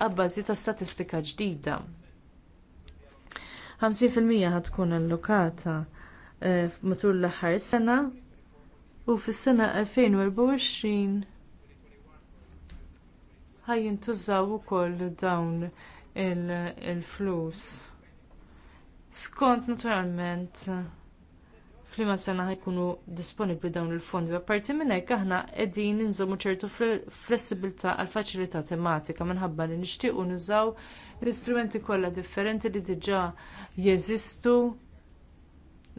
għabbażi ta' statistika ġdida. 50% ħatkun allokata eh, matul l-aħħar sena u fis-sena 2024 ħajjintużaw ukoll dawn il-flus. Skont naturalment flima sena ħajkunu disponibbli dawn il-fondi. Apparti minn hekk aħna qegħdin inżommu ċertu flessibilità għal faċilità tematika minħabba li nixtiequ nużaw l-istrumenti kollha differenti li diġà jeżistu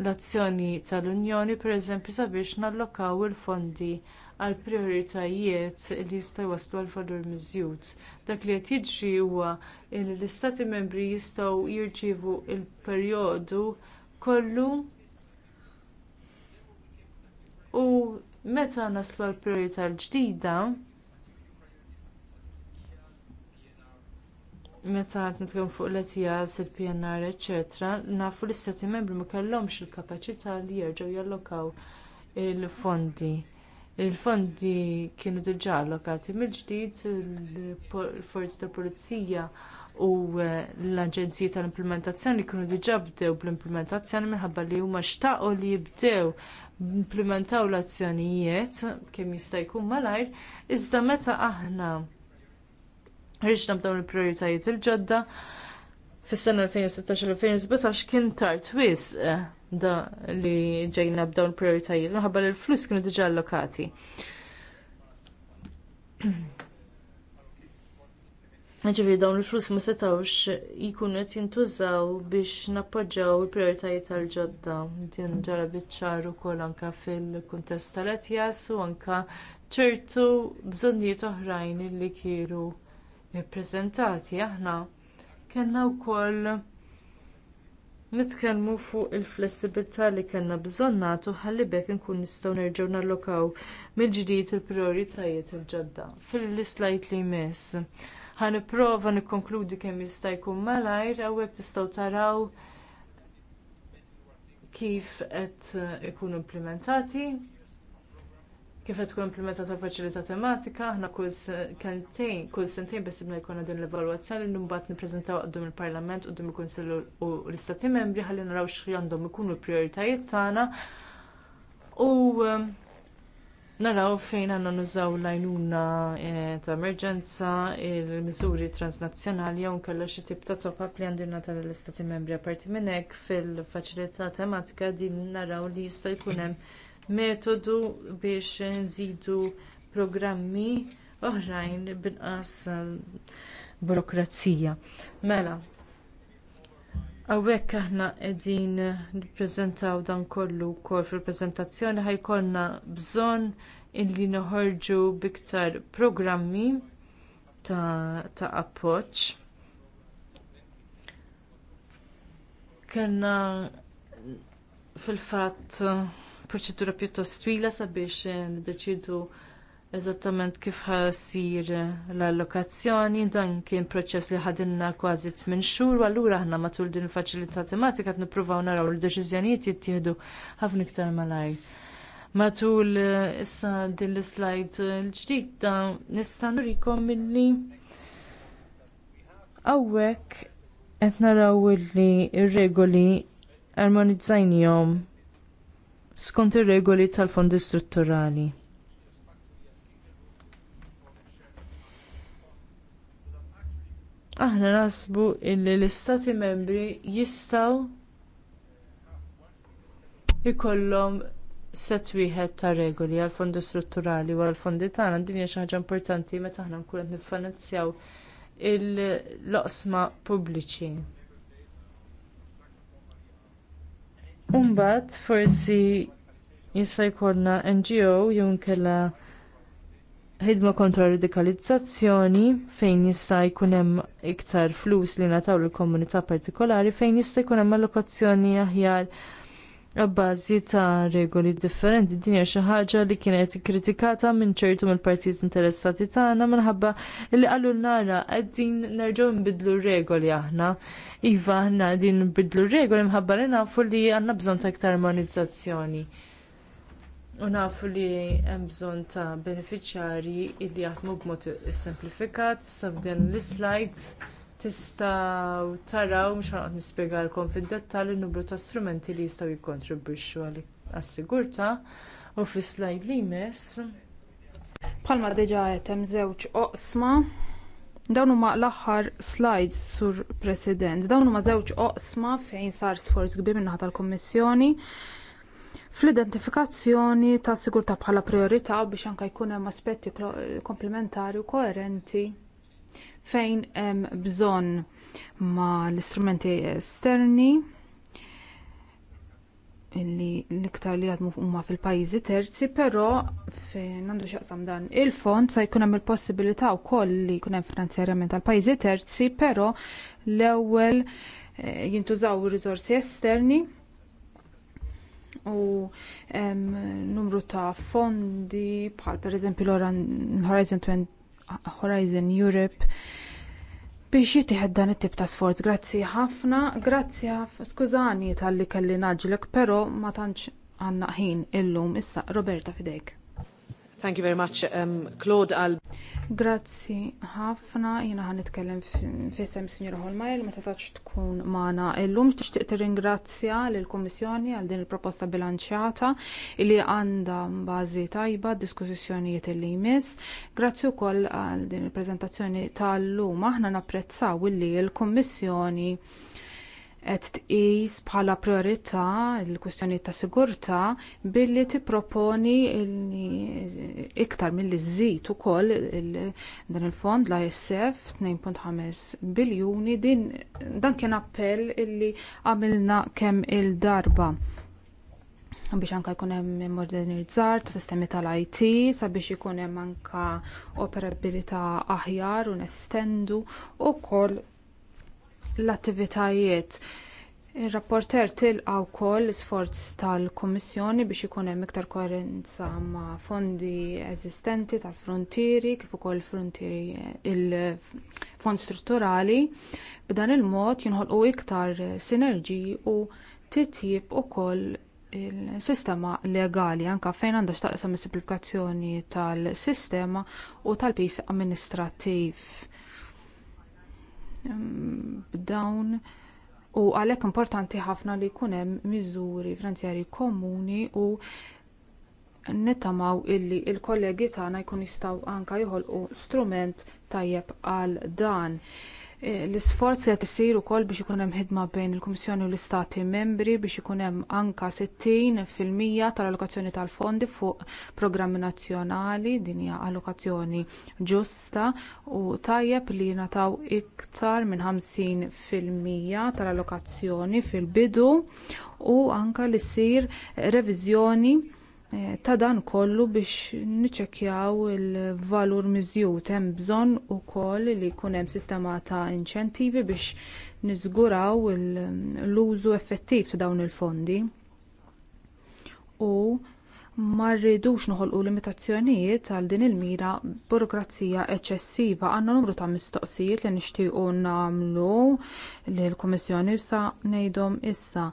l-azzjoni tal-Unjoni pereżempju sabiex nallokaw il-fondi għal prioritajiet li jistgħu jwasslu għal valur miżjud. Dak li qed jiġri huwa li l-istati membri jistgħu jirċievu l perjodu kollu U meta naslu l-priorità l-ġdida, meta għad nitkellmu fuq l-ETIAS, il-PNR, eċetera, nafu l-istati membri ma kellhomx il-kapaċità li jerġgħu jallokaw il-fondi. Il-fondi kienu diġà allokati mill-ġdid il-forzi tal pulizija u eh, l-Aġenziji tal-Implementazzjoni kienu diġà bdew bl-implementazzjoni minħabba li huma xtaqgħu li jibdew implementaw l-azzjonijiet kemm jista' jkun malajr, iżda meta aħna rridna b'dawn il-prijoritajiet il-ġodda fis-sena 2016-2017 kien tard wisq eh, da li ġejna b'dawn il-prijoritajiet minħabba li l-flus kienu diġà allokati. Ġifiri dawn il-flus ma setawx jikunu qed jintużaw biex nappoġġaw il prioritajiet tal-ġodda. Din ġara biċ-ċar ukoll anke fil-kuntest tal-Etjas u anke ċertu bżonnijiet oħrajn li kienu ippreżentati aħna kellna wkoll nitkellmu fuq il-flessibilità li kellna bżonn nagħtu ħalli bekk inkun nistgħu nerġgħu nallokaw mill-ġdid il prioritajiet il-ġodda fil-islajt li jmiss ħaniprofa nikkonkludi kemm jista' jkun malajr hawnhekk tistgħu taraw kif qed ikunu implementati kif qed tkun implementata faċilità tematika, aħna kull kentejn, kull sentejn biss ibna jkollna din l-evalwazzjoni li mbagħad nippreżentaw qudiem il-Parlament qudiem il-Kunsill u l-Istati Membri ħalli naraw x'għandhom ikunu l-prijoritajiet tagħna. U um, naraw fejn għandna nużaw l-għajnuna eh, ta' emerġenza, il-miżuri transnazzjonali jew nkella xi tip ta' top-up li għandirna nata l-istati membri apparti minn hekk fil-faċilità tematika din naraw li jista' jkun hemm metodu biex nżidu programmi oħrajn binqas eh, burokrazija. Mela, Għawek aħna qegħdin nippreżentaw dan kollu wkoll fil-prezentazzjoni ħajkonna bżonn illi noħorġu biktar programmi ta', ta appoġġ. Kenna fil-fatt proċedura pjuttost twila sabiex niddeċidu eżattament kif ħasir l-allokazzjoni, dan kien proċess li ħadinna kważi 8 xhur, u allura aħna matul din il-faċilità tematika qed nippruvaw naraw il-deċiżjonijiet jittieħdu ħafna iktar malajr. Matul eh, issa din l-slide eh, l-ġdida nista' nurikom milli hawnhekk qed naraw li r-regoli armonizzajnihom skont ir-regoli tal-fondi strutturali. aħna nasbu illi l-istati membri jistgħu ikollhom set wieħed ta' regoli għall fondi strutturali wara l-fondi tagħna din hija xi ħaġa importanti meta aħna nkun qed niffinanzjaw il-loqsma pubbliċi. Imbagħad forsi jista' jkollna NGO jew inkella ħidma kontra radikalizzazzjoni fejn jista' jkun hemm iktar flus li nataw lil komunità partikolari fejn jista' jkun hemm allokazzjoni aħjar Abbażi ta' regoli differenti din hija xi ħaġa li kienet kritikata minn ċertu mill-partijiet interessati tagħna minħabba li qalu nara qegħdin nerġgħu nbidlu regoli aħna. Iva aħna qegħdin nbidlu regoli mħabba li nafu li għandna bżonn ta' iktar armonizzazzjoni. U nafu li hemm bżonn ta' benefiċjarji li jaħdmu b'mod simplifikat sa f'din l-slides tistgħu taraw mhux ħanqod nispjegalkom fid-dettall in-numru ta' strumenti li jistgħu jikkontribwixxu għas-sigurtà u fis-slide li jmiss. Bħalma diġà qed hemm żewġ oqsma Dawn huma l-aħħar slides sur President. Dawn huma żewġ oqsma fejn sar sforz kbir min-naħa tal-Kummissjoni fl-identifikazzjoni ta' sigurtà bħala priorità biex anke jkun hemm aspetti komplementari u koerenti fejn hemm bżonn ma' l-istrumenti esterni illi l-iktar li għadmu huma fil-pajjiżi terzi, però fejn għandu xaqsam dan il-fond sa jkun hemm il-possibilità wkoll li jkun hemm finanzjarjament tal pajjiżi terzi, però l-ewwel eh, jintużaw ir-riżorsi esterni u numru ta' fondi bħal pereżempju l-Horizon Horizon Europe biex jittieħed dan it-tip ta' sforz. Grazzi ħafna, grazzi ħafna, skużani tal-li kelli naġlek, però ma tantx għandna ħin illum issa Roberta fidejk. Thank you very much, um, Claude Al. Grazzi ħafna, jina ħan nitkellem fissem Sinjor Holmajer, ma setax tkun maħna illum, t tirringrazzja l-Komissjoni għal din il-proposta bilanċjata li għanda bazi tajba diskussjonijiet li jmiss. Grazzi u koll għal din il-prezentazzjoni tal-lum, aħna napprezzaw illi l-Komissjoni il qed tqis bħala priorità l-kwistjoni ta' sigurtà billi tipproponi iktar milli żżid ukoll dan il-fond l-ISF 2.5 biljuni din dan kien appell illi għamilna kemm il-darba biex anke jkun hemm modernizzar ta' sistemi tal-IT sabiex ikun hemm anke operabilità aħjar u nestendu wkoll l-attivitajiet. Ir-rapporter tilqa wkoll l-isforz tal-Kummissjoni biex ikun hemm iktar koerenza ma' fondi eżistenti tal-frontieri kif ukoll frontieri il-fond strutturali. B'dan il-mod jinħolqu iktar sinerġiji u titjib ukoll il-sistema legali anke fejn għandha x'taqsam is-simplifikazzjoni tal-sistema u tal-pis amministrattiv b'dawn u għalhekk importanti ħafna li jkun hemm miżuri finanzjarji komuni u nittamaw illi l il kollegi tagħna jkun jistgħu anke joħolqu strument tajjeb għal dan. Eh, l-isforzi qed isir ukoll biex ikun hemm ħidma bejn il-Kummissjoni u l-Istati membri biex ikun hemm anke 60% fil-mija tal-allokazzjoni tal-fondi fuq programmi nazzjonali din hija allokazzjoni ġusta u tajjeb li nataw iktar minn 50% fil-mija tal-allokazzjoni fil-bidu u anke li ssir reviżjoni Eh, ta' dan kollu biex niċċekkjaw il-valur miżjud hemm bżonn ukoll li jkun hemm sistema ta' inċentivi biex niżguraw l-użu effettiv ta' dawn il-fondi. U ma rridux noħolqu limitazzjonijiet għal din il-mira burokrazija eċċessiva għandna numru ta' mistoqsijiet li nixtiequ nagħmlu lill-Kummissjoni sa ngħidhom issa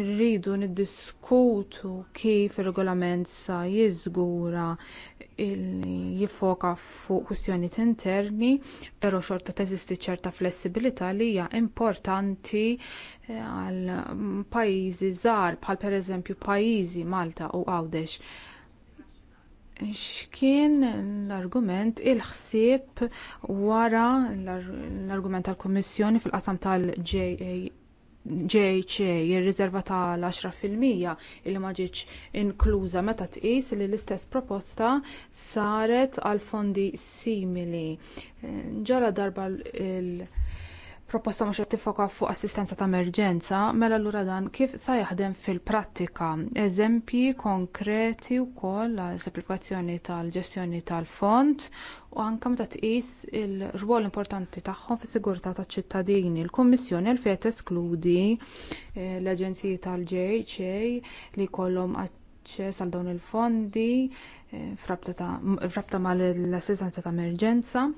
rridu niddiskutu kif ir-regolament sa jiżgura jiffoka fuq kwistjonijiet interni, però xorta teżisti ċerta flessibilità li hija importanti eh, għal pajjiżi żgħar bħal pereżempju pajjiżi Malta u Għawdex. X'kien l-argument il-ħsieb wara l-argument tal-Kummissjoni fil-qasam tal-JAA JHA ir-riserva tal-10% illi ma ġietx inkluża meta tqis li l-istess proposta saret għal fondi simili. Ġala darba il- proposta mhux tifoka fuq assistenza ta' emerġenza, mela lura dan kif sa jaħdem fil-prattika. Eżempji konkreti wkoll għal semplifikazzjoni tal-ġestjoni tal-fond u anke meta tqis il-rwol importanti tagħhom fis-sigurtà taċ-ċittadini. Il-Kummissjoni l fiet eskludi eh, l-Aġenziji tal-JHA li jkollhom aċċess għal dawn il-fondi eh, frabta mal-assistenza ta' emerġenza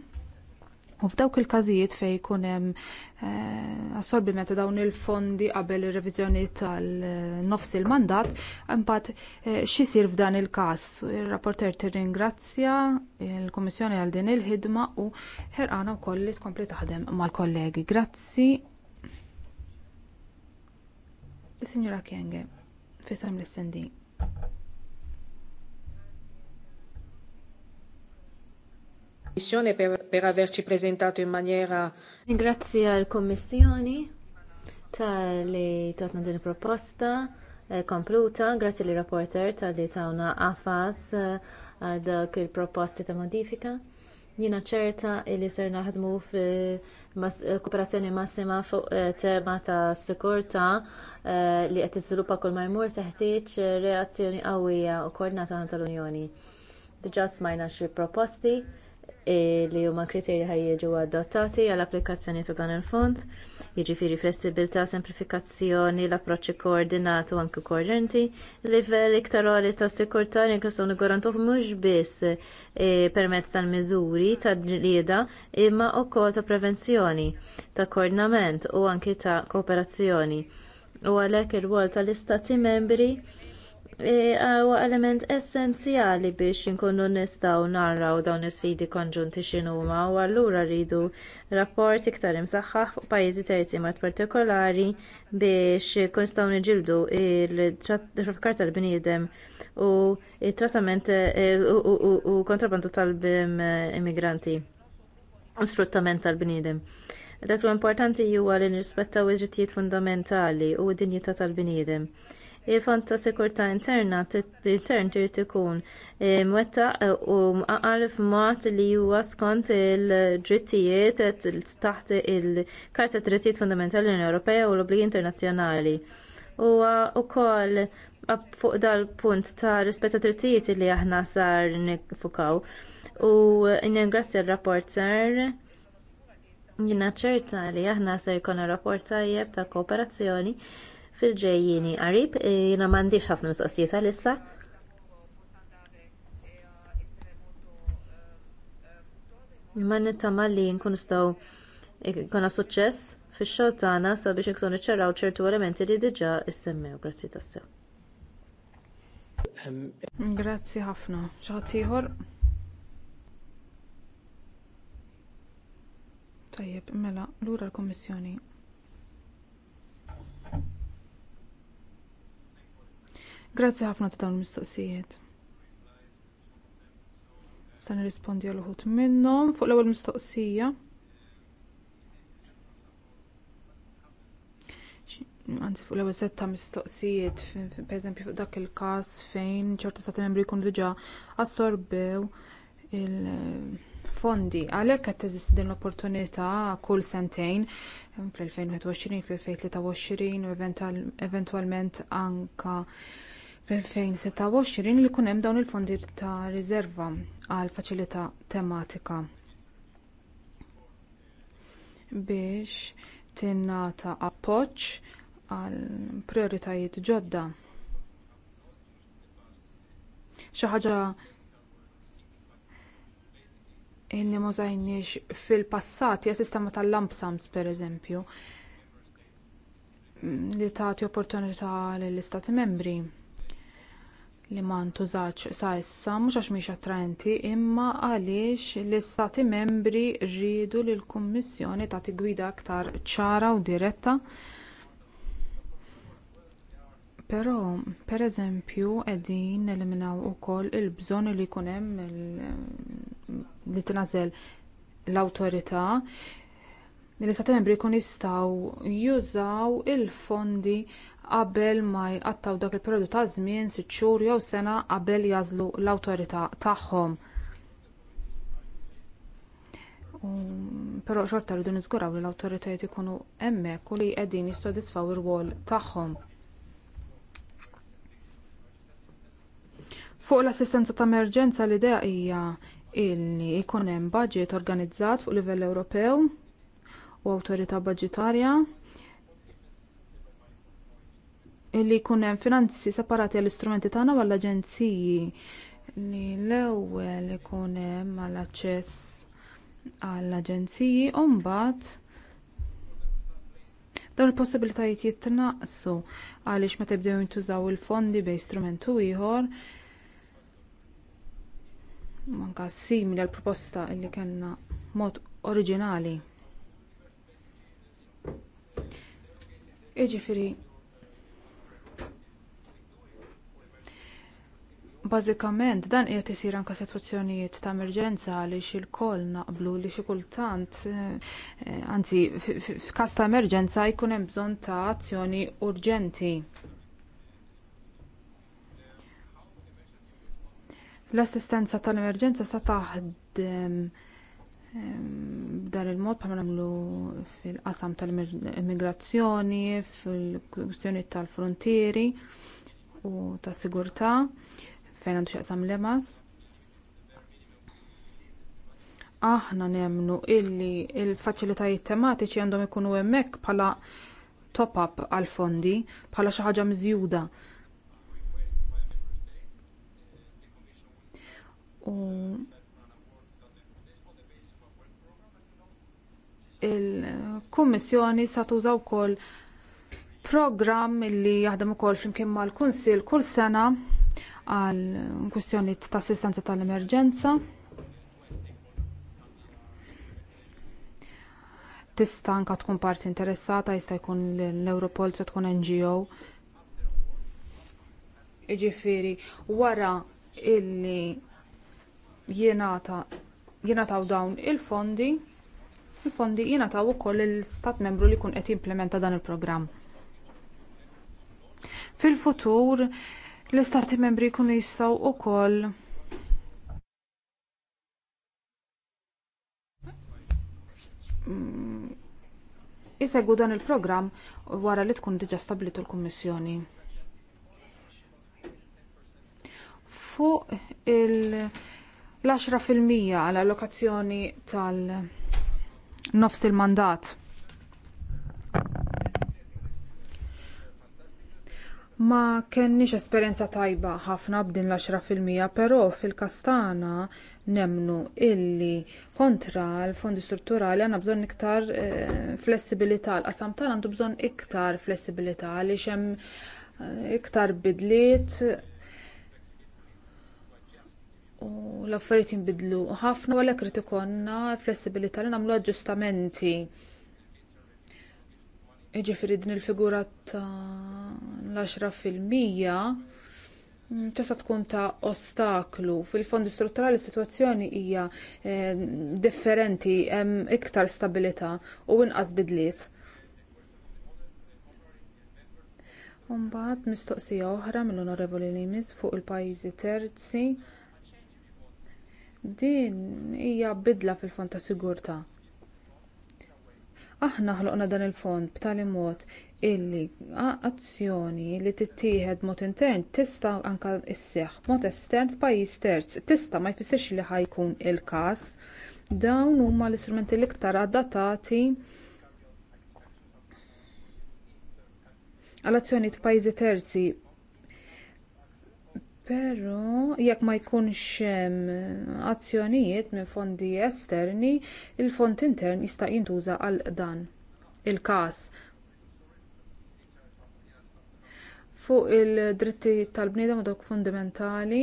U f'dawk il-każijiet fejn jkun hemm eh, assorbiment ta' dawn il-fondi qabel ir-reviżjoni tal-nofs il-mandat, imbagħad eh, x'isir f'dan il-każ. Ir-rapporter tirringrazzja l kummissjoni għal din il-ħidma u ħerqana wkoll li tkompli taħdem mal-kollegi. Grazzi. Signora Kenge fisem l-istendin. Kommissjoni per, per averci presentato in maniera. Ringrazzi għal Kommissjoni tal-li tatna din proposta eh, kompluta, grazzi li rapporter tal-li tawna għafas eh, għal dak il-proposti ta' modifika. Jina ċerta li ser naħdmu kooperazzjoni massima fuq eh, tema ta' sikurta li qed tiżviluppa kull ma jmur teħtieġ reazzjoni qawwija u koordinata tal-Unjoni. Diġà smajna xi proposti E, li huma kriterji ħaj jiġu adottati għall applikazzjoni ta' dan il-fond, jiġifieri flessibilità, semplifikazzjoni, l-approċċi koordinat u anke koerenti, livell iktar għali ta' sikurtà li jkun garantu mhux biss e, permezz tal-miżuri ta' ġlieda imma wkoll ta' prevenzjoni, ta' koordinament u anke ta' kooperazzjoni. U għalhekk ir wol tal-istati membri huwa e, element essenzjali biex inkunu nistgħu naraw dawn is-sfidi konġunti x'inhuma u allura rridu rapport iktar imsaħħaħ fuq pajjiżi terzi mat partikolari biex kun nistgħu niġildu il-traffikar tal-bniedem u t trattament u kontrabandu tal-immigranti u sfruttament tal-bniedem. Dak l-importanti huwa li nirrispettaw iż-drittijiet fundamentali u d-dinjità tal-bniedem. Il-Fond ta' Sikurtà Interna intern trid ikun eh, mwettaq eh, u mqaqal f'mod li huwa skont il-drittijiet taħt il-Karta Drittijiet Fundamentali unjoni Ewropea u l-obbligi internazzjonali. Huwa wkoll fuq dal-punt ta' rispetta drittijiet li aħna sar nifukaw. U ningrazzja l-rapporter jina ċerta li aħna se jkun rapport tajjeb ta' kooperazzjoni fil-ġejjini qarib, e, jiena m'għandix ħafna mistoqsijiet għalissa. Ma nittama li nkun staw konna suċċess fix-xogħol tagħna sabiex inkunu iċċaraw ċertu elementi li diġà issemmew. Grazzi tassew. Grazzi ħafna. ċaħat Tajjeb, mela, lura l-Kommissjoni. Grazzi ħafna ta' dawn mistoqsijiet. Sa nirrispondi għal uħut minnhom fuq l-ewwel mistoqsija. Anzi fuq l-ewwel setta mistoqsijiet, pereżempju fuq dak il-każ fejn ċertu stati membri jkunu diġà assorbew il-fondi. Għalhekk qed teżisti din l-opportunità kull sentejn fl-2021, fl-2023 u eventwalment anka fl-2026 li jkun hemm dawn il-fondi ta' riserva għal faċilità tematika biex tingħata appoġġ għal prioritajiet ġodda. Xi ħaġa illi ma żajniex fil-passat hija sistema tal-lampsams pereżempju li tagħti opportunità lill-istati membri li ma ntużax sa issa mhux għax mhix attraenti imma għaliex l-istati membri rridu li l-kummissjoni tagħti gwida aktar ċara u diretta però pereżempju qegħdin neliminaw ukoll il-bżonn li jkun hemm li tingħażel l-awtorità li l-istati membri jkunu jistgħu jużaw il-fondi qabel ma jqattaw dak il-perjodu ta' żmien sitt xhur jew sena qabel jażlu l-awtorità tagħhom. Però xorta rridu niżguraw li l-awtoritajiet ikunu hemmhekk u li qegħdin jissodisfaw ir-wol tagħhom. Fuq l-assistenza ta' emerġenza l-idea hija li jkun hemm baġit organizzat fuq livell Ewropew u awtorità baġitarja li jkun hemm finanzi separati għall istrumenti tagħna u għall-aġenziji li l-ewwel ikun hemm għall-aċċess għall-aġenziji u mbagħad dawn il-possibilitajiet jitnaqsu għaliex meta jibdew jintużaw il-fondi bejn strument ieħor manka simili għall proposta li kellna mod oriġinali. Jiġifieri Bażikament dan qiegħed isir anke sitwazzjonijiet ta' emerġenza għaliex il naqblu li xi kultant eh, eh, anzi f'każ ta' emerġenza jkun hemm bżonn ta' azzjoni urġenti. L-assistenza tal-emerġenza sa taħdem ehm, b'dan il-mod pa' nagħmlu fil-qasam tal-immigrazzjoni, fil-kwistjoni tal-frontieri u tas sigurtà fejn għandu xaqsam lemas. Aħna nemnu illi il-faċilitajiet tematiċi għandhom ikunu hemmhekk bħala top-up għal fondi bħala xi ħaġa mżjuda. U il-Kummissjoni sa tuża wkoll programm li jaħdem ukoll flimkien mal-Kunsill kull sena għal kustjoni ta' assistenza tal-emerġenza. Tista' anka tkun parti interessata, jista' jkun l-Europol se tkun NGO. Jiġifieri wara illi jenata dawn il-fondi, il-fondi jenataw ukoll il-stat membru li jkun qed jimplementa dan il-programm. Fil-futur, l-istati membri jkunu jistgħu wkoll jisegwu dan il-programm wara li tkun diġà stablitu l-Kummissjoni. Fuq il-10 fil-mija għal allokazzjoni tal-nofs il-mandat. Ma kenniex esperjenza tajba ħafna b'din l fil-mija, però fil-kastana nemnu illi kontra l-fondi strutturali għandna bżonn iktar e, flessibilità. L-qasam tal għandu bżonn iktar flessibilità għaliex hemm eh, iktar bidliet u l-affarijiet jinbidlu ħafna u għalhekk irid ikollna flessibilità li nagħmlu aġġustamenti. Ġifiri din il-figura ta' l-10% mm, tista' tkun ta' ostaklu. Fil-fondi strutturali situazzjoni hija eh, differenti, hemm iktar stabilità u inqas bidliet. Umbat mistoqsija oħra mill-Onorevoli Limis fuq il-pajjiżi terzi. Din hija bidla fil-fond ta' sigurtà. Aħna ħloqna dan il-fond b'tali mod illi azzjoni li tittieħed mod intern tista' anke isseħħ mod estern f'pajjiż terz. Tista' ma jfissirx li ħajkun il-każ. Dawn huma l-istrumenti l-iktar adattati għal azzjoni f'pajjiżi terzi Pero jekk ma jkunx hemm azzjonijiet minn fondi esterni, il-fond intern jista' jintuża għal dan il-każ. Fuq il-dritti tal-bniedem dok fundamentali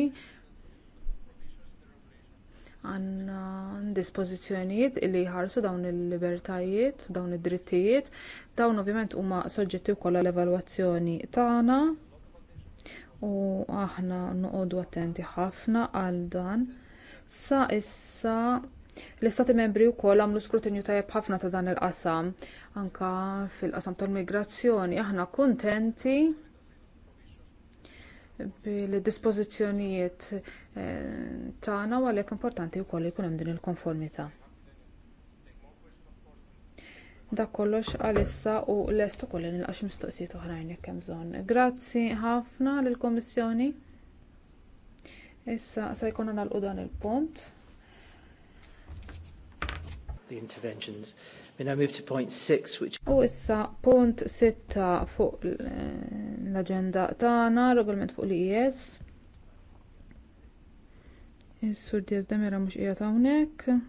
għanna dispożizzjonijiet li jħarsu dawn il-libertajiet, dawn id-drittijiet, dawn ovvjament huma soġġetti wkoll għall-evalwazzjoni tagħna u aħna noqogħdu attenti ħafna għal dan. Sa issa l-istati membri wkoll għamlu skrutinju tajjeb ħafna ta' dan il-qasam anke fil-qasam tal-migrazzjoni aħna kuntenti bil-dispożizzjonijiet eh, tagħna u għalhekk importanti wkoll jkun hemm din il-konformità dak kollox għalissa u lest ukoll li nilqax mistoqsijiet oħrajn jekk hemm bżonn. Grazzi ħafna lill-Kummissjoni. Issa se jkun nagħlqu dan il-punt. The interventions. move to point six, which... U issa punt sitta fuq l aġenda tagħna, regolment fuq l-IES. Is-sur Diaz Demira mhux qiegħed hawnhekk.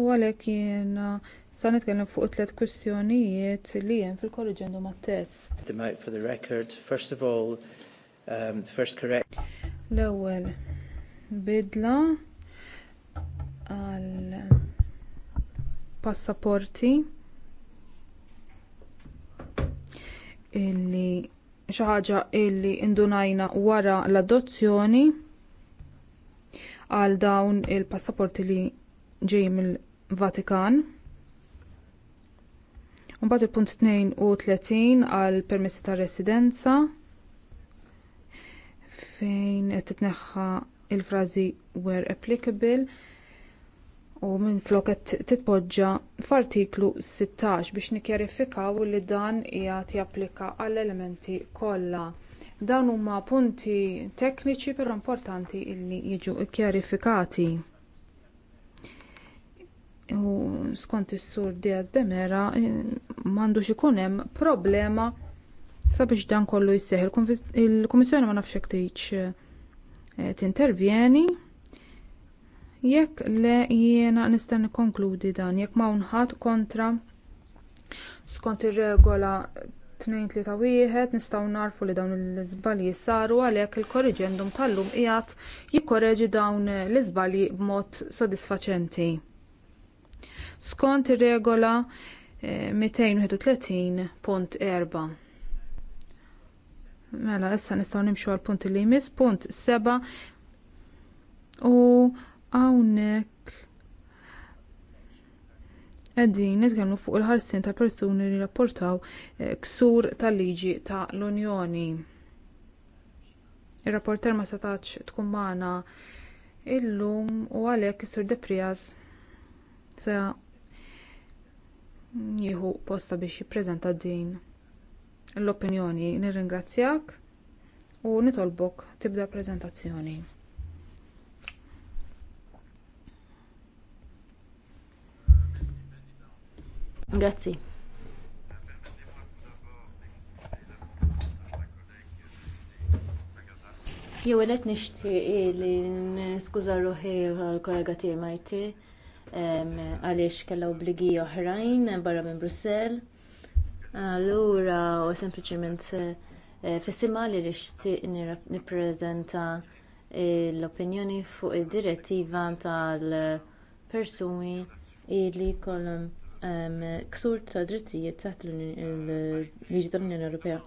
U għalhekk jiena Sa nitkellem fuq tliet kwistjonijiet li hemm fil-korriġendum għat-test. Um, L-ewwel bidla għal passaporti illi xi ħaġa illi indunajna wara l-adozzjoni għal dawn il-passaporti li ġej mill-Vatikan. Mbagħad il-punt 32 għal permessi ta' residenza fejn qed titneħħa il-frażi where applicable u minn flok qed titpoġġa f'artiklu 16 biex nikkjarifikaw li dan hija japplika għall elementi kollha. Dawn huma punti tekniċi però importanti li jiġu kkjarifikati u skont is-sur Diaz Demera m'għandux ikun hemm problema sabiex dan kollu jseħħ Il-Kummissjoni ma nafx hekk tgħidx eh, tintervjeni jekk le jiena nista' nikkonkludi dan jekk ma ħadd kontra skont ir-regola nistgħu narfu li dawn l-iżbalji saru għalhekk il-korriġendum tal-lum qiegħed jikkoreġi dawn l-iżbalji b'mod sodisfaċenti skont ir-regola 231.4. Eh, mela, issa nistgħu nimxu għal punt li jmiss, punt 7 u hawnhekk qegħdin nitkellmu fuq il-ħarsien ta' persuni li rapportaw eh, ksur tal-liġi ta' l-Unjoni. Ir-rapporter ma setax tkun magħna illum u għalhekk is-Sur Deprias se jieħu posta biex jippreżenta din l-opinjoni. Nirringrazzjak u nitolbok tibda preżentazzjoni. Grazzi. Jew qed nixtieq li nskuża ruħi għall kollega tiegħi Majti għaliex kellha obbligi oħrajn barra minn Brussell. Allura u sempliċement eh, fissima li xtiq niprezenta l-opinjoni fuq id-direttiva tal-persuni li jkollhom ksur ta' drittijiet taħt l tal-Unjoni Ewropea.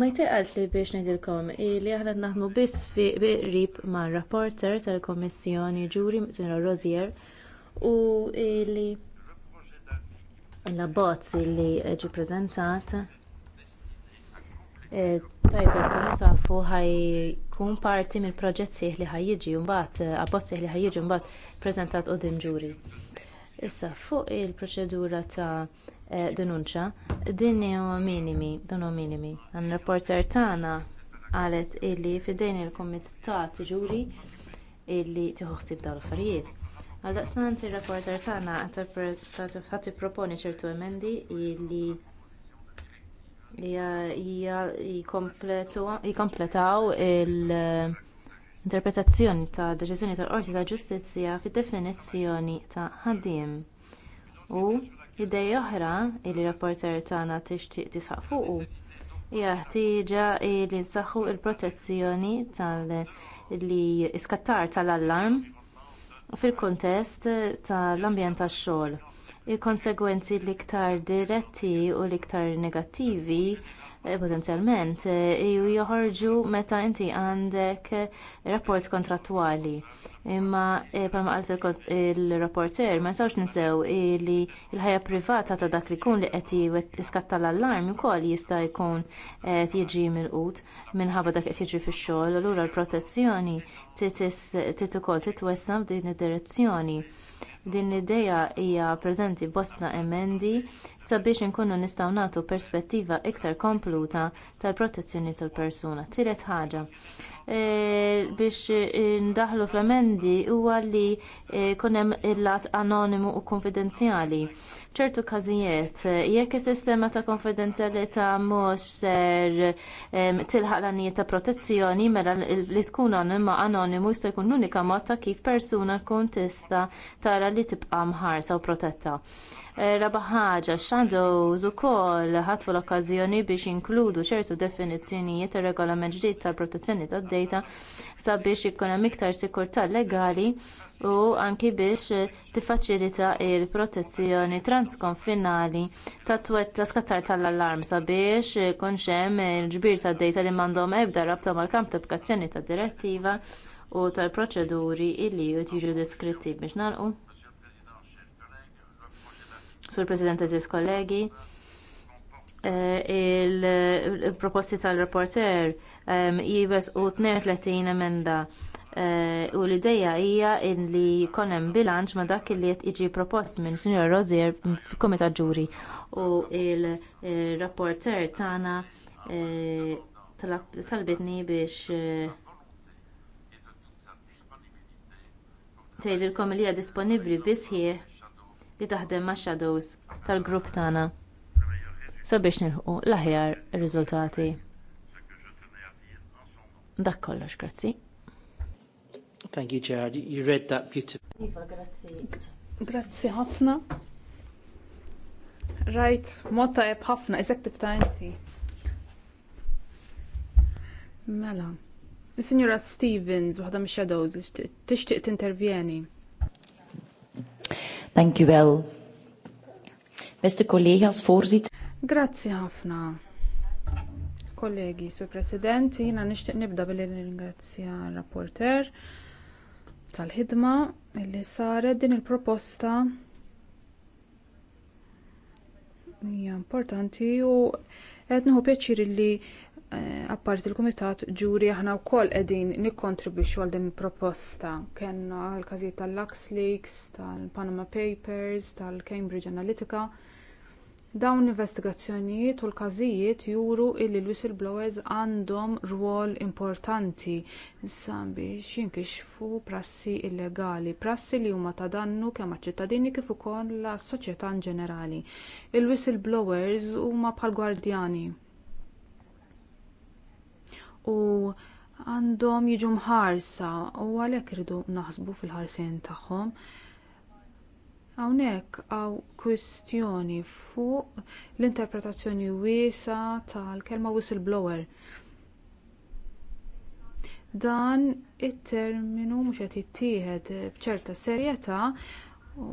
Ma jtiqalt li biex ngħidilkom li aħna naħdmu biss fi qrib ma' rapporter tal kummissjoni Ġuri Sinra Rozier u eh, li l-abbozz li ġi ppreżentat. tajba tkunu tafu ħajkun parti mill proġett sieħ li ħajjiġi mbagħad eh, abbozz sieħ li ħajjiġi mbagħad preżentat qudiem ġuri. Issa fuq il-proċedura ta' Eh, denunċa, din huwa minimi, dan huwa minimi. Għan reporter tagħna qalet illi fidejn il-Kumitat Ġuri illi tiħuħsib dawn l-affarijiet. Għal daqsnant il-reporter tagħna qed tipproponi ċertu emendi illi jikkompletaw l-interpretazzjoni ta' deċiżjoni tal-Qorti ta' Ġustizzja fid-definizzjoni ta' ħaddiem u Idej oħra li rapporter tagħna tixtieq tisħaq fuqu hija ħtieġa li nsaħħu l protezzjoni tal li iskattar tal-allarm fil-kuntest tal-ambjent tax-xogħol. Il-konsegwenzi l-iktar diretti u l-iktar negattivi Eh, potenzjalment eh, ju joħorġu meta inti għandek eh, rapport kontrattwali. Imma palma għalt il-rapporter ma sawx nisew li l ħajja privata ta' dak li jkun li qed iskatta l-allarm ukoll jista' jkun qed jiġi mill minħabba dak qed fil fix-xogħol, allura l-protezzjoni trid ukoll titwessam f'din id-direzzjoni Din l-idea hija preżenti bosta emendi sabiex inkunu nistgħu nagħtu perspettiva iktar kompluta tal-protezzjoni tal-persuna. Tielet ħaġa e, biex e, ndaħlu fl-emendi huwa li e, hemm il-lat anonimu u konfidenzjali. ċertu każijiet, jekk is-sistema ta' konfidenzjalità mhux ser tilħaq l ta' protezzjoni mela li tkun anonimu jista' jkun l-unika mod ta' kif persuna tkun tista' tara li tibqa' mħarsa u protetta. Eh, raba ħaġa, shadows ukoll ħatfu l-okkażjoni biex inkludu ċertu definizzjonijiet ta' regolament ġdid tal-protezzjoni tad-data sabiex ikun hemm iktar sikurtà legali u anki biex tiffaċilita l protezzjoni transkonfinali ta' twetta skattar tal-allarm sabiex ikun hemm il-ġbir tad-data li m'għandhom ebda rabta mal-kamp ta' applikazzjoni tad-direttiva u tal-proċeduri li jiġu deskritti biex nalqu. Sur President Aziz kollegi, eh, il-proposti tal-reporter jibes u 32 emenda eh, u l-ideja hija li hemm bilanċ ma dak li qed iġi propost minn Sr. Rozier f'Komitat Ġuri u il-rapporter tagħna eh, talbitni biex tgħidilkom li hija disponibbli biss li taħdem ma' shadows tal-grupp tagħna sabiex nilħu l-aħjar riżultati. Dak kollox, grazzi. Thank you, Gerard. You read that beautiful. Iva, grazzi. ħafna. Right, mod tajjeb ħafna, eżek tibta inti. Mela. Signora Stevens, waħda mix shadows tixtieq tintervjeni. Thank you well. Beste kollegas, voorzitter. Grazzi ħafna. Kollegi, Sur President, jina nixtieq nibda billi ringrazzja rapporter tal-ħidma illi saret din il-proposta hija importanti u qed nħu pjaċir li apparti l-Kumitat ġuri aħna wkoll qegħdin nikkontribwixxu għal din il-proposta. Kenna l-każijiet tal-Lux Leaks, tal-Panama Papers, tal-Cambridge Analytica. Dawn l-investigazzjonijiet u l-każijiet juru li l-whistleblowers għandhom rwol importanti biex jinkixfu prassi illegali, prassi li huma ta' dannu kemm ċittadini kif ukoll la' soċjetà in ġenerali. Il-whistleblowers huma bħal gwardjani u għandhom jiġu mħarsa u għalhekk irridu naħsbu fil-ħarsien tagħhom. Hawnhekk għaw kwistjoni fuq l-interpretazzjoni wiesa tal-kelma whistleblower. Dan it-terminu mhux qed jittieħed b'ċerta serjetà u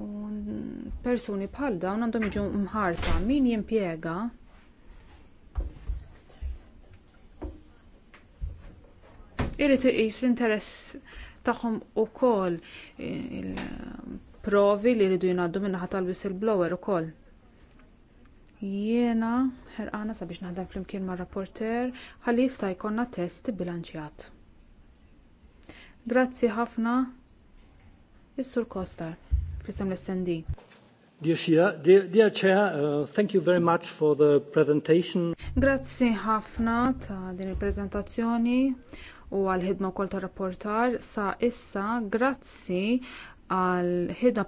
persuni bħal dawn għandhom jiġu mħarsa min jimpjega Irrid iqis l-interess tagħhom ukoll il-provi li jridu jingħaddu min-naħa tal-whistleblower ukoll. Jiena ħerqana sabiex naħdem flimkien mar-rapporter ħalli jista' jkollna test bilanċjat. Grazzi ħafna is-Sur Kostar, fl-isem l-SND. Dear dear Chair, uh, thank you very much for the presentation. Grazzi ħafna ta' din il-prezentazzjoni u għall ħidma wkoll tar rapportar sa issa grazzi għal ħidma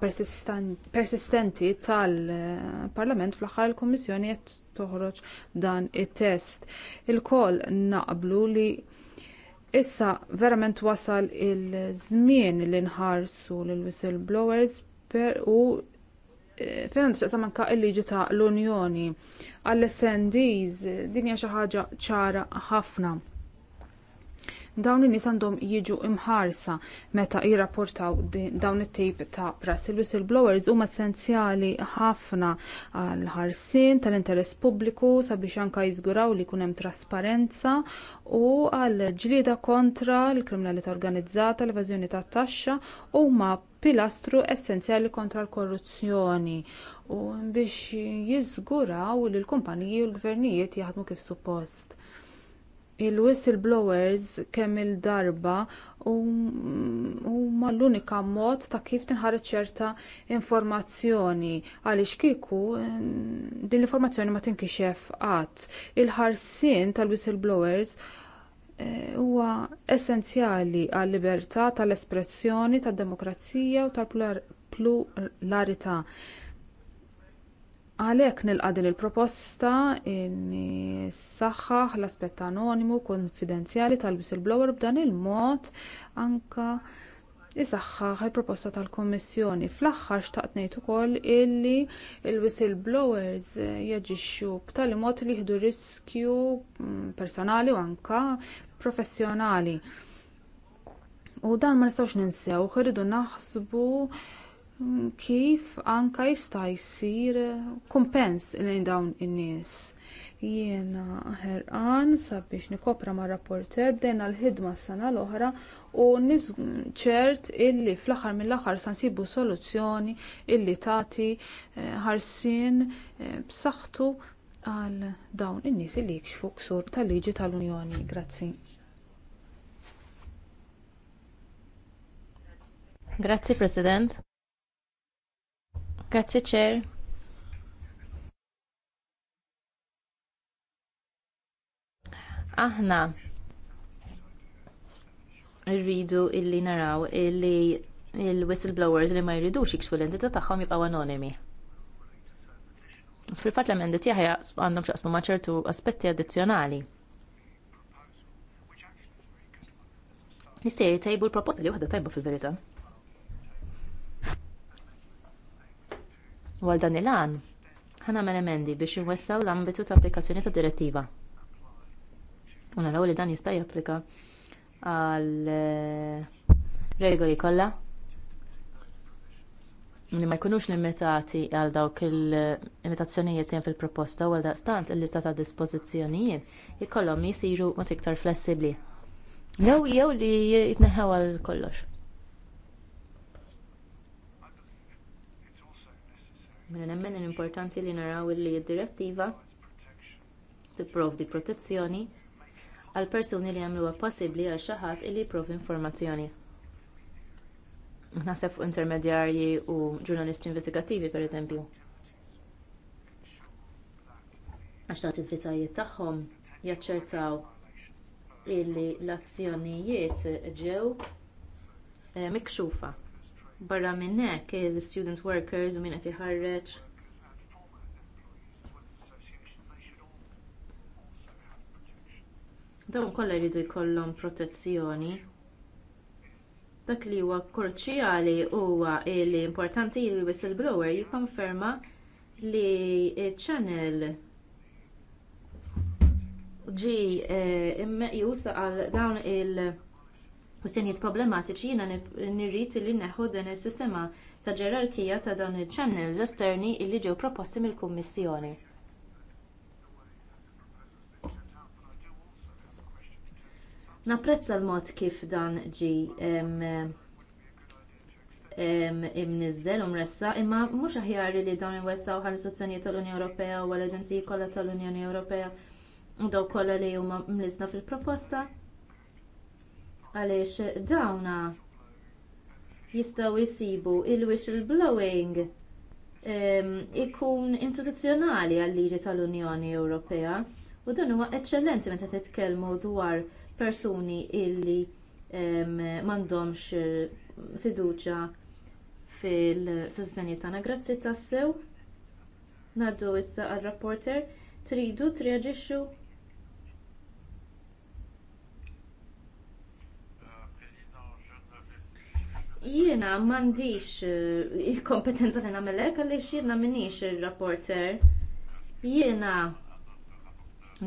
persistenti tal-Parlament fl-aħħar il-Kummissjoni qed toħroġ dan it-test. il naqblu li issa verament wasal il-żmien li nħarsu lill whistleblowers per u e, fejn taqsam anka il-liġi ta' l-Unjoni. Għall-SNDs din hija xi ħaġa ċara ħafna dawn in-nies għandhom jiġu imħarsa meta jirrapportaw dawn it-tip ta' il Whistleblowers huma essenzjali ħafna għal ħarsien tal-interess pubbliku sabiex anke jiżguraw li jkun hemm trasparenza u għal ġlieda kontra l-kriminalità organizzata, l-evażjoni tat-taxxa huma pilastru essenzjali kontra l-korruzzjoni u biex jiżguraw li l-kumpaniji u l-gvernijiet jaħdmu kif suppost il-whistleblowers kemm il-darba huma l-unika mod ta' kif tinħareġ ċerta informazzjoni għaliex kieku din l-informazzjoni ma tinkixef qatt. Il-ħarsien tal-whistleblowers e, huwa essenzjali għal libertà tal-espressjoni tad-demokrazija u tal-pluralità. Għalhekk nilqa' din il-proposta inni saħħaħ l-aspett anonimu konfidenzjali tal-whistleblower b'dan il-mod anke isaħħaħ il-proposta tal-Kummissjoni. Fl-aħħar xtaqt ngħid ukoll illi l-whistleblowers jaġixxu b'tali mod li jieħdu riskju mm, personali u anke professjonali. U dan ma nistgħux ninsew, irridu naħsbu kif anke jista' jsir kumpens lejn dawn in-nies. Jiena ħerqan sabiex nikopra mar rapporter bdejna l-ħidma s-sena l-oħra u ċert illi fl-aħħar mill-aħħar se nsibu soluzzjoni illi tagħti eh, ħarsien eh, b'saħħtu għal dawn in-nies illi jikxfu ksur tal-liġi tal-Unjoni. Grazzi. Grazzi President. Grazzi ċer. Aħna rridu illi naraw illi il-whistleblowers li ma jridu jikxfu l-entità taħħom jibqaw anonimi. fil fat l-emendi jahja għandhom x'aqsmu maċertu aspetti addizjonali. Jista' tajbu l-proposta li waħda tajbu fil verita Għal dan il-għan, ħanamel emendi biex inwessaw l-ambitu ta' applikazzjoni ta' direttiva. U naraw li dan jista' japplika għal eh, regoli kollha li ma jkunux limitati għal dawk il-limitazzjonijiet jen fil-proposta u għal il-lista ta' dispożizzjonijiet jkollhom jisiru mod iktar flessibbli. Jew jew li jitneħħew għal kollox. Mela nemmen l-importanti li naraw li d-direttiva tipprovdi protezzjoni għal persuni li jagħmluha possibbli għal xi ħadd li jipprovdi informazzjoni. Naħseb fuq intermedjarji u ġurnalisti investigattivi pereżempju. Għax tagħti d tvitajiet tagħhom jaċċertaw illi l-azzjonijiet ġew eh, mikxufa barra minn hekk il-student workers u min qed iħarreġ. Dawn kollha jridu jkollhom protezzjoni. Dak li huwa kurċjali huwa li importanti li l-whistleblower jikkonferma li channel ġie eh, jusa għal dawn il- senjiet problematiċi jiena nirrid li neħu din is-sistema ta' ġerarkija ta' dawn il channels esterni li ġew proposti mill-Kummissjoni. Napprezza l-mod kif dan ġi imnizzel umressa, imma mhux aħjar li dawn iwessaw ħal istituzzjonijiet tal-Unjoni Ewropea u l-Aġenziji kollha tal-Unjoni Ewropea daw kollha li huma mlisna fil-proposta għaliex dawna jistgħu jisibu il-whistleblowing ikun instituzzjonali għal-liġi tal-Unjoni Ewropea u dan huwa eċċellenti meta titkellmu dwar persuni illi m'għandhomx eh, fiduċa fil-sostenjiet tagħna. Grazzi tassew. Naddu issa għal-rapporter tridu treaġixxu Jiena m'għandix eh, il-kompetenza li nagħmel hekk għaliex jiena minix ir-rapporter. Jiena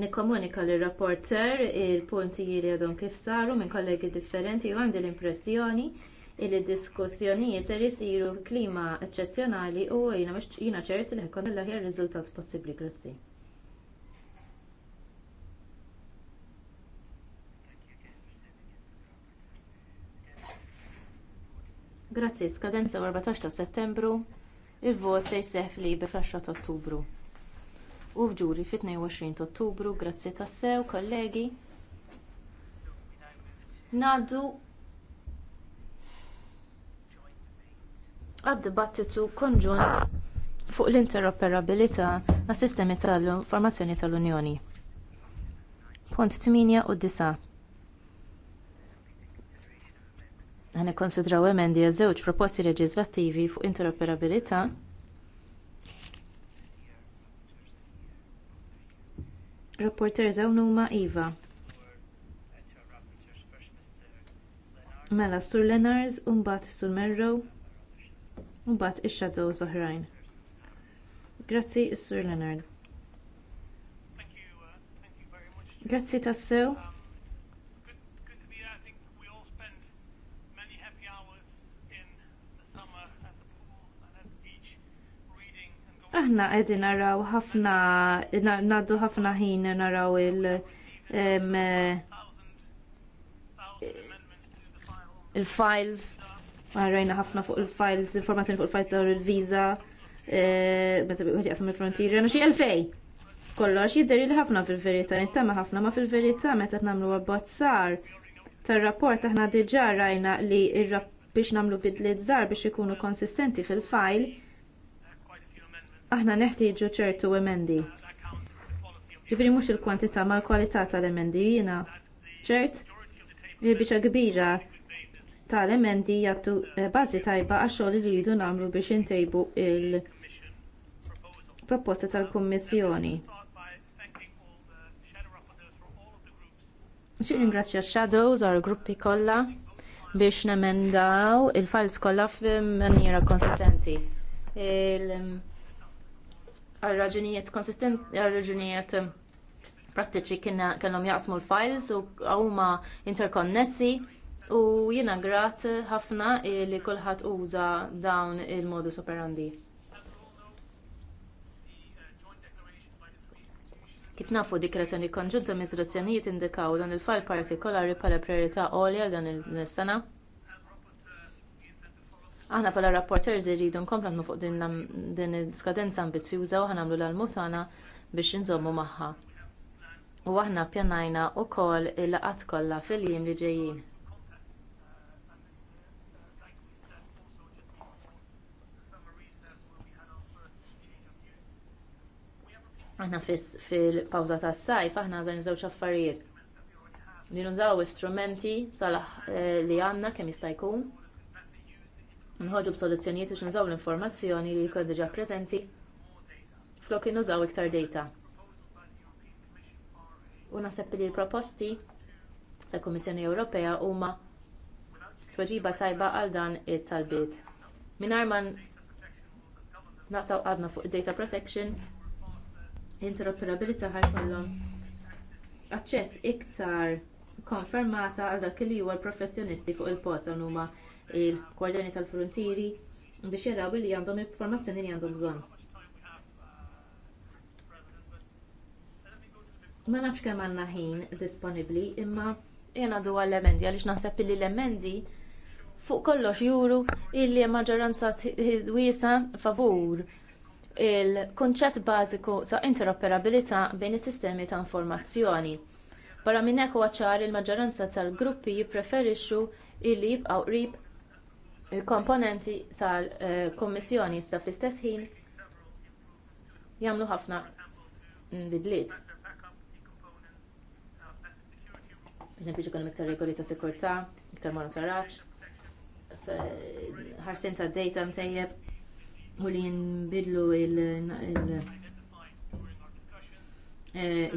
nikkomunika lir rapporter il-punti jiri għadhom kif saru minn kollegi differenti u għandi l-impressjoni li d diskussjonijiet er isiru klima eċċezzjonali u jiena ċert li ħekon l-aħjar rizultat possibbli. Grazzi. Grazzi, skadenza 14 ta' settembru, il-vot se jseħħ li bi 10 ta' ottubru. U fġuri fit-22 ta' ottubru, grazzi tassew, kollegi. Ngħaddu għad-dibattitu konġunt fuq l-interoperabilità tas sistemi tal-informazzjoni tal-Unjoni. Punt 8 u 9. Għan ikkonsidraw emendi għazewġ żewġ proposti leġislattivi fuq interoperabilità Rapporter dawn huma Iva. Mela sur Lenars u mbagħad sur Merrow u mbagħad ix-shadows oħrajn. Grazzi sur Lenard. Uh, Grazzi tassew. Aħna qegħdin naraw ħafna ngħaddu ħafna ħin naraw il eh, il-files rajna ħafna fuq il-files, informazzjoni fuq il-files dawr il-viza, eh, meta bieħed jaqsam il-frontier, għana xie għalfej. Kollox jidderi li ħafna fil-verità, nistama ħafna ma fil-verità meta t-namlu għabbozzar tar-rapport aħna diġà rajna li biex nagħmlu bidliet żgħar biex ikunu konsistenti fil file aħna neħtieġu ċertu emendi. Ġifiri mhux il-kwantità ma l-kwalità tal-emendi jiena ċert li kbira tal-emendi jagħtu eh, bażi tajba għax-xogħol li jridu nagħmlu biex intejbu l proposta tal-Kummissjoni. ringrazzja shadows gruppi biex il-files konsistenti. Il għal raġunijiet konsistenti għal raġunijiet um, prattiċi kellhom jaqsmu l-files u huma interkonnessi u jiena grat ħafna li kulħadd uża dawn il-modus operandi. Kif nafu dikrazzjoni konġunta miżrazzjonijiet indikaw dan il-fall partikolari bħala priorità għolja dan il-sena. il sena Aħna pala rapporters irridu nkomplu fuq din, din il-skadenza ambizjuża u ħanamlu l għana biex nżommu magħha. U aħna pjanajna wkoll il-laqat kollha fil jim li ġejjin. Aħna fil-pawza tas-sajf aħna għazan nżaw affarijiet. Li nżaw istrumenti sal eh, li għandna kemm jista' jkun nħoġu b'soluzzjonijiet biex nużaw l-informazzjoni li jkun diġà preżenti flok nużaw iktar data. U naħseb li l-proposti tal-Kummissjoni Ewropea huma tweġiba tajba għal dan it-talbiet. Mingħajr ma naqtaw għadna fuq data protection, interoperabilità ħajkollhom aċċess iktar konfermata għal dak li huwa l-professjonisti fuq il-post huma il-Gwardjani tal-Frontieri biex jaraw li għandhom informazzjoni li għandhom bżonn. Ma nafx kemm għandna ħin disponibbli, imma jena du għall-emendi għalix naħseb li l-emendi fuq kollox juru illi maġġoranza wiesa favur il-konċett bażiku ta' interoperabilità bejn is-sistemi ta' informazzjoni. Barra minn hekk huwa il-maġġoranza tal-gruppi jippreferixxu illi jibqgħu qrib il-komponenti tal-Kommissjoni sta fl-istess ħin jagħmlu ħafna bidliet. Pereżempju ġikun iktar regoli ta' sikurtà, iktar monitoraġġ, ħarsin ta' data mtejjeb u li jinbidlu il- eh,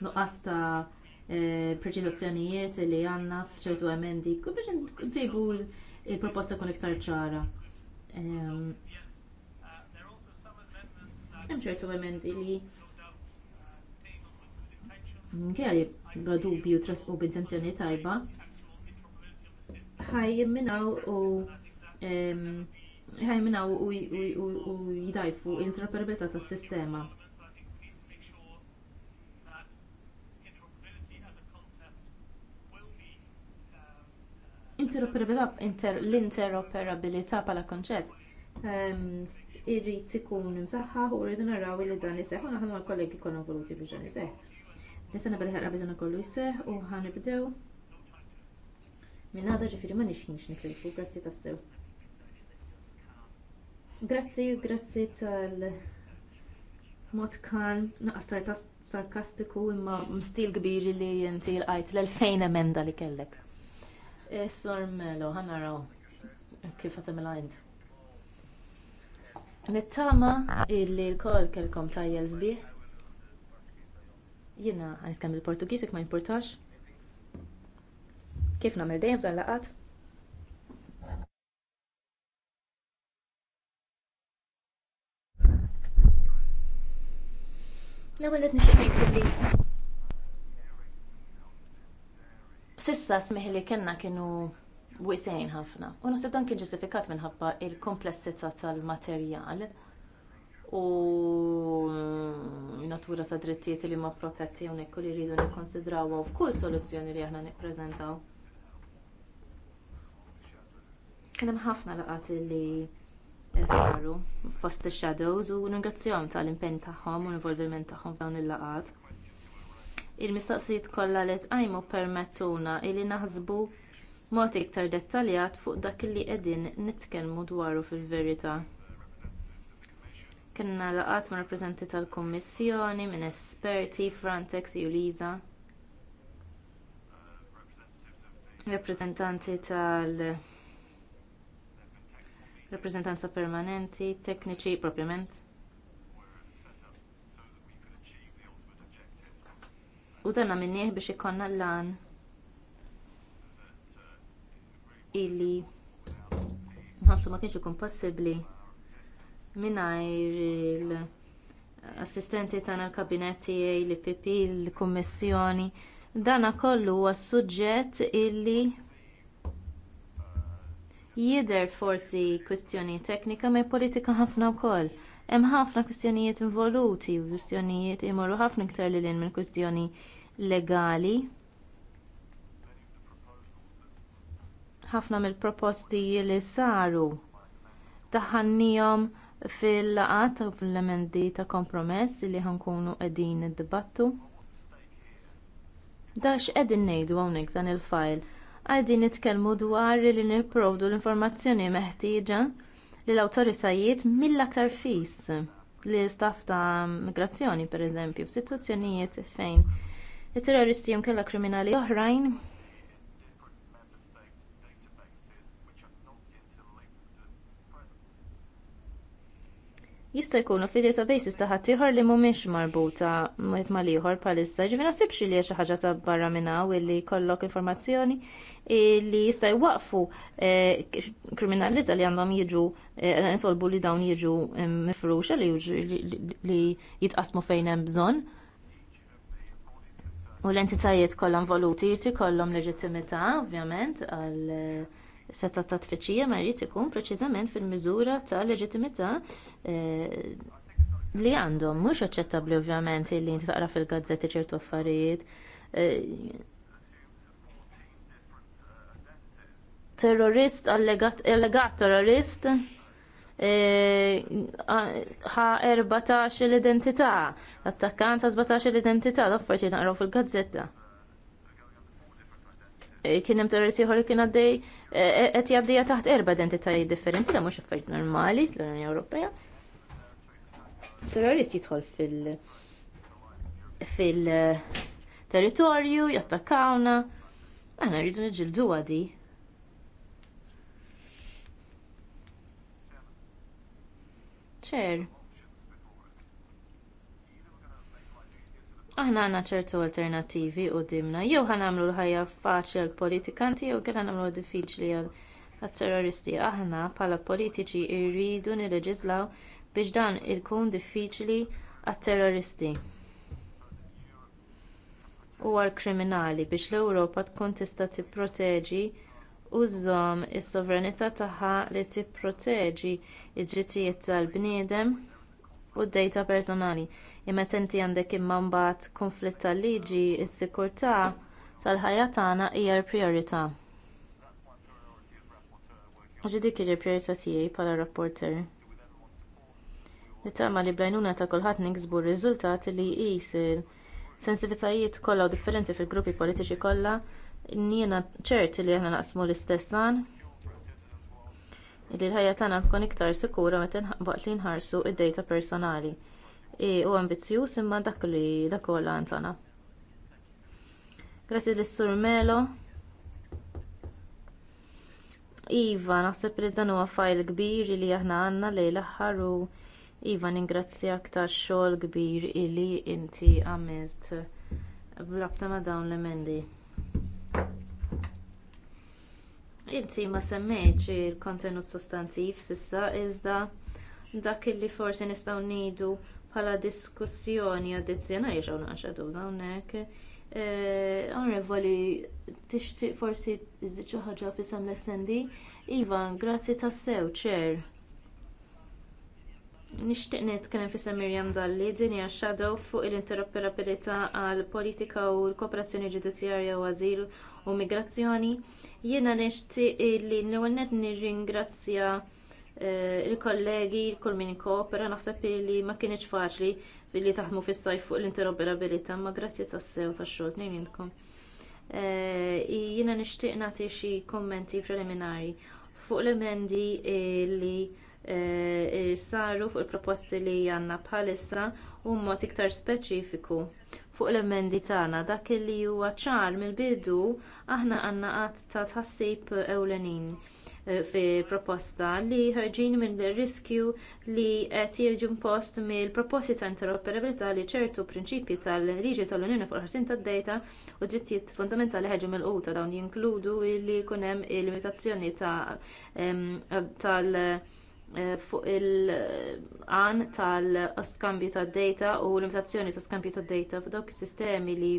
nuqqas ta' eh, preċizazzjonijiet li għandna f'ċertu emendi, biex il-proposta kun iktar ċara. Hemm ċertu emendi li kelli u dubju trasqu b'intenzjoni tajba ħajminnaw u ħajminnaw u jidajfu l interoperabilità tas-sistema. L-interoperabilità pala konċett ehm, irrid ikun imsaħħaħ u rridu naraw li dan iseħħ u naħdmu għal-kollegi kollha involuti biex dan iseħħ. Nisana bil-ħarqa biex ikollu jseħħ u ħanibdew minn għada ġifieri ma nixħinx nitilfu, grazzi tassew. Grazzi, grazzi tal mod kan naqas sarkastiku imma mstil kbiri li jinti l-għajt l elfejn emenda li kellek. Is-sor eh, Melo, ħanaraw kif għatem l-għajnd. Nittama illi l-kol kelkom ta' zbih. Jina għanitkam il-Portugis, ma importax. Kif namel dejjem f'dan laqat? L-ewwel qed nixtieq ngħid li Sissa smiħ li kena kienu wisajn ħafna. U naħseb dan kien ġustifikat minħabba il komplessità tal-materjal u mm, natura ta' drittijiet li ma protetti hawnhekk li nikkonsidraw u f'kull soluzzjoni li aħna nippreżentaw. Kien hemm ħafna laqat li saru fost shadows u ningrazzjahom tal-impenn tagħhom u l-involviment tagħhom f'dawn il-laqat. Il-mistaqsijiet kollha li tqajmu permettuna li naħsbu mod iktar dettaljat fuq dak li qegħdin nitkellmu dwaru fil-verità. Kenna laqat ma' rappreżenti tal-Kummissjoni minn esperti Frontex Juliza. Rappreżentanti tal- rappreżentanza permanenti, tekniċi propjament U danna minnieħ biex ikonna l-lan illi nħossu ma kienx ikun possibbli mingħajr l assistenti tagħna l kabinetti tiegħi l-PP l-kummissjoni dana kollu huwa suġġett illi jidher forsi kwistjoni teknika ma politika ħafna wkoll. Hemm ħafna kwistjonijiet involuti u kwistjonijiet imorru ħafna iktar lil minn kwistjoni legali. Ħafna mill-proposti li saru taħannijom fil-laqat ta' fil-emendi ta' kompromess li ħankunu qegħdin id-dibattu. Dax qegħdin ngħidu hawnhekk dan il-fajl. Qegħdin nitkellmu dwar li nipprovdu l-informazzjoni meħtieġa lill awtoritajiet mill-aktar fis li staff ta' migrazzjoni pereżempju f'sitwazzjonijiet fejn it-terroristi jew kellha kriminali oħrajn jista' jkunu fi databases ta' ieħor li mhumiex marbuta wieħed mal-ieħor bħalissa. Ġifieri naħsibx li hija xi ħaġa ta' barra minn hawn li jkollok informazzjoni li jista' jwaqfu eh, kriminalità li għandhom jiġu eh, insolbu li dawn jiġu eh, mifruxa li jitqasmu fejn hemm bżonn. U l-entitajiet kollam voluti jrid ikollhom leġittimità, ovvjament, għal eh, seta ta' tfittxija ma jrid ikun preċizament fil-miżura ta' leġittimità eh, li għandhom. Mhux aċċettabbli ovvjament li jinti taqra fil-gazzetti ċertu affarijiet. Eh, terrorist allegat terrorist E, ħa 14 l-identità, attakkant ta' 17 l-identità, l-offerti naqraw fil-gazzetta. E, Kienem hemm terroristi ieħor kien għaddej e, qed jgħaddejja taħt erba' identitajiet differenti da mhux affarijiet normali l unjoni Ewropea. Terrorist jidħol fil- fil-territorju, jattakkawna, aħna rridu niġġildu għadi ċer. Aħna għandna ċertu alternattivi dimna. jew ħanamlu l-ħajja faċli għal politikanti jew kien ħanamlu diffiċli għal terroristi. Aħna bħala politiċi nil nilleġislaw biex dan ikun diffiċli għat terroristi u għall kriminali biex l-Ewropa tkun tista' tipproteġi u is-sovranità tagħha li tipproteġi l-ġrittijiet tal-bniedem u d-dejta personali. Imma inti għandek imma mbagħad konflitt tal-liġi, is-sikurtà tal-ħajja tagħna hija l-prijorità. Ġi dik prijorità tiegħi bħala rapporter. Nittama li blajnuna ta' kulħadd niksbu r-riżultati li jqis il kollha u differenti fil-gruppi politiċi kollha Jiena ċerti li aħna naqsmu l-istessan li l-ħajja tagħna tkun iktar sikura meta nħabbaq li nħarsu id-dejta personali. u ambizzjuż imma dak li dak huwa lan tagħna. Grazzi lis sur Melo. Iva, naħseb li dan huwa fajl kbir li aħna għandna lejn l-aħħar u Iva ningrazzjak tax-xogħol kbir li inti għamilt b'rabta ma' dawn l-emendi. Inti ma semmejċ il-kontenut sostantiv sissa iżda dak li forsi nistgħu ngħidu bħala diskussjoni addizzjonali xaw naċċedu hawnhekk. Eh, onorevoli, tixtieq forsi iżdiċ xi ħaġa fisem l-SND? Ivan, grazzi sew, ċer. Nixtieq nitkellem fi Mirjam Dalli din hija shadow fuq il-interoperabilità għall politika u l-kooperazzjoni ġudizzjarja u għażil u migrazzjoni. Jiena nixtieq li l-ewwel nett nirringrazzja eh, il-kollegi, kull min koopera, naħseb li ma kienx faċli li taħdmu fis-sajf fuq l-interoperabilità, ma grazzi tas-sew tax-xogħol tnejn jintkom. Eh, jiena nixtieq nagħti xi kummenti preliminari fuq l-emendi li Eh, eh, saru fuq il-proposti li għandna bħalissa u mod iktar speċifiku fuq l-emendi tagħna dak li huwa ċar mill-bidu aħna għandna qatt ta' tħassib ewlenin eh, fi proposta li ħarġin minn riskju li qed jiġu impost mill-proposti ta' interoperabilità li ċertu prinċipji tal-liġi tal-Unjoni fuq ħarsin tad-dejta u ġittijiet fundamentali ħeġu mill-quta dawn jinkludu li jkun hemm il-limitazzjoni tal- Eh, fuq il-għan tal-skambju tad data u l limitazzjoni ta' skambju tad data f'dawk sistemi li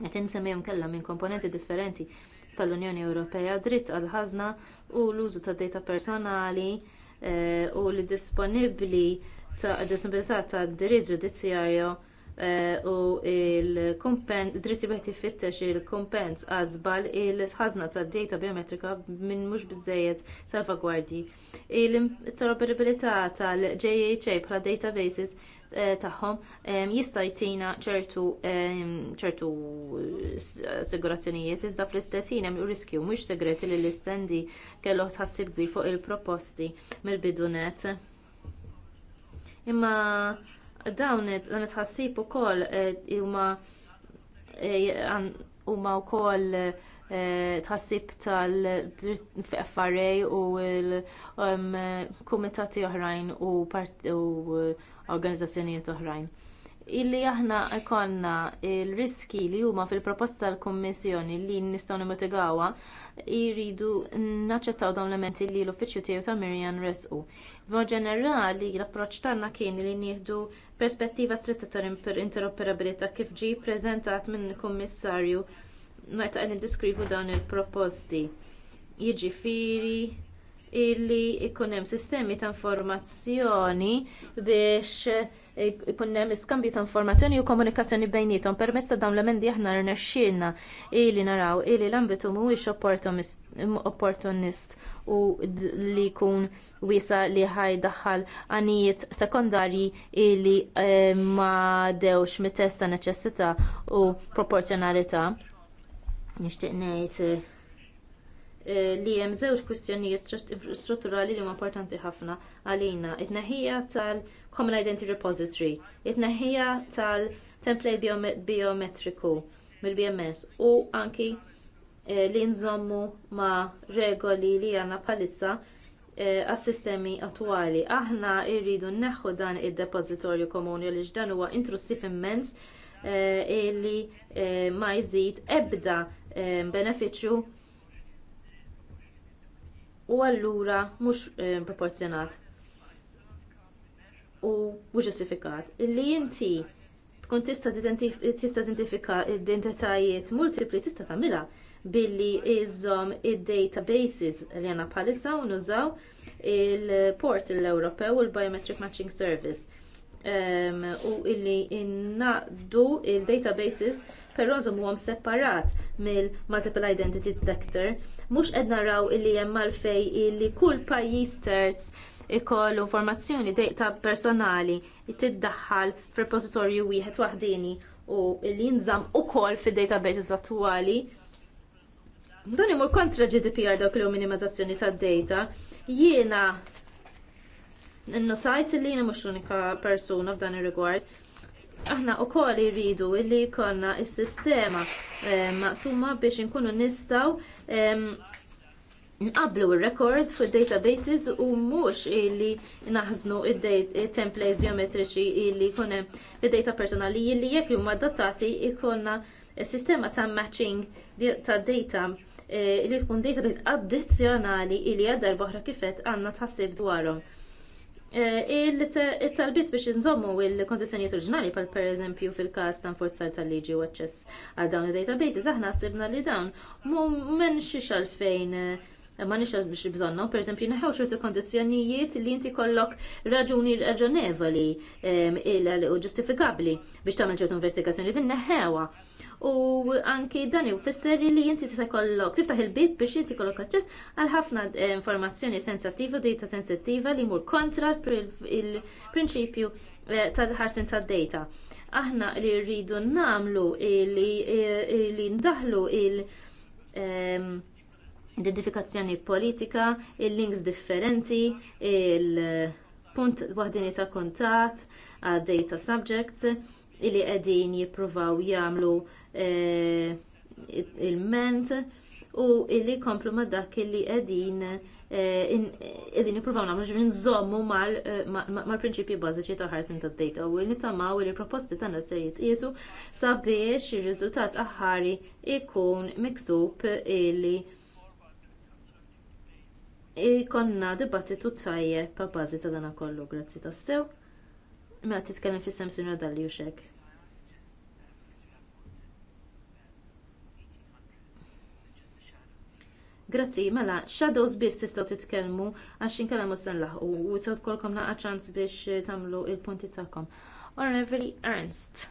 qed insemmihom kellha minn komponenti differenti tal-Unjoni Ewropea dritt għal ħażna u l-użu tad data personali eh, u l-disponibbli ta' disponibilità tad diritt ġudizzjarju Eh, u il-kumpens, dritti bħet jifittex il-kumpens għazbal il-ħazna tad data biometrika minn mhux bizzejiet salvagwardji. Il-interoperabilità tal-JHA bħala databases eh, tagħhom jista' jtina ċertu assigurazzjonijiet iżda fl-istess ħin hemm riskju mhux segreti li l-istendi kellhom tħassib kbir fuq il-proposti mill-bidunet. Imma dawn dan it-ħassib ukoll eh, huma eh, u wkoll eh, tħassib tal-dritt FRA u l-kumitati oħrajn u organizzazzjonijiet oħrajn. Illi aħna ikonna l riski li huma fil-proposta tal-Kummissjoni li nistgħu nimmitigawha jiridu naċċettaw dawn l-elementi li l-uffiċċju tiegħu ta' Miriam resqu. Vo ġenerali, l-approċċ tagħna kien li nieħdu perspettiva stretta ta' interoperabilità kif ġie ppreżentat minn kummissarju meta qed niddiskrivu dawn il-proposti. Jiġifieri illi ikun hemm sistemi ta' informazzjoni biex ikun hemm iskambju ta' informazzjoni u komunikazzjoni bejnietom permezz ta' dawn l-emendi aħna rnexxielna ili naraw ili l-ambitu mhuwiex opportunist u li jkun wiesa li ħajdaħħal għanijiet sekondarji ili eh, ma dewx mit-test ta' neċessità u proporzjonalità. Nixtieq ngħid eh, li hemm żewġ kwistjonijiet strutturali li huma importanti ħafna għalina. it tneħħija tal- Common Identity Repository, it tal-template biometriku mill-BMS u anki eh, li nżommu ma regoli li għanna palissa eh, għas-sistemi attwali. Aħna irridu neħu dan id-depozitorju komuni li ġdan huwa intrusif immens eh, li ma jżid ebda benefiċċju u allura mhux proporzjonat u ġustifikat. Illi inti tkun tista' identifika identitajiet multipli tista' tagħmilha billi iżom id-databases li għana bħalissa u nużaw il-portal Ewropew u l-Biometric Matching Service. Um, u illi innaqdu il-databases però nżommuhom separat mill-Multiple Identity Detector mhux qed naraw illi hemm malfej illi kull pajjiż terz ikoll informazzjoni dejta personali li tiddaħħal f'repożitorju wieħed waħdini u li jinżamm ukoll fid-databases attwali. Dan imur kontra GDPR dawk li minimizzazzjoni tad-data. Jiena notajt li jiena mhux l-unika persuna f'dan ir-rigward aħna u koll irridu illi konna il-sistema eh, maqsuma biex nkunu nistaw eh, nqablu il-records fuq databases u mhux illi naħznu il-templates eh, biometriċi illi kunem id data personali illi jekk huma adattati ikonna sistema ta' matching ta' data eh, li tkun database addizzjonali illi għaddar boħra kifet għanna tħassib dwarhom. Eh, Il-talbit biex nżommu il-kondizjonijiet oriġinali pal per eżempju fil-kas ta' forzar tal-liġi u għacċess għal dawn il-databases, aħna sibna li dawn mummen xalfejn Eh, ma nix biex bżonna, per eżempju, naħħaw ċertu kondizjonijiet li inti kollok raġuni raġonevoli ehm, u ġustifikabli biex tagħmel ċertu investigazzjoni din naħħawa. U anki dan jfisser li inti kollok tiftaħ il-bib biex jinti kollok aċċess għal ħafna eh, informazzjoni sensattiva u data sensattiva li mur kontra il-prinċipju eh, ta' ħarsin ta' data. Aħna li rridu namlu li ndaħlu il- ehm, identifikazzjoni politika, il-links differenti, il-punt waħdini ta' kontat, data subjects, illi qegħdin jippruvaw jagħmlu eh, il-ment u illi komplu ma dak illi qegħdin eh, qegħdin jippruvaw nagħmlu ġifin nżommu eh, mal-prinċipji bażiċi ta' ħarsin tad data u illi tamaw illi proposti tagħna se jitqietu sabiex ir-riżultat aħħari ikun miksub illi ikonna dibattitu tajje papazi ta' dana kollu, grazzi tassew. Ma' mela titkellem fis-sem sinjor dalli u xek. Grazzi, mela, shadows biss tistgħu titkellmu għax inkellem u sen laħqu u sew kolkom naqa' ċans biex tagħmlu il-punti tagħkom. Honorable Ernst.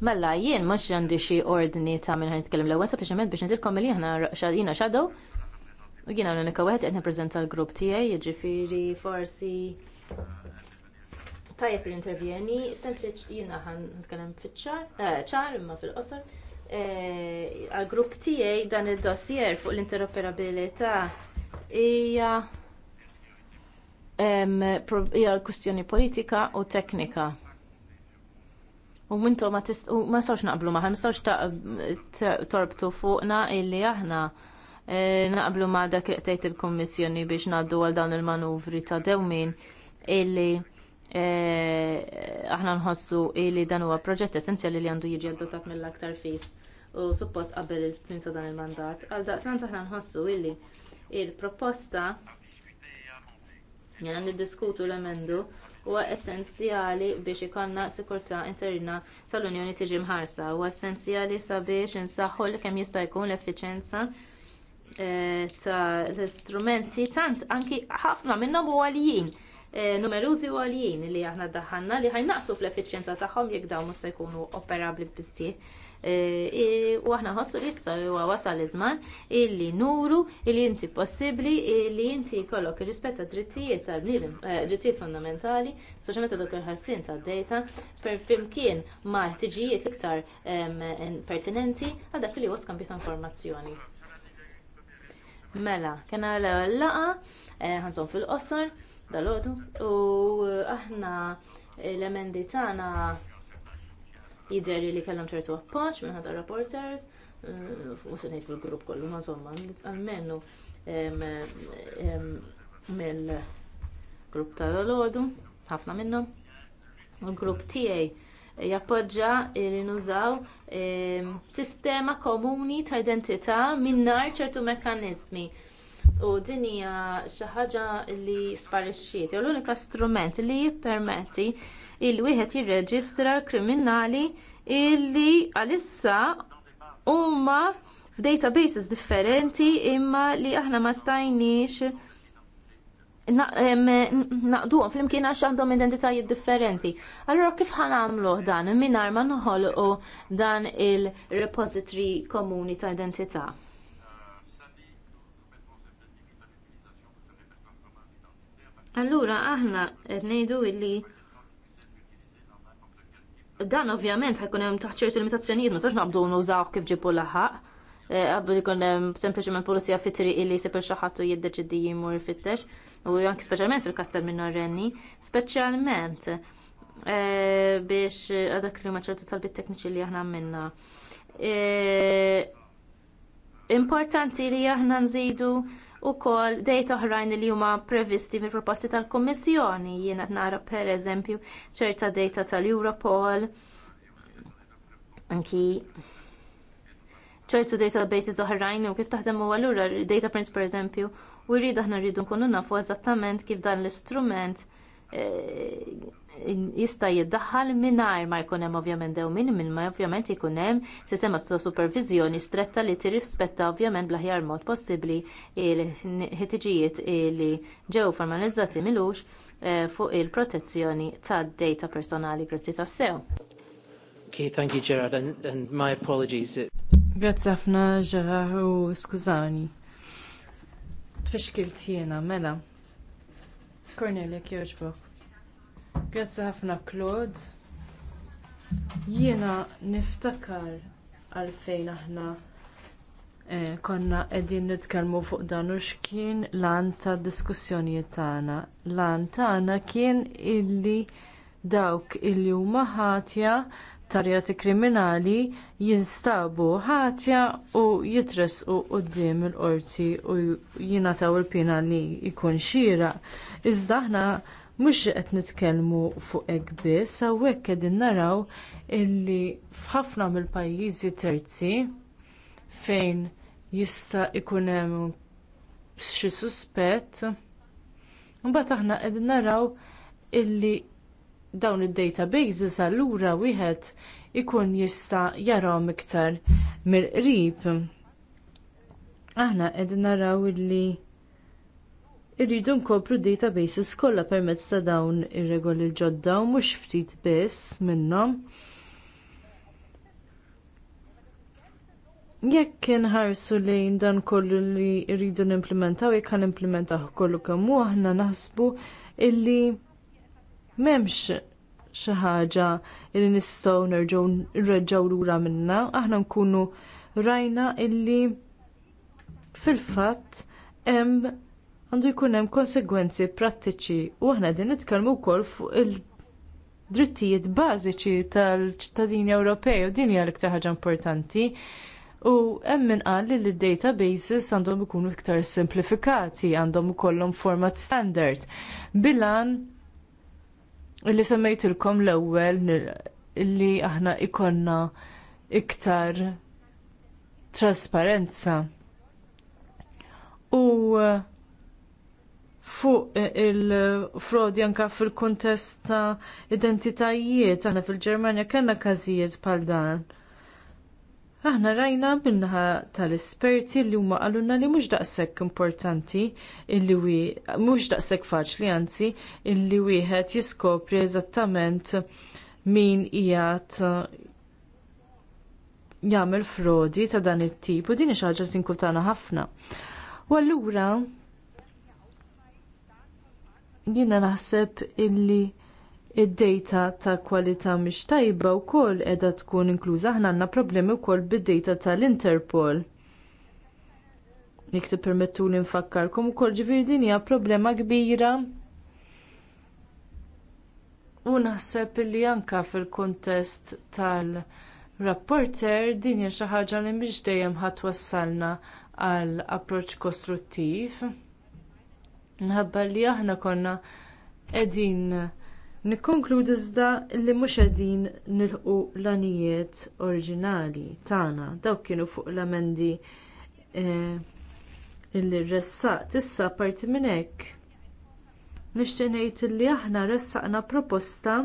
Mella jien ma għandi xi ordni ta' minn għan nitkellem l-ewwel għamed biex nitilkom li aħna xadina xadow u jiena l-unika wieħed qed nippreżenta l-grupp tiegħi, jiġifieri forsi tajjeb l intervjeni, sempliċ jiena għan nitkellem fiċ-ċar, eh, ċar imma fil-qosor. Eh, għal-grupp tiegħi dan id-dossier fuq l-interoperabilità ija hija kwistjoni politika u teknika. U mintu ma sawx naqblu maħna, ma sawx torbtu fuqna illi aħna e, naqblu ma dak il-Kommissjoni biex naddu għal dawn il-manuvri ta' dewmin illi e, aħna nħossu illi dan huwa proġett essenzjali li għandu jiġi adottat mill-aktar fis u suppost qabel il-fin ta' dan il-mandat. Għal daqsant aħna nħossu illi il-proposta jena niddiskutu l-emendu huwa essenzjali biex ikollna sikurtà interna tal-Unjoni tiġi mħarsa. Huwa essenzjali sabiex insaħħu li kemm jista' jkun l-effiċenza eh, tal istrumenti tant anki ħafna minnhom u għalijin eh, numerużi u għalijin li aħna daħanna li ħajnaqsu fl-effiċenza tagħhom jekk dawn mhux se jkunu operabbli biżtieq Eh, u aħna ħossu li issa huwa wasal iż-żman illi nuru illi inti possibbli illi inti jkollok ir-rispett ta' drittijiet tal-bniedem, eh, drittijiet fundamentali, soċjalment dak il ħarsin tad-dejta per fimkien ma' ħtiġijiet iktar pertinenti għal dak li huwa skambju ta' informazzjoni. Mela, kena l-ewwel laqa eh, ħansom fil-qosor dal-għodu u aħna l-emendi tagħna Jider li kellhom ċertu appoġġ minn ħadar reporters mm, u se ngħid fil-grupp kollu ma somma almenu mill-grupp l Lodu, ħafna minnhom. Il-grupp tiegħi jappoġġa li nużaw sistema komuni ta' identità minnar ċertu mekkaniżmi. U din hija xi ħaġa li sparixxiet, jew l-unika strument li jippermetti il wieħed jirreġistra kriminali illi għalissa huma f'databases differenti imma li aħna ma stajniex naqduhom flimkien għax għandhom identitajiet differenti. Allora kif ħanamlu dan mingħajr ma noħolqu dan il-repository komuni ta' identità? Allura aħna qed ngħidu illi dan ovvjament ħajkun hemm taħt ċerti limitazzjonijiet, ma sax nabdu nużaw kif ġibu laħaq. Eh, għabdu jkun hemm sempliċement pulizija fitri illi sepil xi ħadd jiddeċidi jimur fittex, u anke speċjalment fil-kastel minorenni, speċjalment eh, biex għadak li ċertu talbit tekniċi li aħna minna. Eh, importanti li aħna nżidu kol dejt oħrajn li huma previsti fil-proposti tal-Kummissjoni. Jiena nara pereżempju ċerta dejta tal-Europol. Anki ċertu databases oħrajn u kif taħdem u għallura data prints per eżempju u rridu aħna rridu nkunu nafu eżattament kif dan l-istrument eh, jista jiddaħħal mingħajr ma jkun hemm ovvjament dewmin minn ma ovvjament jkunem hemm sistema ta' supervizjoni stretta li tirrispetta ovvjament bl-aħjar mod possibbli il-ħtiġijiet li ġew formalizzati milux eh, fuq il-protezzjoni tad data personali grazzi ta' sew. Okay, thank you Gerard and, and my apologies. Grazzi ħafna Gerard u skużani. Tfixkilt jiena mela. Cornelia Kjoġbok. Grazzi ħafna Claude. Jiena niftakar għalfejn aħna eh, konna qegħdin nitkellmu fuq dan u x'kien lan ta' diskussjonijiet tagħna. Lan tagħna kien illi dawk illi huma ħatja tarjati kriminali jinstabu ħatja u jitresqu quddiem il-qorti u jingħataw il-pina li jkun xieraq. Iżda aħna Mhux qed nitkellmu fuq hekk biss, hawnhekk qegħdin naraw illi f'ħafna mill-pajjiżi terzi fejn jista' jkun hemm xi suspett, imbagħad aħna qegħdin naraw illi dawn id-databases allura wieħed ikun jista' jarahom iktar mill-qrib. Aħna qegħdin naraw illi irridu nkopru databases kollha permezz ta' dawn ir-regoli ġodda u mhux ftit biss minnhom. Jekk inħarsu lejn dan kollu li rridu nimplementaw, jekk għan implementaw kollu kemm hu aħna naħsbu illi m'hemmx xi ħaġa li nistgħu nerġgħu nreġgħu lura minnha, aħna nkunu rajna illi fil-fatt hemm għandu jkun hemm konsegwenzi prattiċi u aħna din nitkellmu wkoll fuq il-drittijiet bażiċi tal-ċittadini Ewropej u din hija l-iktar ħaġa importanti. U hemm min qal li l-databases għandhom ikunu iktar simplifikati, għandhom ikollhom format standard. Bilan li semmejtilkom l-ewwel li aħna ikonna iktar trasparenza. U fuq eh, il-frodi anka fil-kontest ta' identitajiet aħna fil-Ġermanja kellna każijiet bħal dan. Aħna rajna minnaħa tal-esperti li huma qalulna li mhux daqshekk importanti illi wi mhux daqshekk faċli anzi illi wieħed jiskopri eżattament min qiegħed eh, jagħmel frodi ta' dan it-tip u din xi ħaġa tinkutana ħafna. U allura Jiena naħseb illi id-data ta' kwalità mhix tajba wkoll qiegħda tkun inkluża aħna għandna problemi wkoll bid-data tal-Interpol. Jekk tippermettu li nfakkarkom ukoll ġifieri din hija problema kbira U naħseb li anke fil-kuntest tal-rapporter din hija xi ħaġa li mhix dejjem ħadd wassalna għal approċċ kostruttiv. Nħabba li aħna konna qegħdin nikkonkludu iżda li mhux qegħdin nilħqu l-anijiet oriġinali tagħna. Dawk kienu fuq l-amendi eh, illi ressaq issa parti minn hekk. Nixtieq ngħid li aħna ressaqna proposta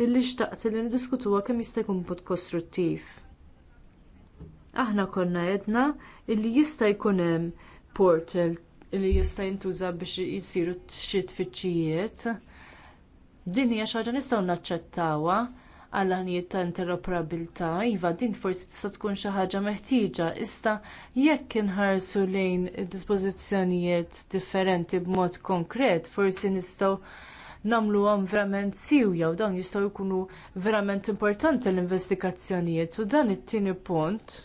illi xtaqt li niddiskutuha kemm jista' jkun kostruttiv aħna konna għedna illi jista' jkun hemm portal li jista' jintuża biex jisiru xi tfittxijiet. Din hija xi ħaġa nistgħu naċċettawha għal ħanijiet ta' interoperabilità, iva din forsi tista' tkun xi ħaġa meħtieġa, issa jekk inħarsu lejn dispożizzjonijiet differenti b'mod konkret, forsi nistgħu nagħmluhom verament siwja u dawn jistgħu jkunu verament importanti l-investigazzjonijiet u dan it-tieni punt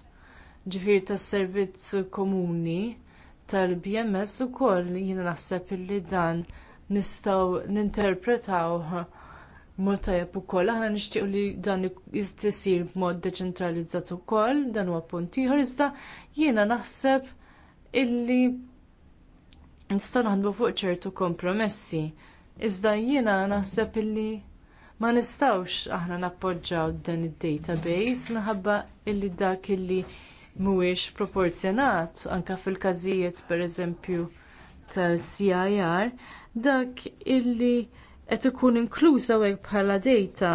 ġifir tas servizz komuni tal-BMS ukoll jiena naħseb illi dan nistgħu ninterpretawh mod tajjeb ukoll. Aħna nixtiequ li dan jistisir b'mod deċentralizzat ukoll, dan huwa punt ieħor iżda jiena naħseb illi nistgħu naħdmu fuq ċertu kompromessi. Iżda jiena naħseb illi ma nistgħux aħna nappoġġaw dan id-database minħabba illi dak illi mhuwiex proporzjonat anke fil-każijiet pereżempju tal-CIR dak illi qed ikun inkluż hawnhekk bħala dejta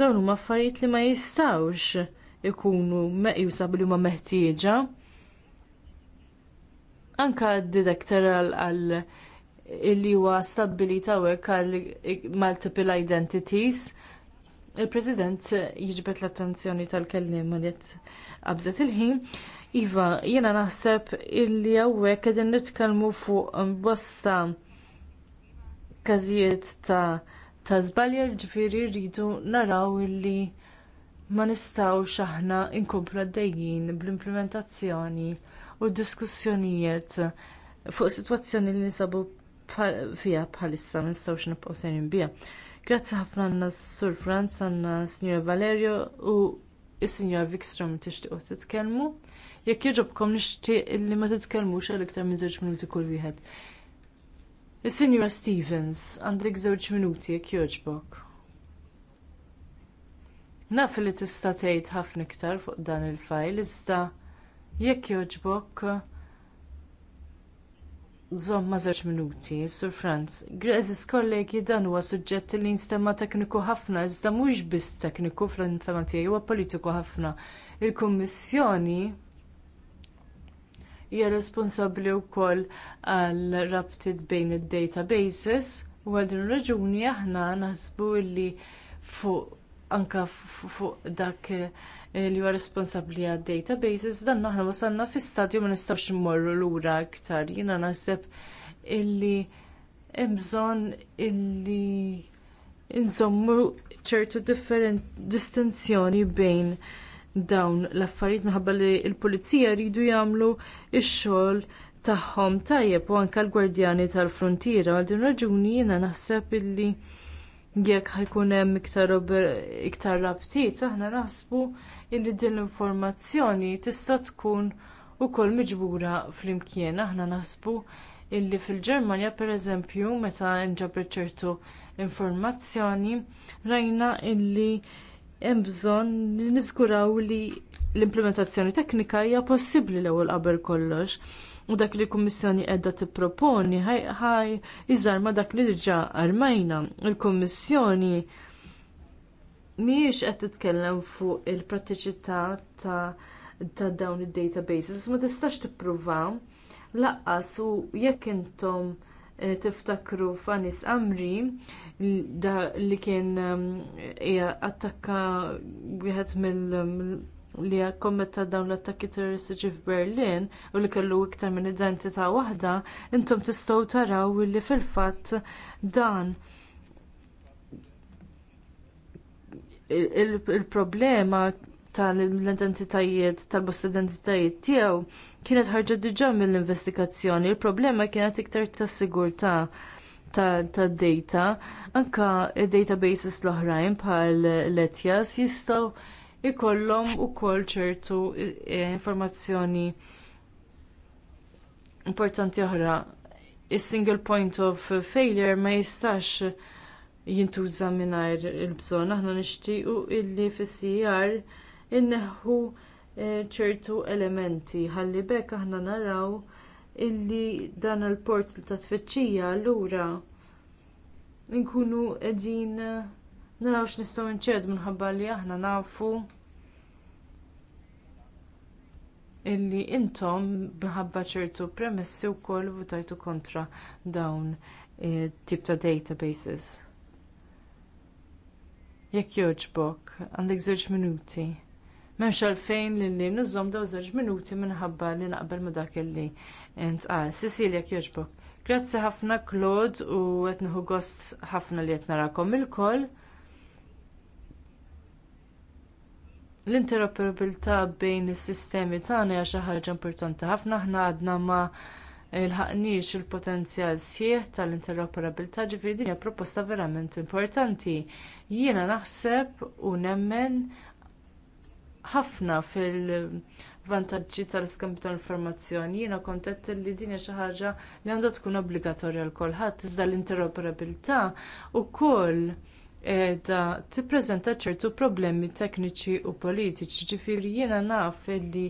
dawn huma affarijiet li ma jistgħux ikunu meqjusa billi huma meħtieġa. Anke d-detektoral għal illi huwa stabbilita hawnhekk għal multiple identities il-President jiġbet l-attenzjoni tal-kellim li qed qabżet il-ħin. Iva, jiena naħseb illi hawnhekk qegħdin nitkellmu fuq bosta każijiet ta' ta' żbalja ġifieri rridu naraw illi ma nistgħux aħna inkomplu għaddejjin bl-implementazzjoni u d diskussjonijiet fuq sitwazzjoni li nisabu fiha bħalissa ma nistgħux nibqgħu sejrin biha. Grazzi ħafna għanna Sur Franz, għanna Signora Valerio u s-Signora Wikstrom tixtiqu titkellmu. Jekk jġobkom nixtieq li ma titkellmux għal iktar minn żewġ minuti kull wieħed. Is-Signora Stevens, għandek żewġ minuti jekk jogħġbok. Naf li tista' tgħid ħafna iktar fuq dan il-fajl iżda jekk jogħġbok ma żewġ minuti, Sur Franz. Grazis kollegi dan huwa suġġett li nstema tekniku ħafna, iżda mhux biss tekniku fl-infema tiegħi huwa politiku ħafna. Il-Kummissjoni hija responsabbli wkoll għal rabtiet bejn id-databases u għal din raġuni aħna naħsbu li fuq anka fuq dak Eh, li huwa responsabbli għad databases dan aħna wasalna fi stadju ma nistgħux immorru lura iktar. Jiena naħseb illi hemm bżonn illi insommu ċertu distinzjoni bejn dawn l-affarijiet minħabba li l-pulizija jridu jagħmlu x-xogħol tagħhom tajjeb u anke l-gwardjani tal-frontiera għal din raġuni jiena naħseb illi jekk ħajkun hemm iktar iktar rabtiet aħna naħsbu illi din l-informazzjoni tista' tkun ukoll miġbura flimkien aħna naħsbu illi fil-Ġermanja pereżempju meta nġabret ċertu informazzjoni rajna illi hemm bżonn li niżguraw li l-implementazzjoni teknika hija possibbli l-ewwel qabel kollox u dak li kummissjoni kummissjoni qiegħda tipproponi ħaj iżar ma dak li diġà armajna. Il-Kummissjoni mhijiex qed titkellem fuq il-prattiċità ta' dawn id-databases, ma tistax tippruva laqqas u jekk intom eh, tiftakru f'Anis Amri li kien ehm, attakka wieħed mill li kommetta dawn l-attakki terroristiċi f'Berlin u li kellu iktar minn identità waħda, intom tistgħu taraw li fil-fatt dan il-problema tal-identitajiet, tal-bost identitajiet tiegħu kienet ħarġa diġà mill-investigazzjoni. Il-problema kienet iktar tas-sigurtà tad-data, anke d databases l-oħrajn bħal l-ETIAS jistgħu ikollhom ukoll ċertu eh, informazzjoni importanti oħra. Is-single point of failure ma jistax jintuża mingħajr il-bżonn. Aħna nixtiequ illi fis-CR e inneħħu eh, ċertu elementi ħalli bekk aħna naraw illi dan il-port ta' tfittxija allura nkunu qegħdin eh, naraw x'nistgħu nċed minħabba li aħna nafu illi intom minħabba ċertu premessi wkoll votajtu kontra dawn e, tip ta' databases. Jekk jogħġbok, għandek żewġ minuti. M'hemmx għalfejn li nużom daw żewġ minuti minħabba li naqbel ma dak illi intqal. Cecilia jekk jogħġbok. Grazzi ħafna Claude u qed nieħu gost ħafna li qed narakom il L-interoperabilità bejn is-sistemi tagħna hija xi ħaġa importanti ħafna aħna għadna ma il-ħaqnix il-potenzjal sħiħ tal-interoperabilità ġifieri din hija proposta verament importanti. Jiena naħseb u nemmen ħafna fil-vantaġġi tal-iskambju tal-informazzjoni. Jiena kontett li din hija xi ħaġa li għandha tkun obbligatorja l kulħadd iżda l-interoperabilità wkoll qiegħda tippreżenta ċertu problemi tekniċi u politiċi. Ġifieri jiena naf li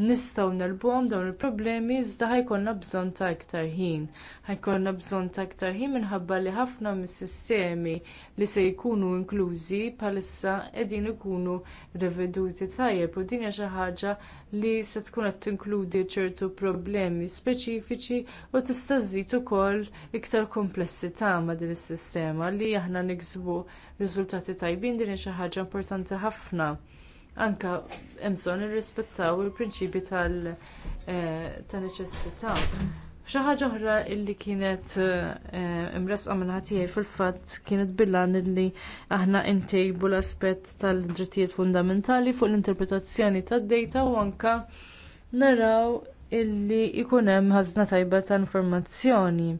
nistgħu nerbuhom dawn il-problemi iżda ħajkollna bżonn ta' iktar ħin. Ħajkollna bżonn ta' iktar ħin minħabba li ħafna mis-sistemi li se jkunu inklużi bħalissa qegħdin ikunu reveduti tajjeb u din hija xi ħaġa li se tkun qed tinkludi ċertu problemi speċifiċi u tista' żżid ukoll iktar komplessità ma' din is-sistema li aħna niksbu riżultati tajbin din hija xi ħaġa importanti ħafna anka hemm bżonn irrispettaw il-prinċipji tal-neċessità. Eh, Xi ħaġa oħra li kienet eh, imresqa minn ħatijaj fil-fatt kienet billan li aħna ntejbu l-aspett tal-drittijiet fundamentali fuq l-interpretazzjoni tad-dejta u anke naraw illi jkun hemm ħafna tajba ta' informazzjoni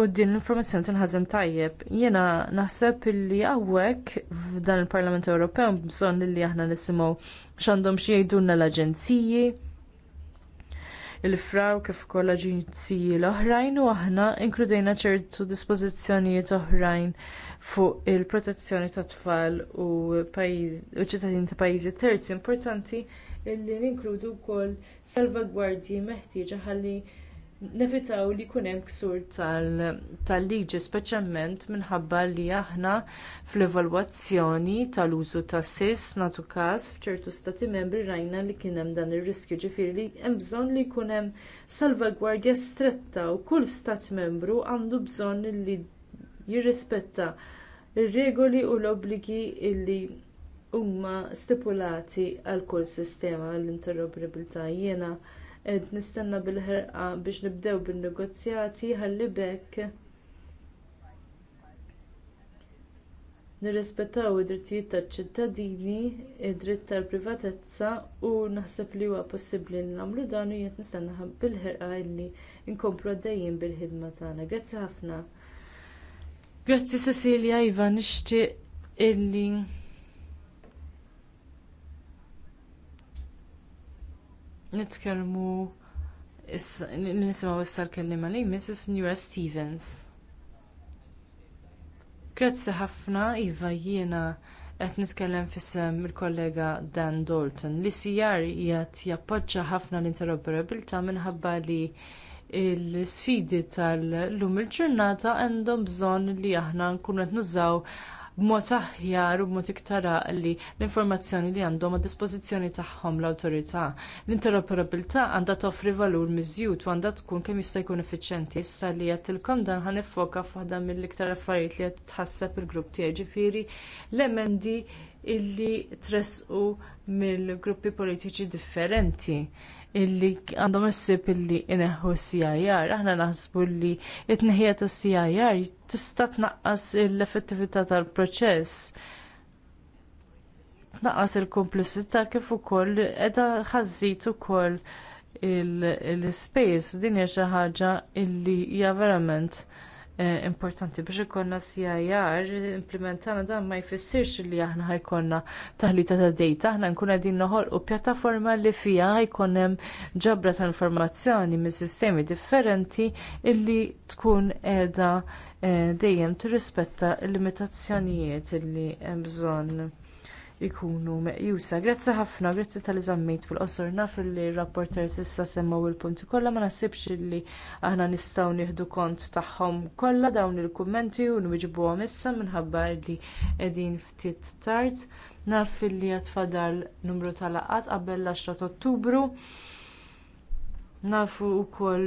u din l-informazzjoni tinħazen tajjeb. Jiena naħseb li hawnhekk f'dan il-Parlament Ewropew bżonn li aħna nisimgħu x'għandhom xi jgħidulna l-aġenziji il-fraw kif ukoll aġenziji l-oħrajn u aħna inkludejna ċertu dispożizzjonijiet oħrajn fuq il-protezzjoni tat tfal u ċittadini ta' pajjiżi terzi importanti illi ninkludu wkoll salvagwardji meħtieġa ħalli nevitaw li jkun hemm ksur tal-liġi speċjalment minħabba li aħna fl-evalwazzjoni tal-użu ta' sis nagħtu każ f'ċertu stati membri rajna li kien hemm dan ir-riskju ġifieri li hemm bżonn li jkun hemm salvagwardja stretta u kull stat membru għandu bżonn li jirrispetta r regoli u l-obbligi li huma stipulati għal kull sistema għall-interoperabilità jiena qed nistenna bil-ħerqa biex nibdew bin-negozjati ħalli bekk nirrispettaw id-drittijiet tal-ċittadini, id-dritt tal-privatezza u naħseb li huwa possibbli li nagħmlu dan u jien nistenna bil-ħerqa illi nkomplu għaddejjin bil-ħidma tagħna. Grazzi ħafna. Grazzi Cecilia Iva, nixtieq illi nitkellmu nisimgħu issa l kelliema li Mrs. Nura Stevens. Grazzi ħafna, Iva, jiena qed nitkellem fissem il-kollega Dan Dalton. L-ICR jgħat jappoġġa ħafna l-interoperabilità minħabba li l isfidi tal-lum il-ġurnata għandhom bżonn li aħna nkunu qed nużaw b'mod aħjar u b'mod iktar li l-informazzjoni li għandhom għad dispożizzjoni tagħhom l-awtorità. L-interoperabilità għandha toffri valur miżjud u għandha tkun kemm jista' jkun effiċjenti. Issa li qed dan ħa nifoka f'waħda mill-iktar affarijiet li qed tħasseb il-grupp tiegħi ġifieri l-emendi illi tresqu mill-gruppi politiċi differenti illi għandhom issib illi ineħħu CIR, aħna naħsbu li t tneħħija tas CIR tista' tnaqqas l-effettività tal-proċess. Tnaqqas il-komplessità kif ukoll qiegħda ħazzit ukoll l ispejs u din hija xi ħaġa illi hija verament Eh, importanti biex ikonna CIR implementana dan ma jfissirx li aħna ħajkonna taħlita ta' data, aħna nkun qegħdin noħolqu pjattaforma li fiha jkun hemm ġabra ta' informazzjoni minn sistemi differenti illi tkun qiegħda eh, dejjem tirrispetta l-limitazzjonijiet illi hemm bżonn ikunu meqjusa. Grazzi ħafna, grazzi tal-eżammejt fil-qosor naf li rapporter issa semmaw il-punti kollha ma naħsibx li aħna nistgħu nieħdu kont tagħhom kollha dawn il-kummenti u nwiġbuhom issa minħabba li qegħdin ftit tard. Naf li għatfadal numru tal-laqat qabel l-10 ta' Ottubru. Nafu wkoll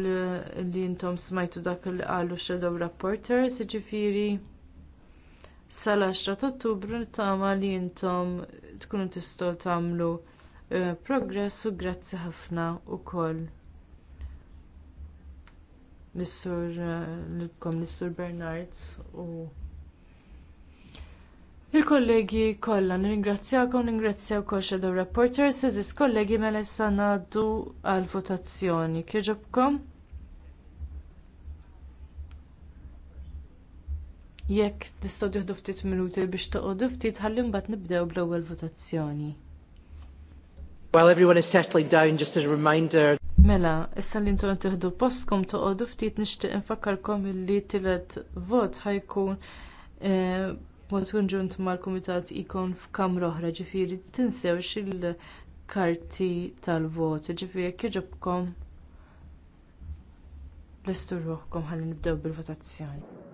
li intom smajtu dak li qalu shadow rapporters, jiġifieri sal-10 ta' Ottubru nittama li intom tkunu tistgħu tagħmlu eh, progress u grazzi ħafna wkoll l-sur eh, l-kom sur Bernard u il-kollegi kollha nirringrazzjakom ningrazzjaw wkoll shadow reporters eżis kollegi mela issa ngħaddu għall votazzjoni kieġobkom. Jekk tistgħu tieħdu ftit minuti biex toqgħodu ftit ħalli mbagħad nibdew bl-ewwel votazzjoni. While everyone is settling down, just as a reminder. Mela, issa li intom tieħdu postkom toqgħodu ftit nixtieq infakkarkom illi tielet vot ħajkun eh, mod kunġunt mal-Kumitat ikon f'kamra oħra ġifieri tinsewx il-karti tal-vot. Ġifieri jekk jiġobkom lestu ruħkom ħalli nibdew bil-votazzjoni.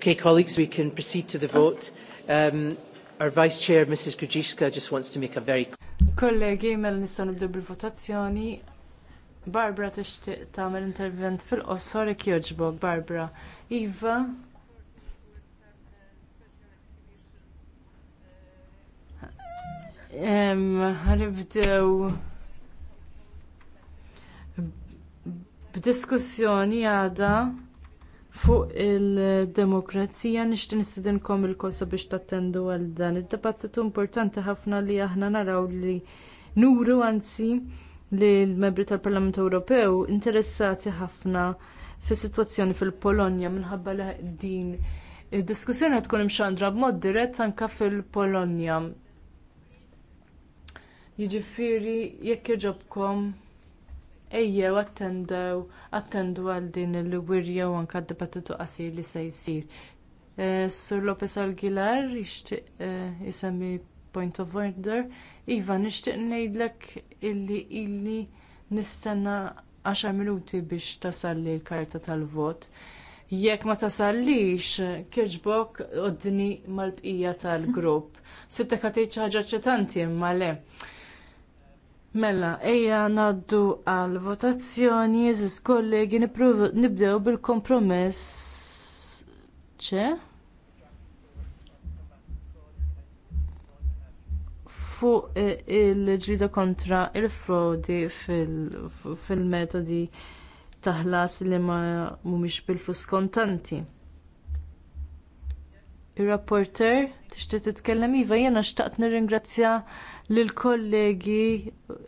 Okay, colleagues, we can proceed to the vote. Um, our Vice Chair, Mrs. Grudziska, just wants to make a very... Kollegi, mel nissa nibdu bil-votazzjoni. Barbara tixtieq tagħmel intervent fil-qosor jekk jogħġbok, Barbara. Iva, ħaribdew b'diskussjoni għada fuq il-demokrazija nixtieq nistidinkom il-kosa biex tattendu għal dan id-dibattitu importanti ħafna li aħna naraw li nuru anzi li l-membri tal-Parlament Ewropew interessati ħafna fis-sitwazzjoni fil-Polonja minħabba li din id-diskussjoni qed tkun imxandra b'mod dirett anke fil-Polonja. Jiġifieri jekk iġobkom ejjew attendew attendu għal din il-wirja u anke d-dibattitu qasir li se jsir. Eh, Sur Lopez Aguilar jixtieq eh, isemmi point of order. Iva, nixtieq ngħidlek illi illi nistenna 10 minuti biex tasalli l-karta tal-vot. Jekk ma tasallix, kieġbok oddni mal-bqija tal-grupp. Sibtek xi ħaġa ċitanti imma le. Mela, eja naddu għal votazzjoni, jeżis kollegi, nibdew bil-kompromess ċe? Fuq e, il-ġrida kontra il-frodi fil-metodi taħlas li ma mumiex bil-flus kontanti. Il-rapporter, tixtieq titkellem iva, jena xtaqt nirringrazzja lill-kollegi,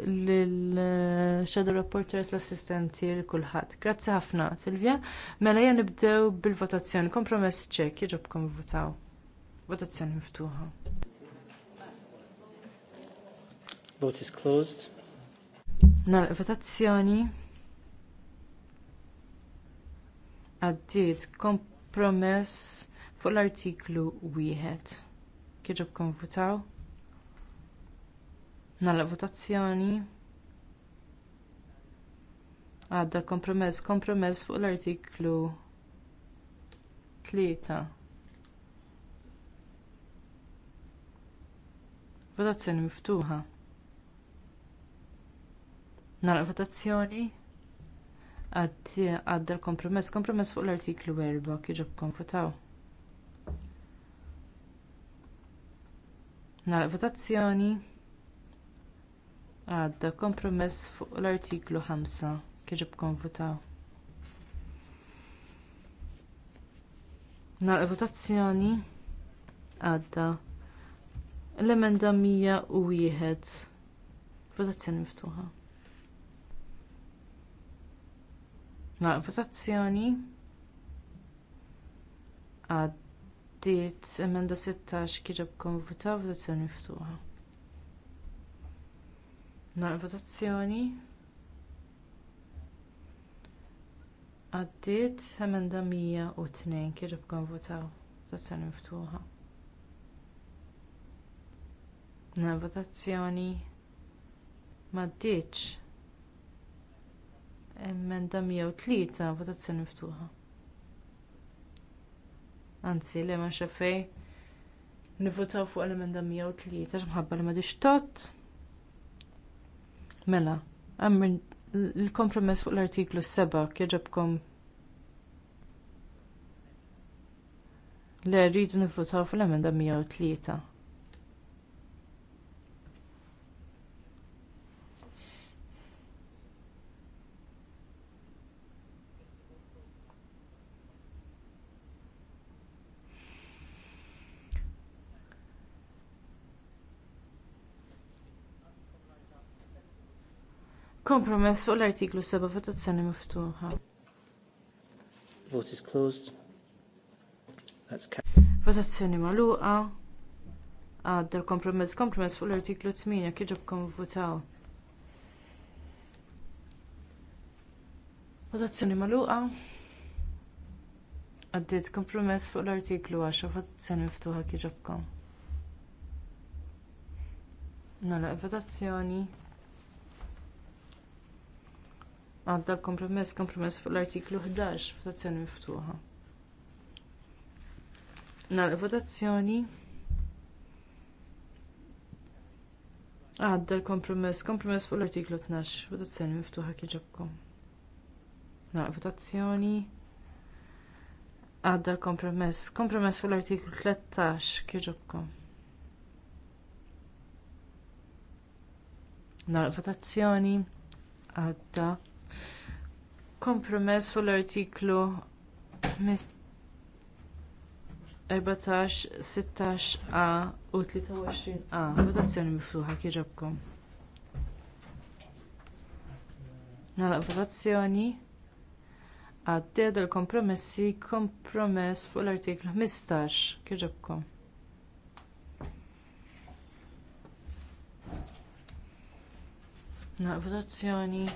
lill-shadow reporters, l-assistenti, l-kulħadd. Grazzi ħafna, Silvia. Mela jen nibdew bil-votazzjoni. Kompromess ċek, jġobkom votaw. Votazzjoni miftuħa. Vote is closed. Nal votazzjoni. Għaddiet kompromess fuq l-artiklu wieħed. Kieġobkom votaw. Nalla votazzjoni. Għadda kompromess, kompromess fuq l-artiklu 3. Votazzjoni miftuħa. Nalla votazzjoni. Għadda l-kompromess, kompromess fuq l-artiklu 4 kieġob konfutaw. Nalla votazzjoni għadda kompromess fuq l-artiklu 5 kieġib konvutaw. Nal votazzjoni għadda l-emenda u 101 votazzjoni miftuħa. Nal votazzjoni għaddiet emenda 16 kieġib konvutaw votazzjoni miftuħa. Nar votazzjoni. Għaddiet emenda t-nejn kħiġu kon votaw. Votazzjoni miftuħa. Nar votazzjoni. Maddiċ. Emenda 103 votazzjoni miftuħa. Anzi, le ma xafej. Nivotaw fuq l-emenda 103 x'mħabba li ma dixtott. Mela, għamm il kompromess fuq l-artiklu 7 kieġabkom le rridu nifutaw fuq emenda 103. Kompromess fuq l-artiklu 7 votazzjoni miftuħa. Vote is closed. That's Votazzjoni magħluqa. Għadda l-kompromess kompromess fuq l-artiklu 8 kieġobkom votaw. Votazzjoni magħluqa. Għaddiet kompromess fuq l-artiklu 10 votazzjoni miftuħa kieġobkom. Nara votazzjoni għadda kompromess, kompromess fuq l-artiklu 11, votazzjoni miftuħa. Nal votazzjoni għadda l-kompromess, kompromess fuq l-artiklu 12, votazzjoni miftuħa kieġobkom. Nal votazzjoni għadda l-kompromess, kompromess fuq l-artiklu 13 kieġobkom. Nal votazzjoni għadda Kompromess fuq l-artiklu 14, 16a u 23a. Votazzjoni mifluħa kieġobkom. Nalaq votazzjoni għaddew il-kompromessi kompromess fuq l-artiklu 15 kieġobkom. votazzjoni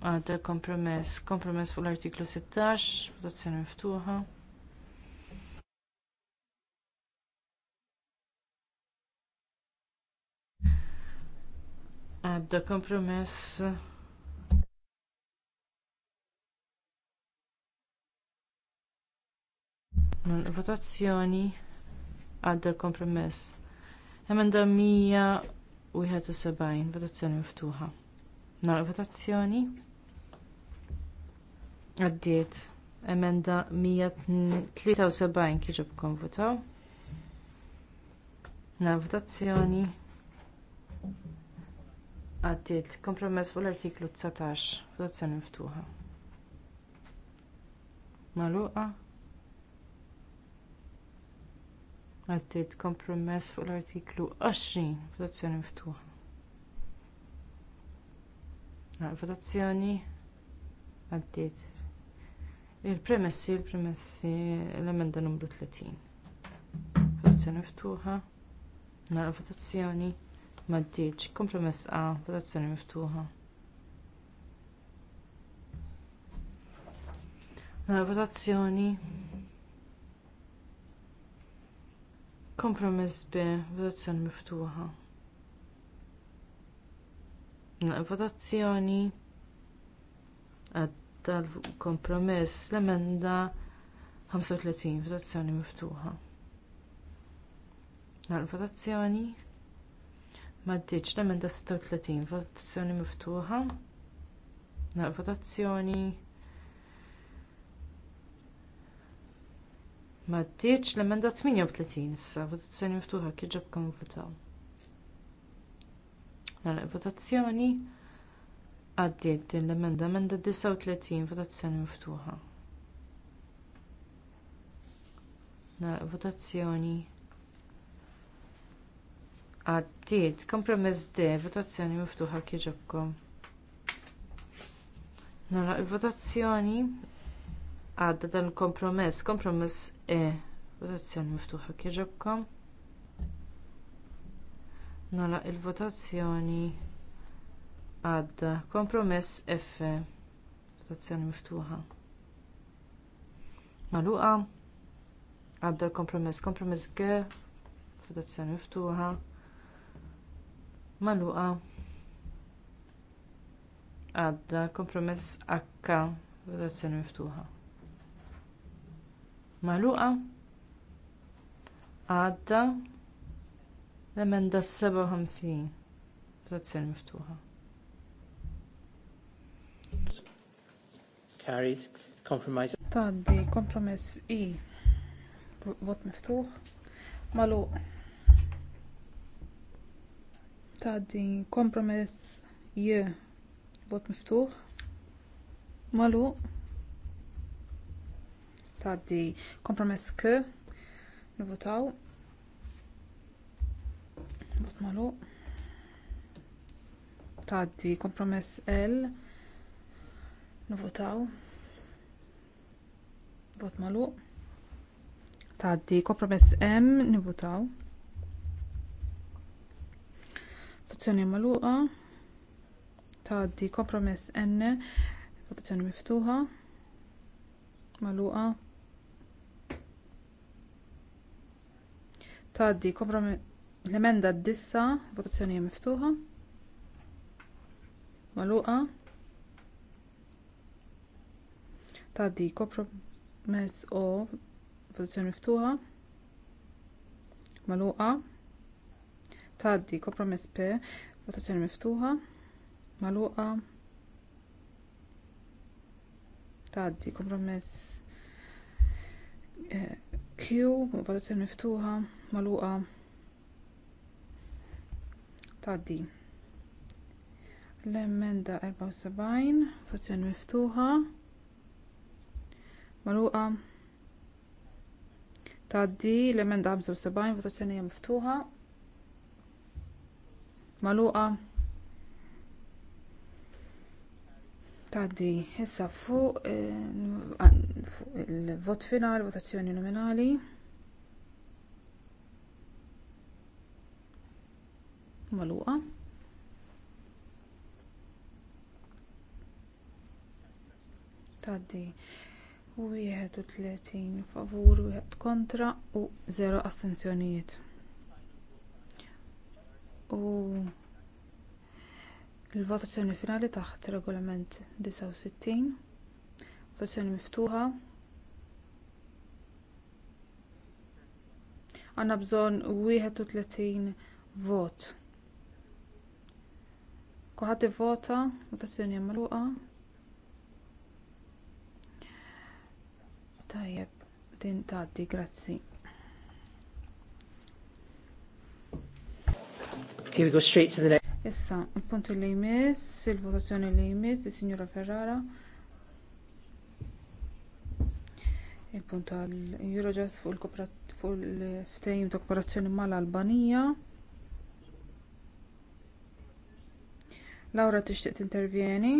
għadda kompromess. Kompromess fuq l-artiklu 16, votazzjoni miftuħa. Għadda kompromess votazzjoni għadda l-kompromess. Emenda 171, votazzjoni miftuħa. Nara votazzjoni. Għaddiet. Emenda 173 kieġob votaw. Na votazzjoni. Għaddiet. Kompromess fuq l-artiklu 19. Votazzjoni mftuħa. Maluqa. Għaddiet. Kompromess fuq l-artiklu 20. Votazzjoni mftuħa. Na votazzjoni. Għaddiet Il-premessi, il-premessi, l-emenda numru 30. Votazzjoni miftuħa, nara votazzjoni, maddiċ, kompromess A, votazzjoni miftuħa. Nara votazzjoni, kompromess B, votazzjoni miftuħa. Nara votazzjoni, tal-kompromess l-emenda 35 votazzjoni miftuħa. Nal votazzjoni maddiċ l-emenda 36 votazzjoni miftuħa. Nal votazzjoni maddiċ l-emenda 38 issa votazzjoni miftuħa kieġab kom votaw. Nal votazzjoni Għaddiet din l-emenda, emenda 39, votazzjoni miftuħa. Nagħlaq votazzjoni. Għaddiet, kompromess D, votazzjoni miftuħa kieġobkom. Nagħlaq il-votazzjoni. Għadda dan kompromess, kompromess E, votazzjoni miftuħa kieġobkom. Nagħlaq il-votazzjoni għadda kompromess F votazzjoni miftuħa magħluqa għadda kompromess kompromess G votazzjoni miftuħa magħluqa għadda kompromess H votazzjoni miftuħa magħluqa għadda l-emenda 57 votazzjoni miftuħa Carried. Compromise. Tadi compromise i. Vot miftuħ. Malu. Tadi compromise j. Vot miftuħ. Malu. Tadi. compromise k. Nivotaw. Vot malu. Tadi compromise l. Nivvotaw. Vot malu Taddi kompromess M Nivotaw. Votazzjoni magħluqa. Taddi kompromess N votazzjoni miftuħa. Magħluqa. Taddi kompromess l-emenda d-dissa, votazzjoni miftuħa, maluqa, ta' tgħaddi kompromess o votazzjoni miftuħa magħluqa tgħaddi kompromess p votazzjoni miftuħa magħluqa tgħaddi kompromess eh, q votazzjoni miftuħa magħluqa tgħaddi l-emenda 74 votazzjoni miftuħa Maluqa. Taddi l-emenda 75 votazzjoni hija miftuħa. Maluqa. Taddi issa eh, fuq il-vot final, votazzjoni nominali. Maluqa. Taddi. 31 favur, 1 kontra u 0 astenzjonijiet. U l-votazzjoni finali taħt regolament 69. Votazzjoni miftuħa. Għanna bżon 31 vot. Kuħat vota, votazzjoni magħluqa. Tajjeb, din tgħaddi, grazzi. Okay, we go straight to the next. Issa, il-punt li jmiss, il-votazzjoni li jmiss, di signora Ferrara. Il-punt għal-Eurojust fuq il-ftejim ta' kooperazzjoni mal-Albanija. Laura tixtieq tintervjeni.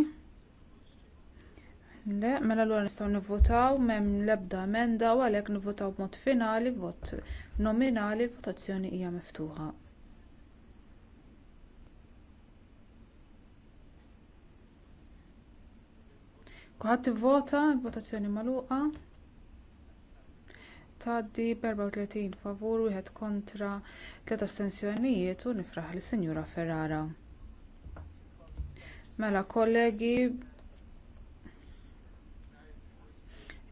Le, mela l-għura nistaw nivvotaw, mem lebda emenda u għalhekk nivvotaw b'mod finali, vot nominali, votazzjoni hija miftuħa. Kuħat vota, votazzjoni magħluqa. Tgħaddi 34 favur, wieħed kontra, tliet stensjonijiet u nifraħ li sinjura Ferrara. Mela kollegi,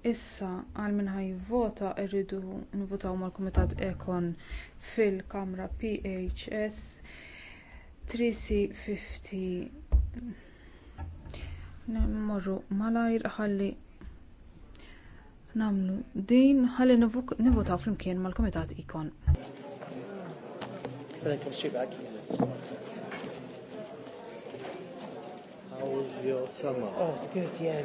issa għal min ħajvota rridu nvotaw mal-kumitat econ fil-kamra phs 350 nmorru malajr ħalli nagħmlu din ħalli nivvutaw flimkien mal-kumitat econ How your summer? Oh, it's good, yeah.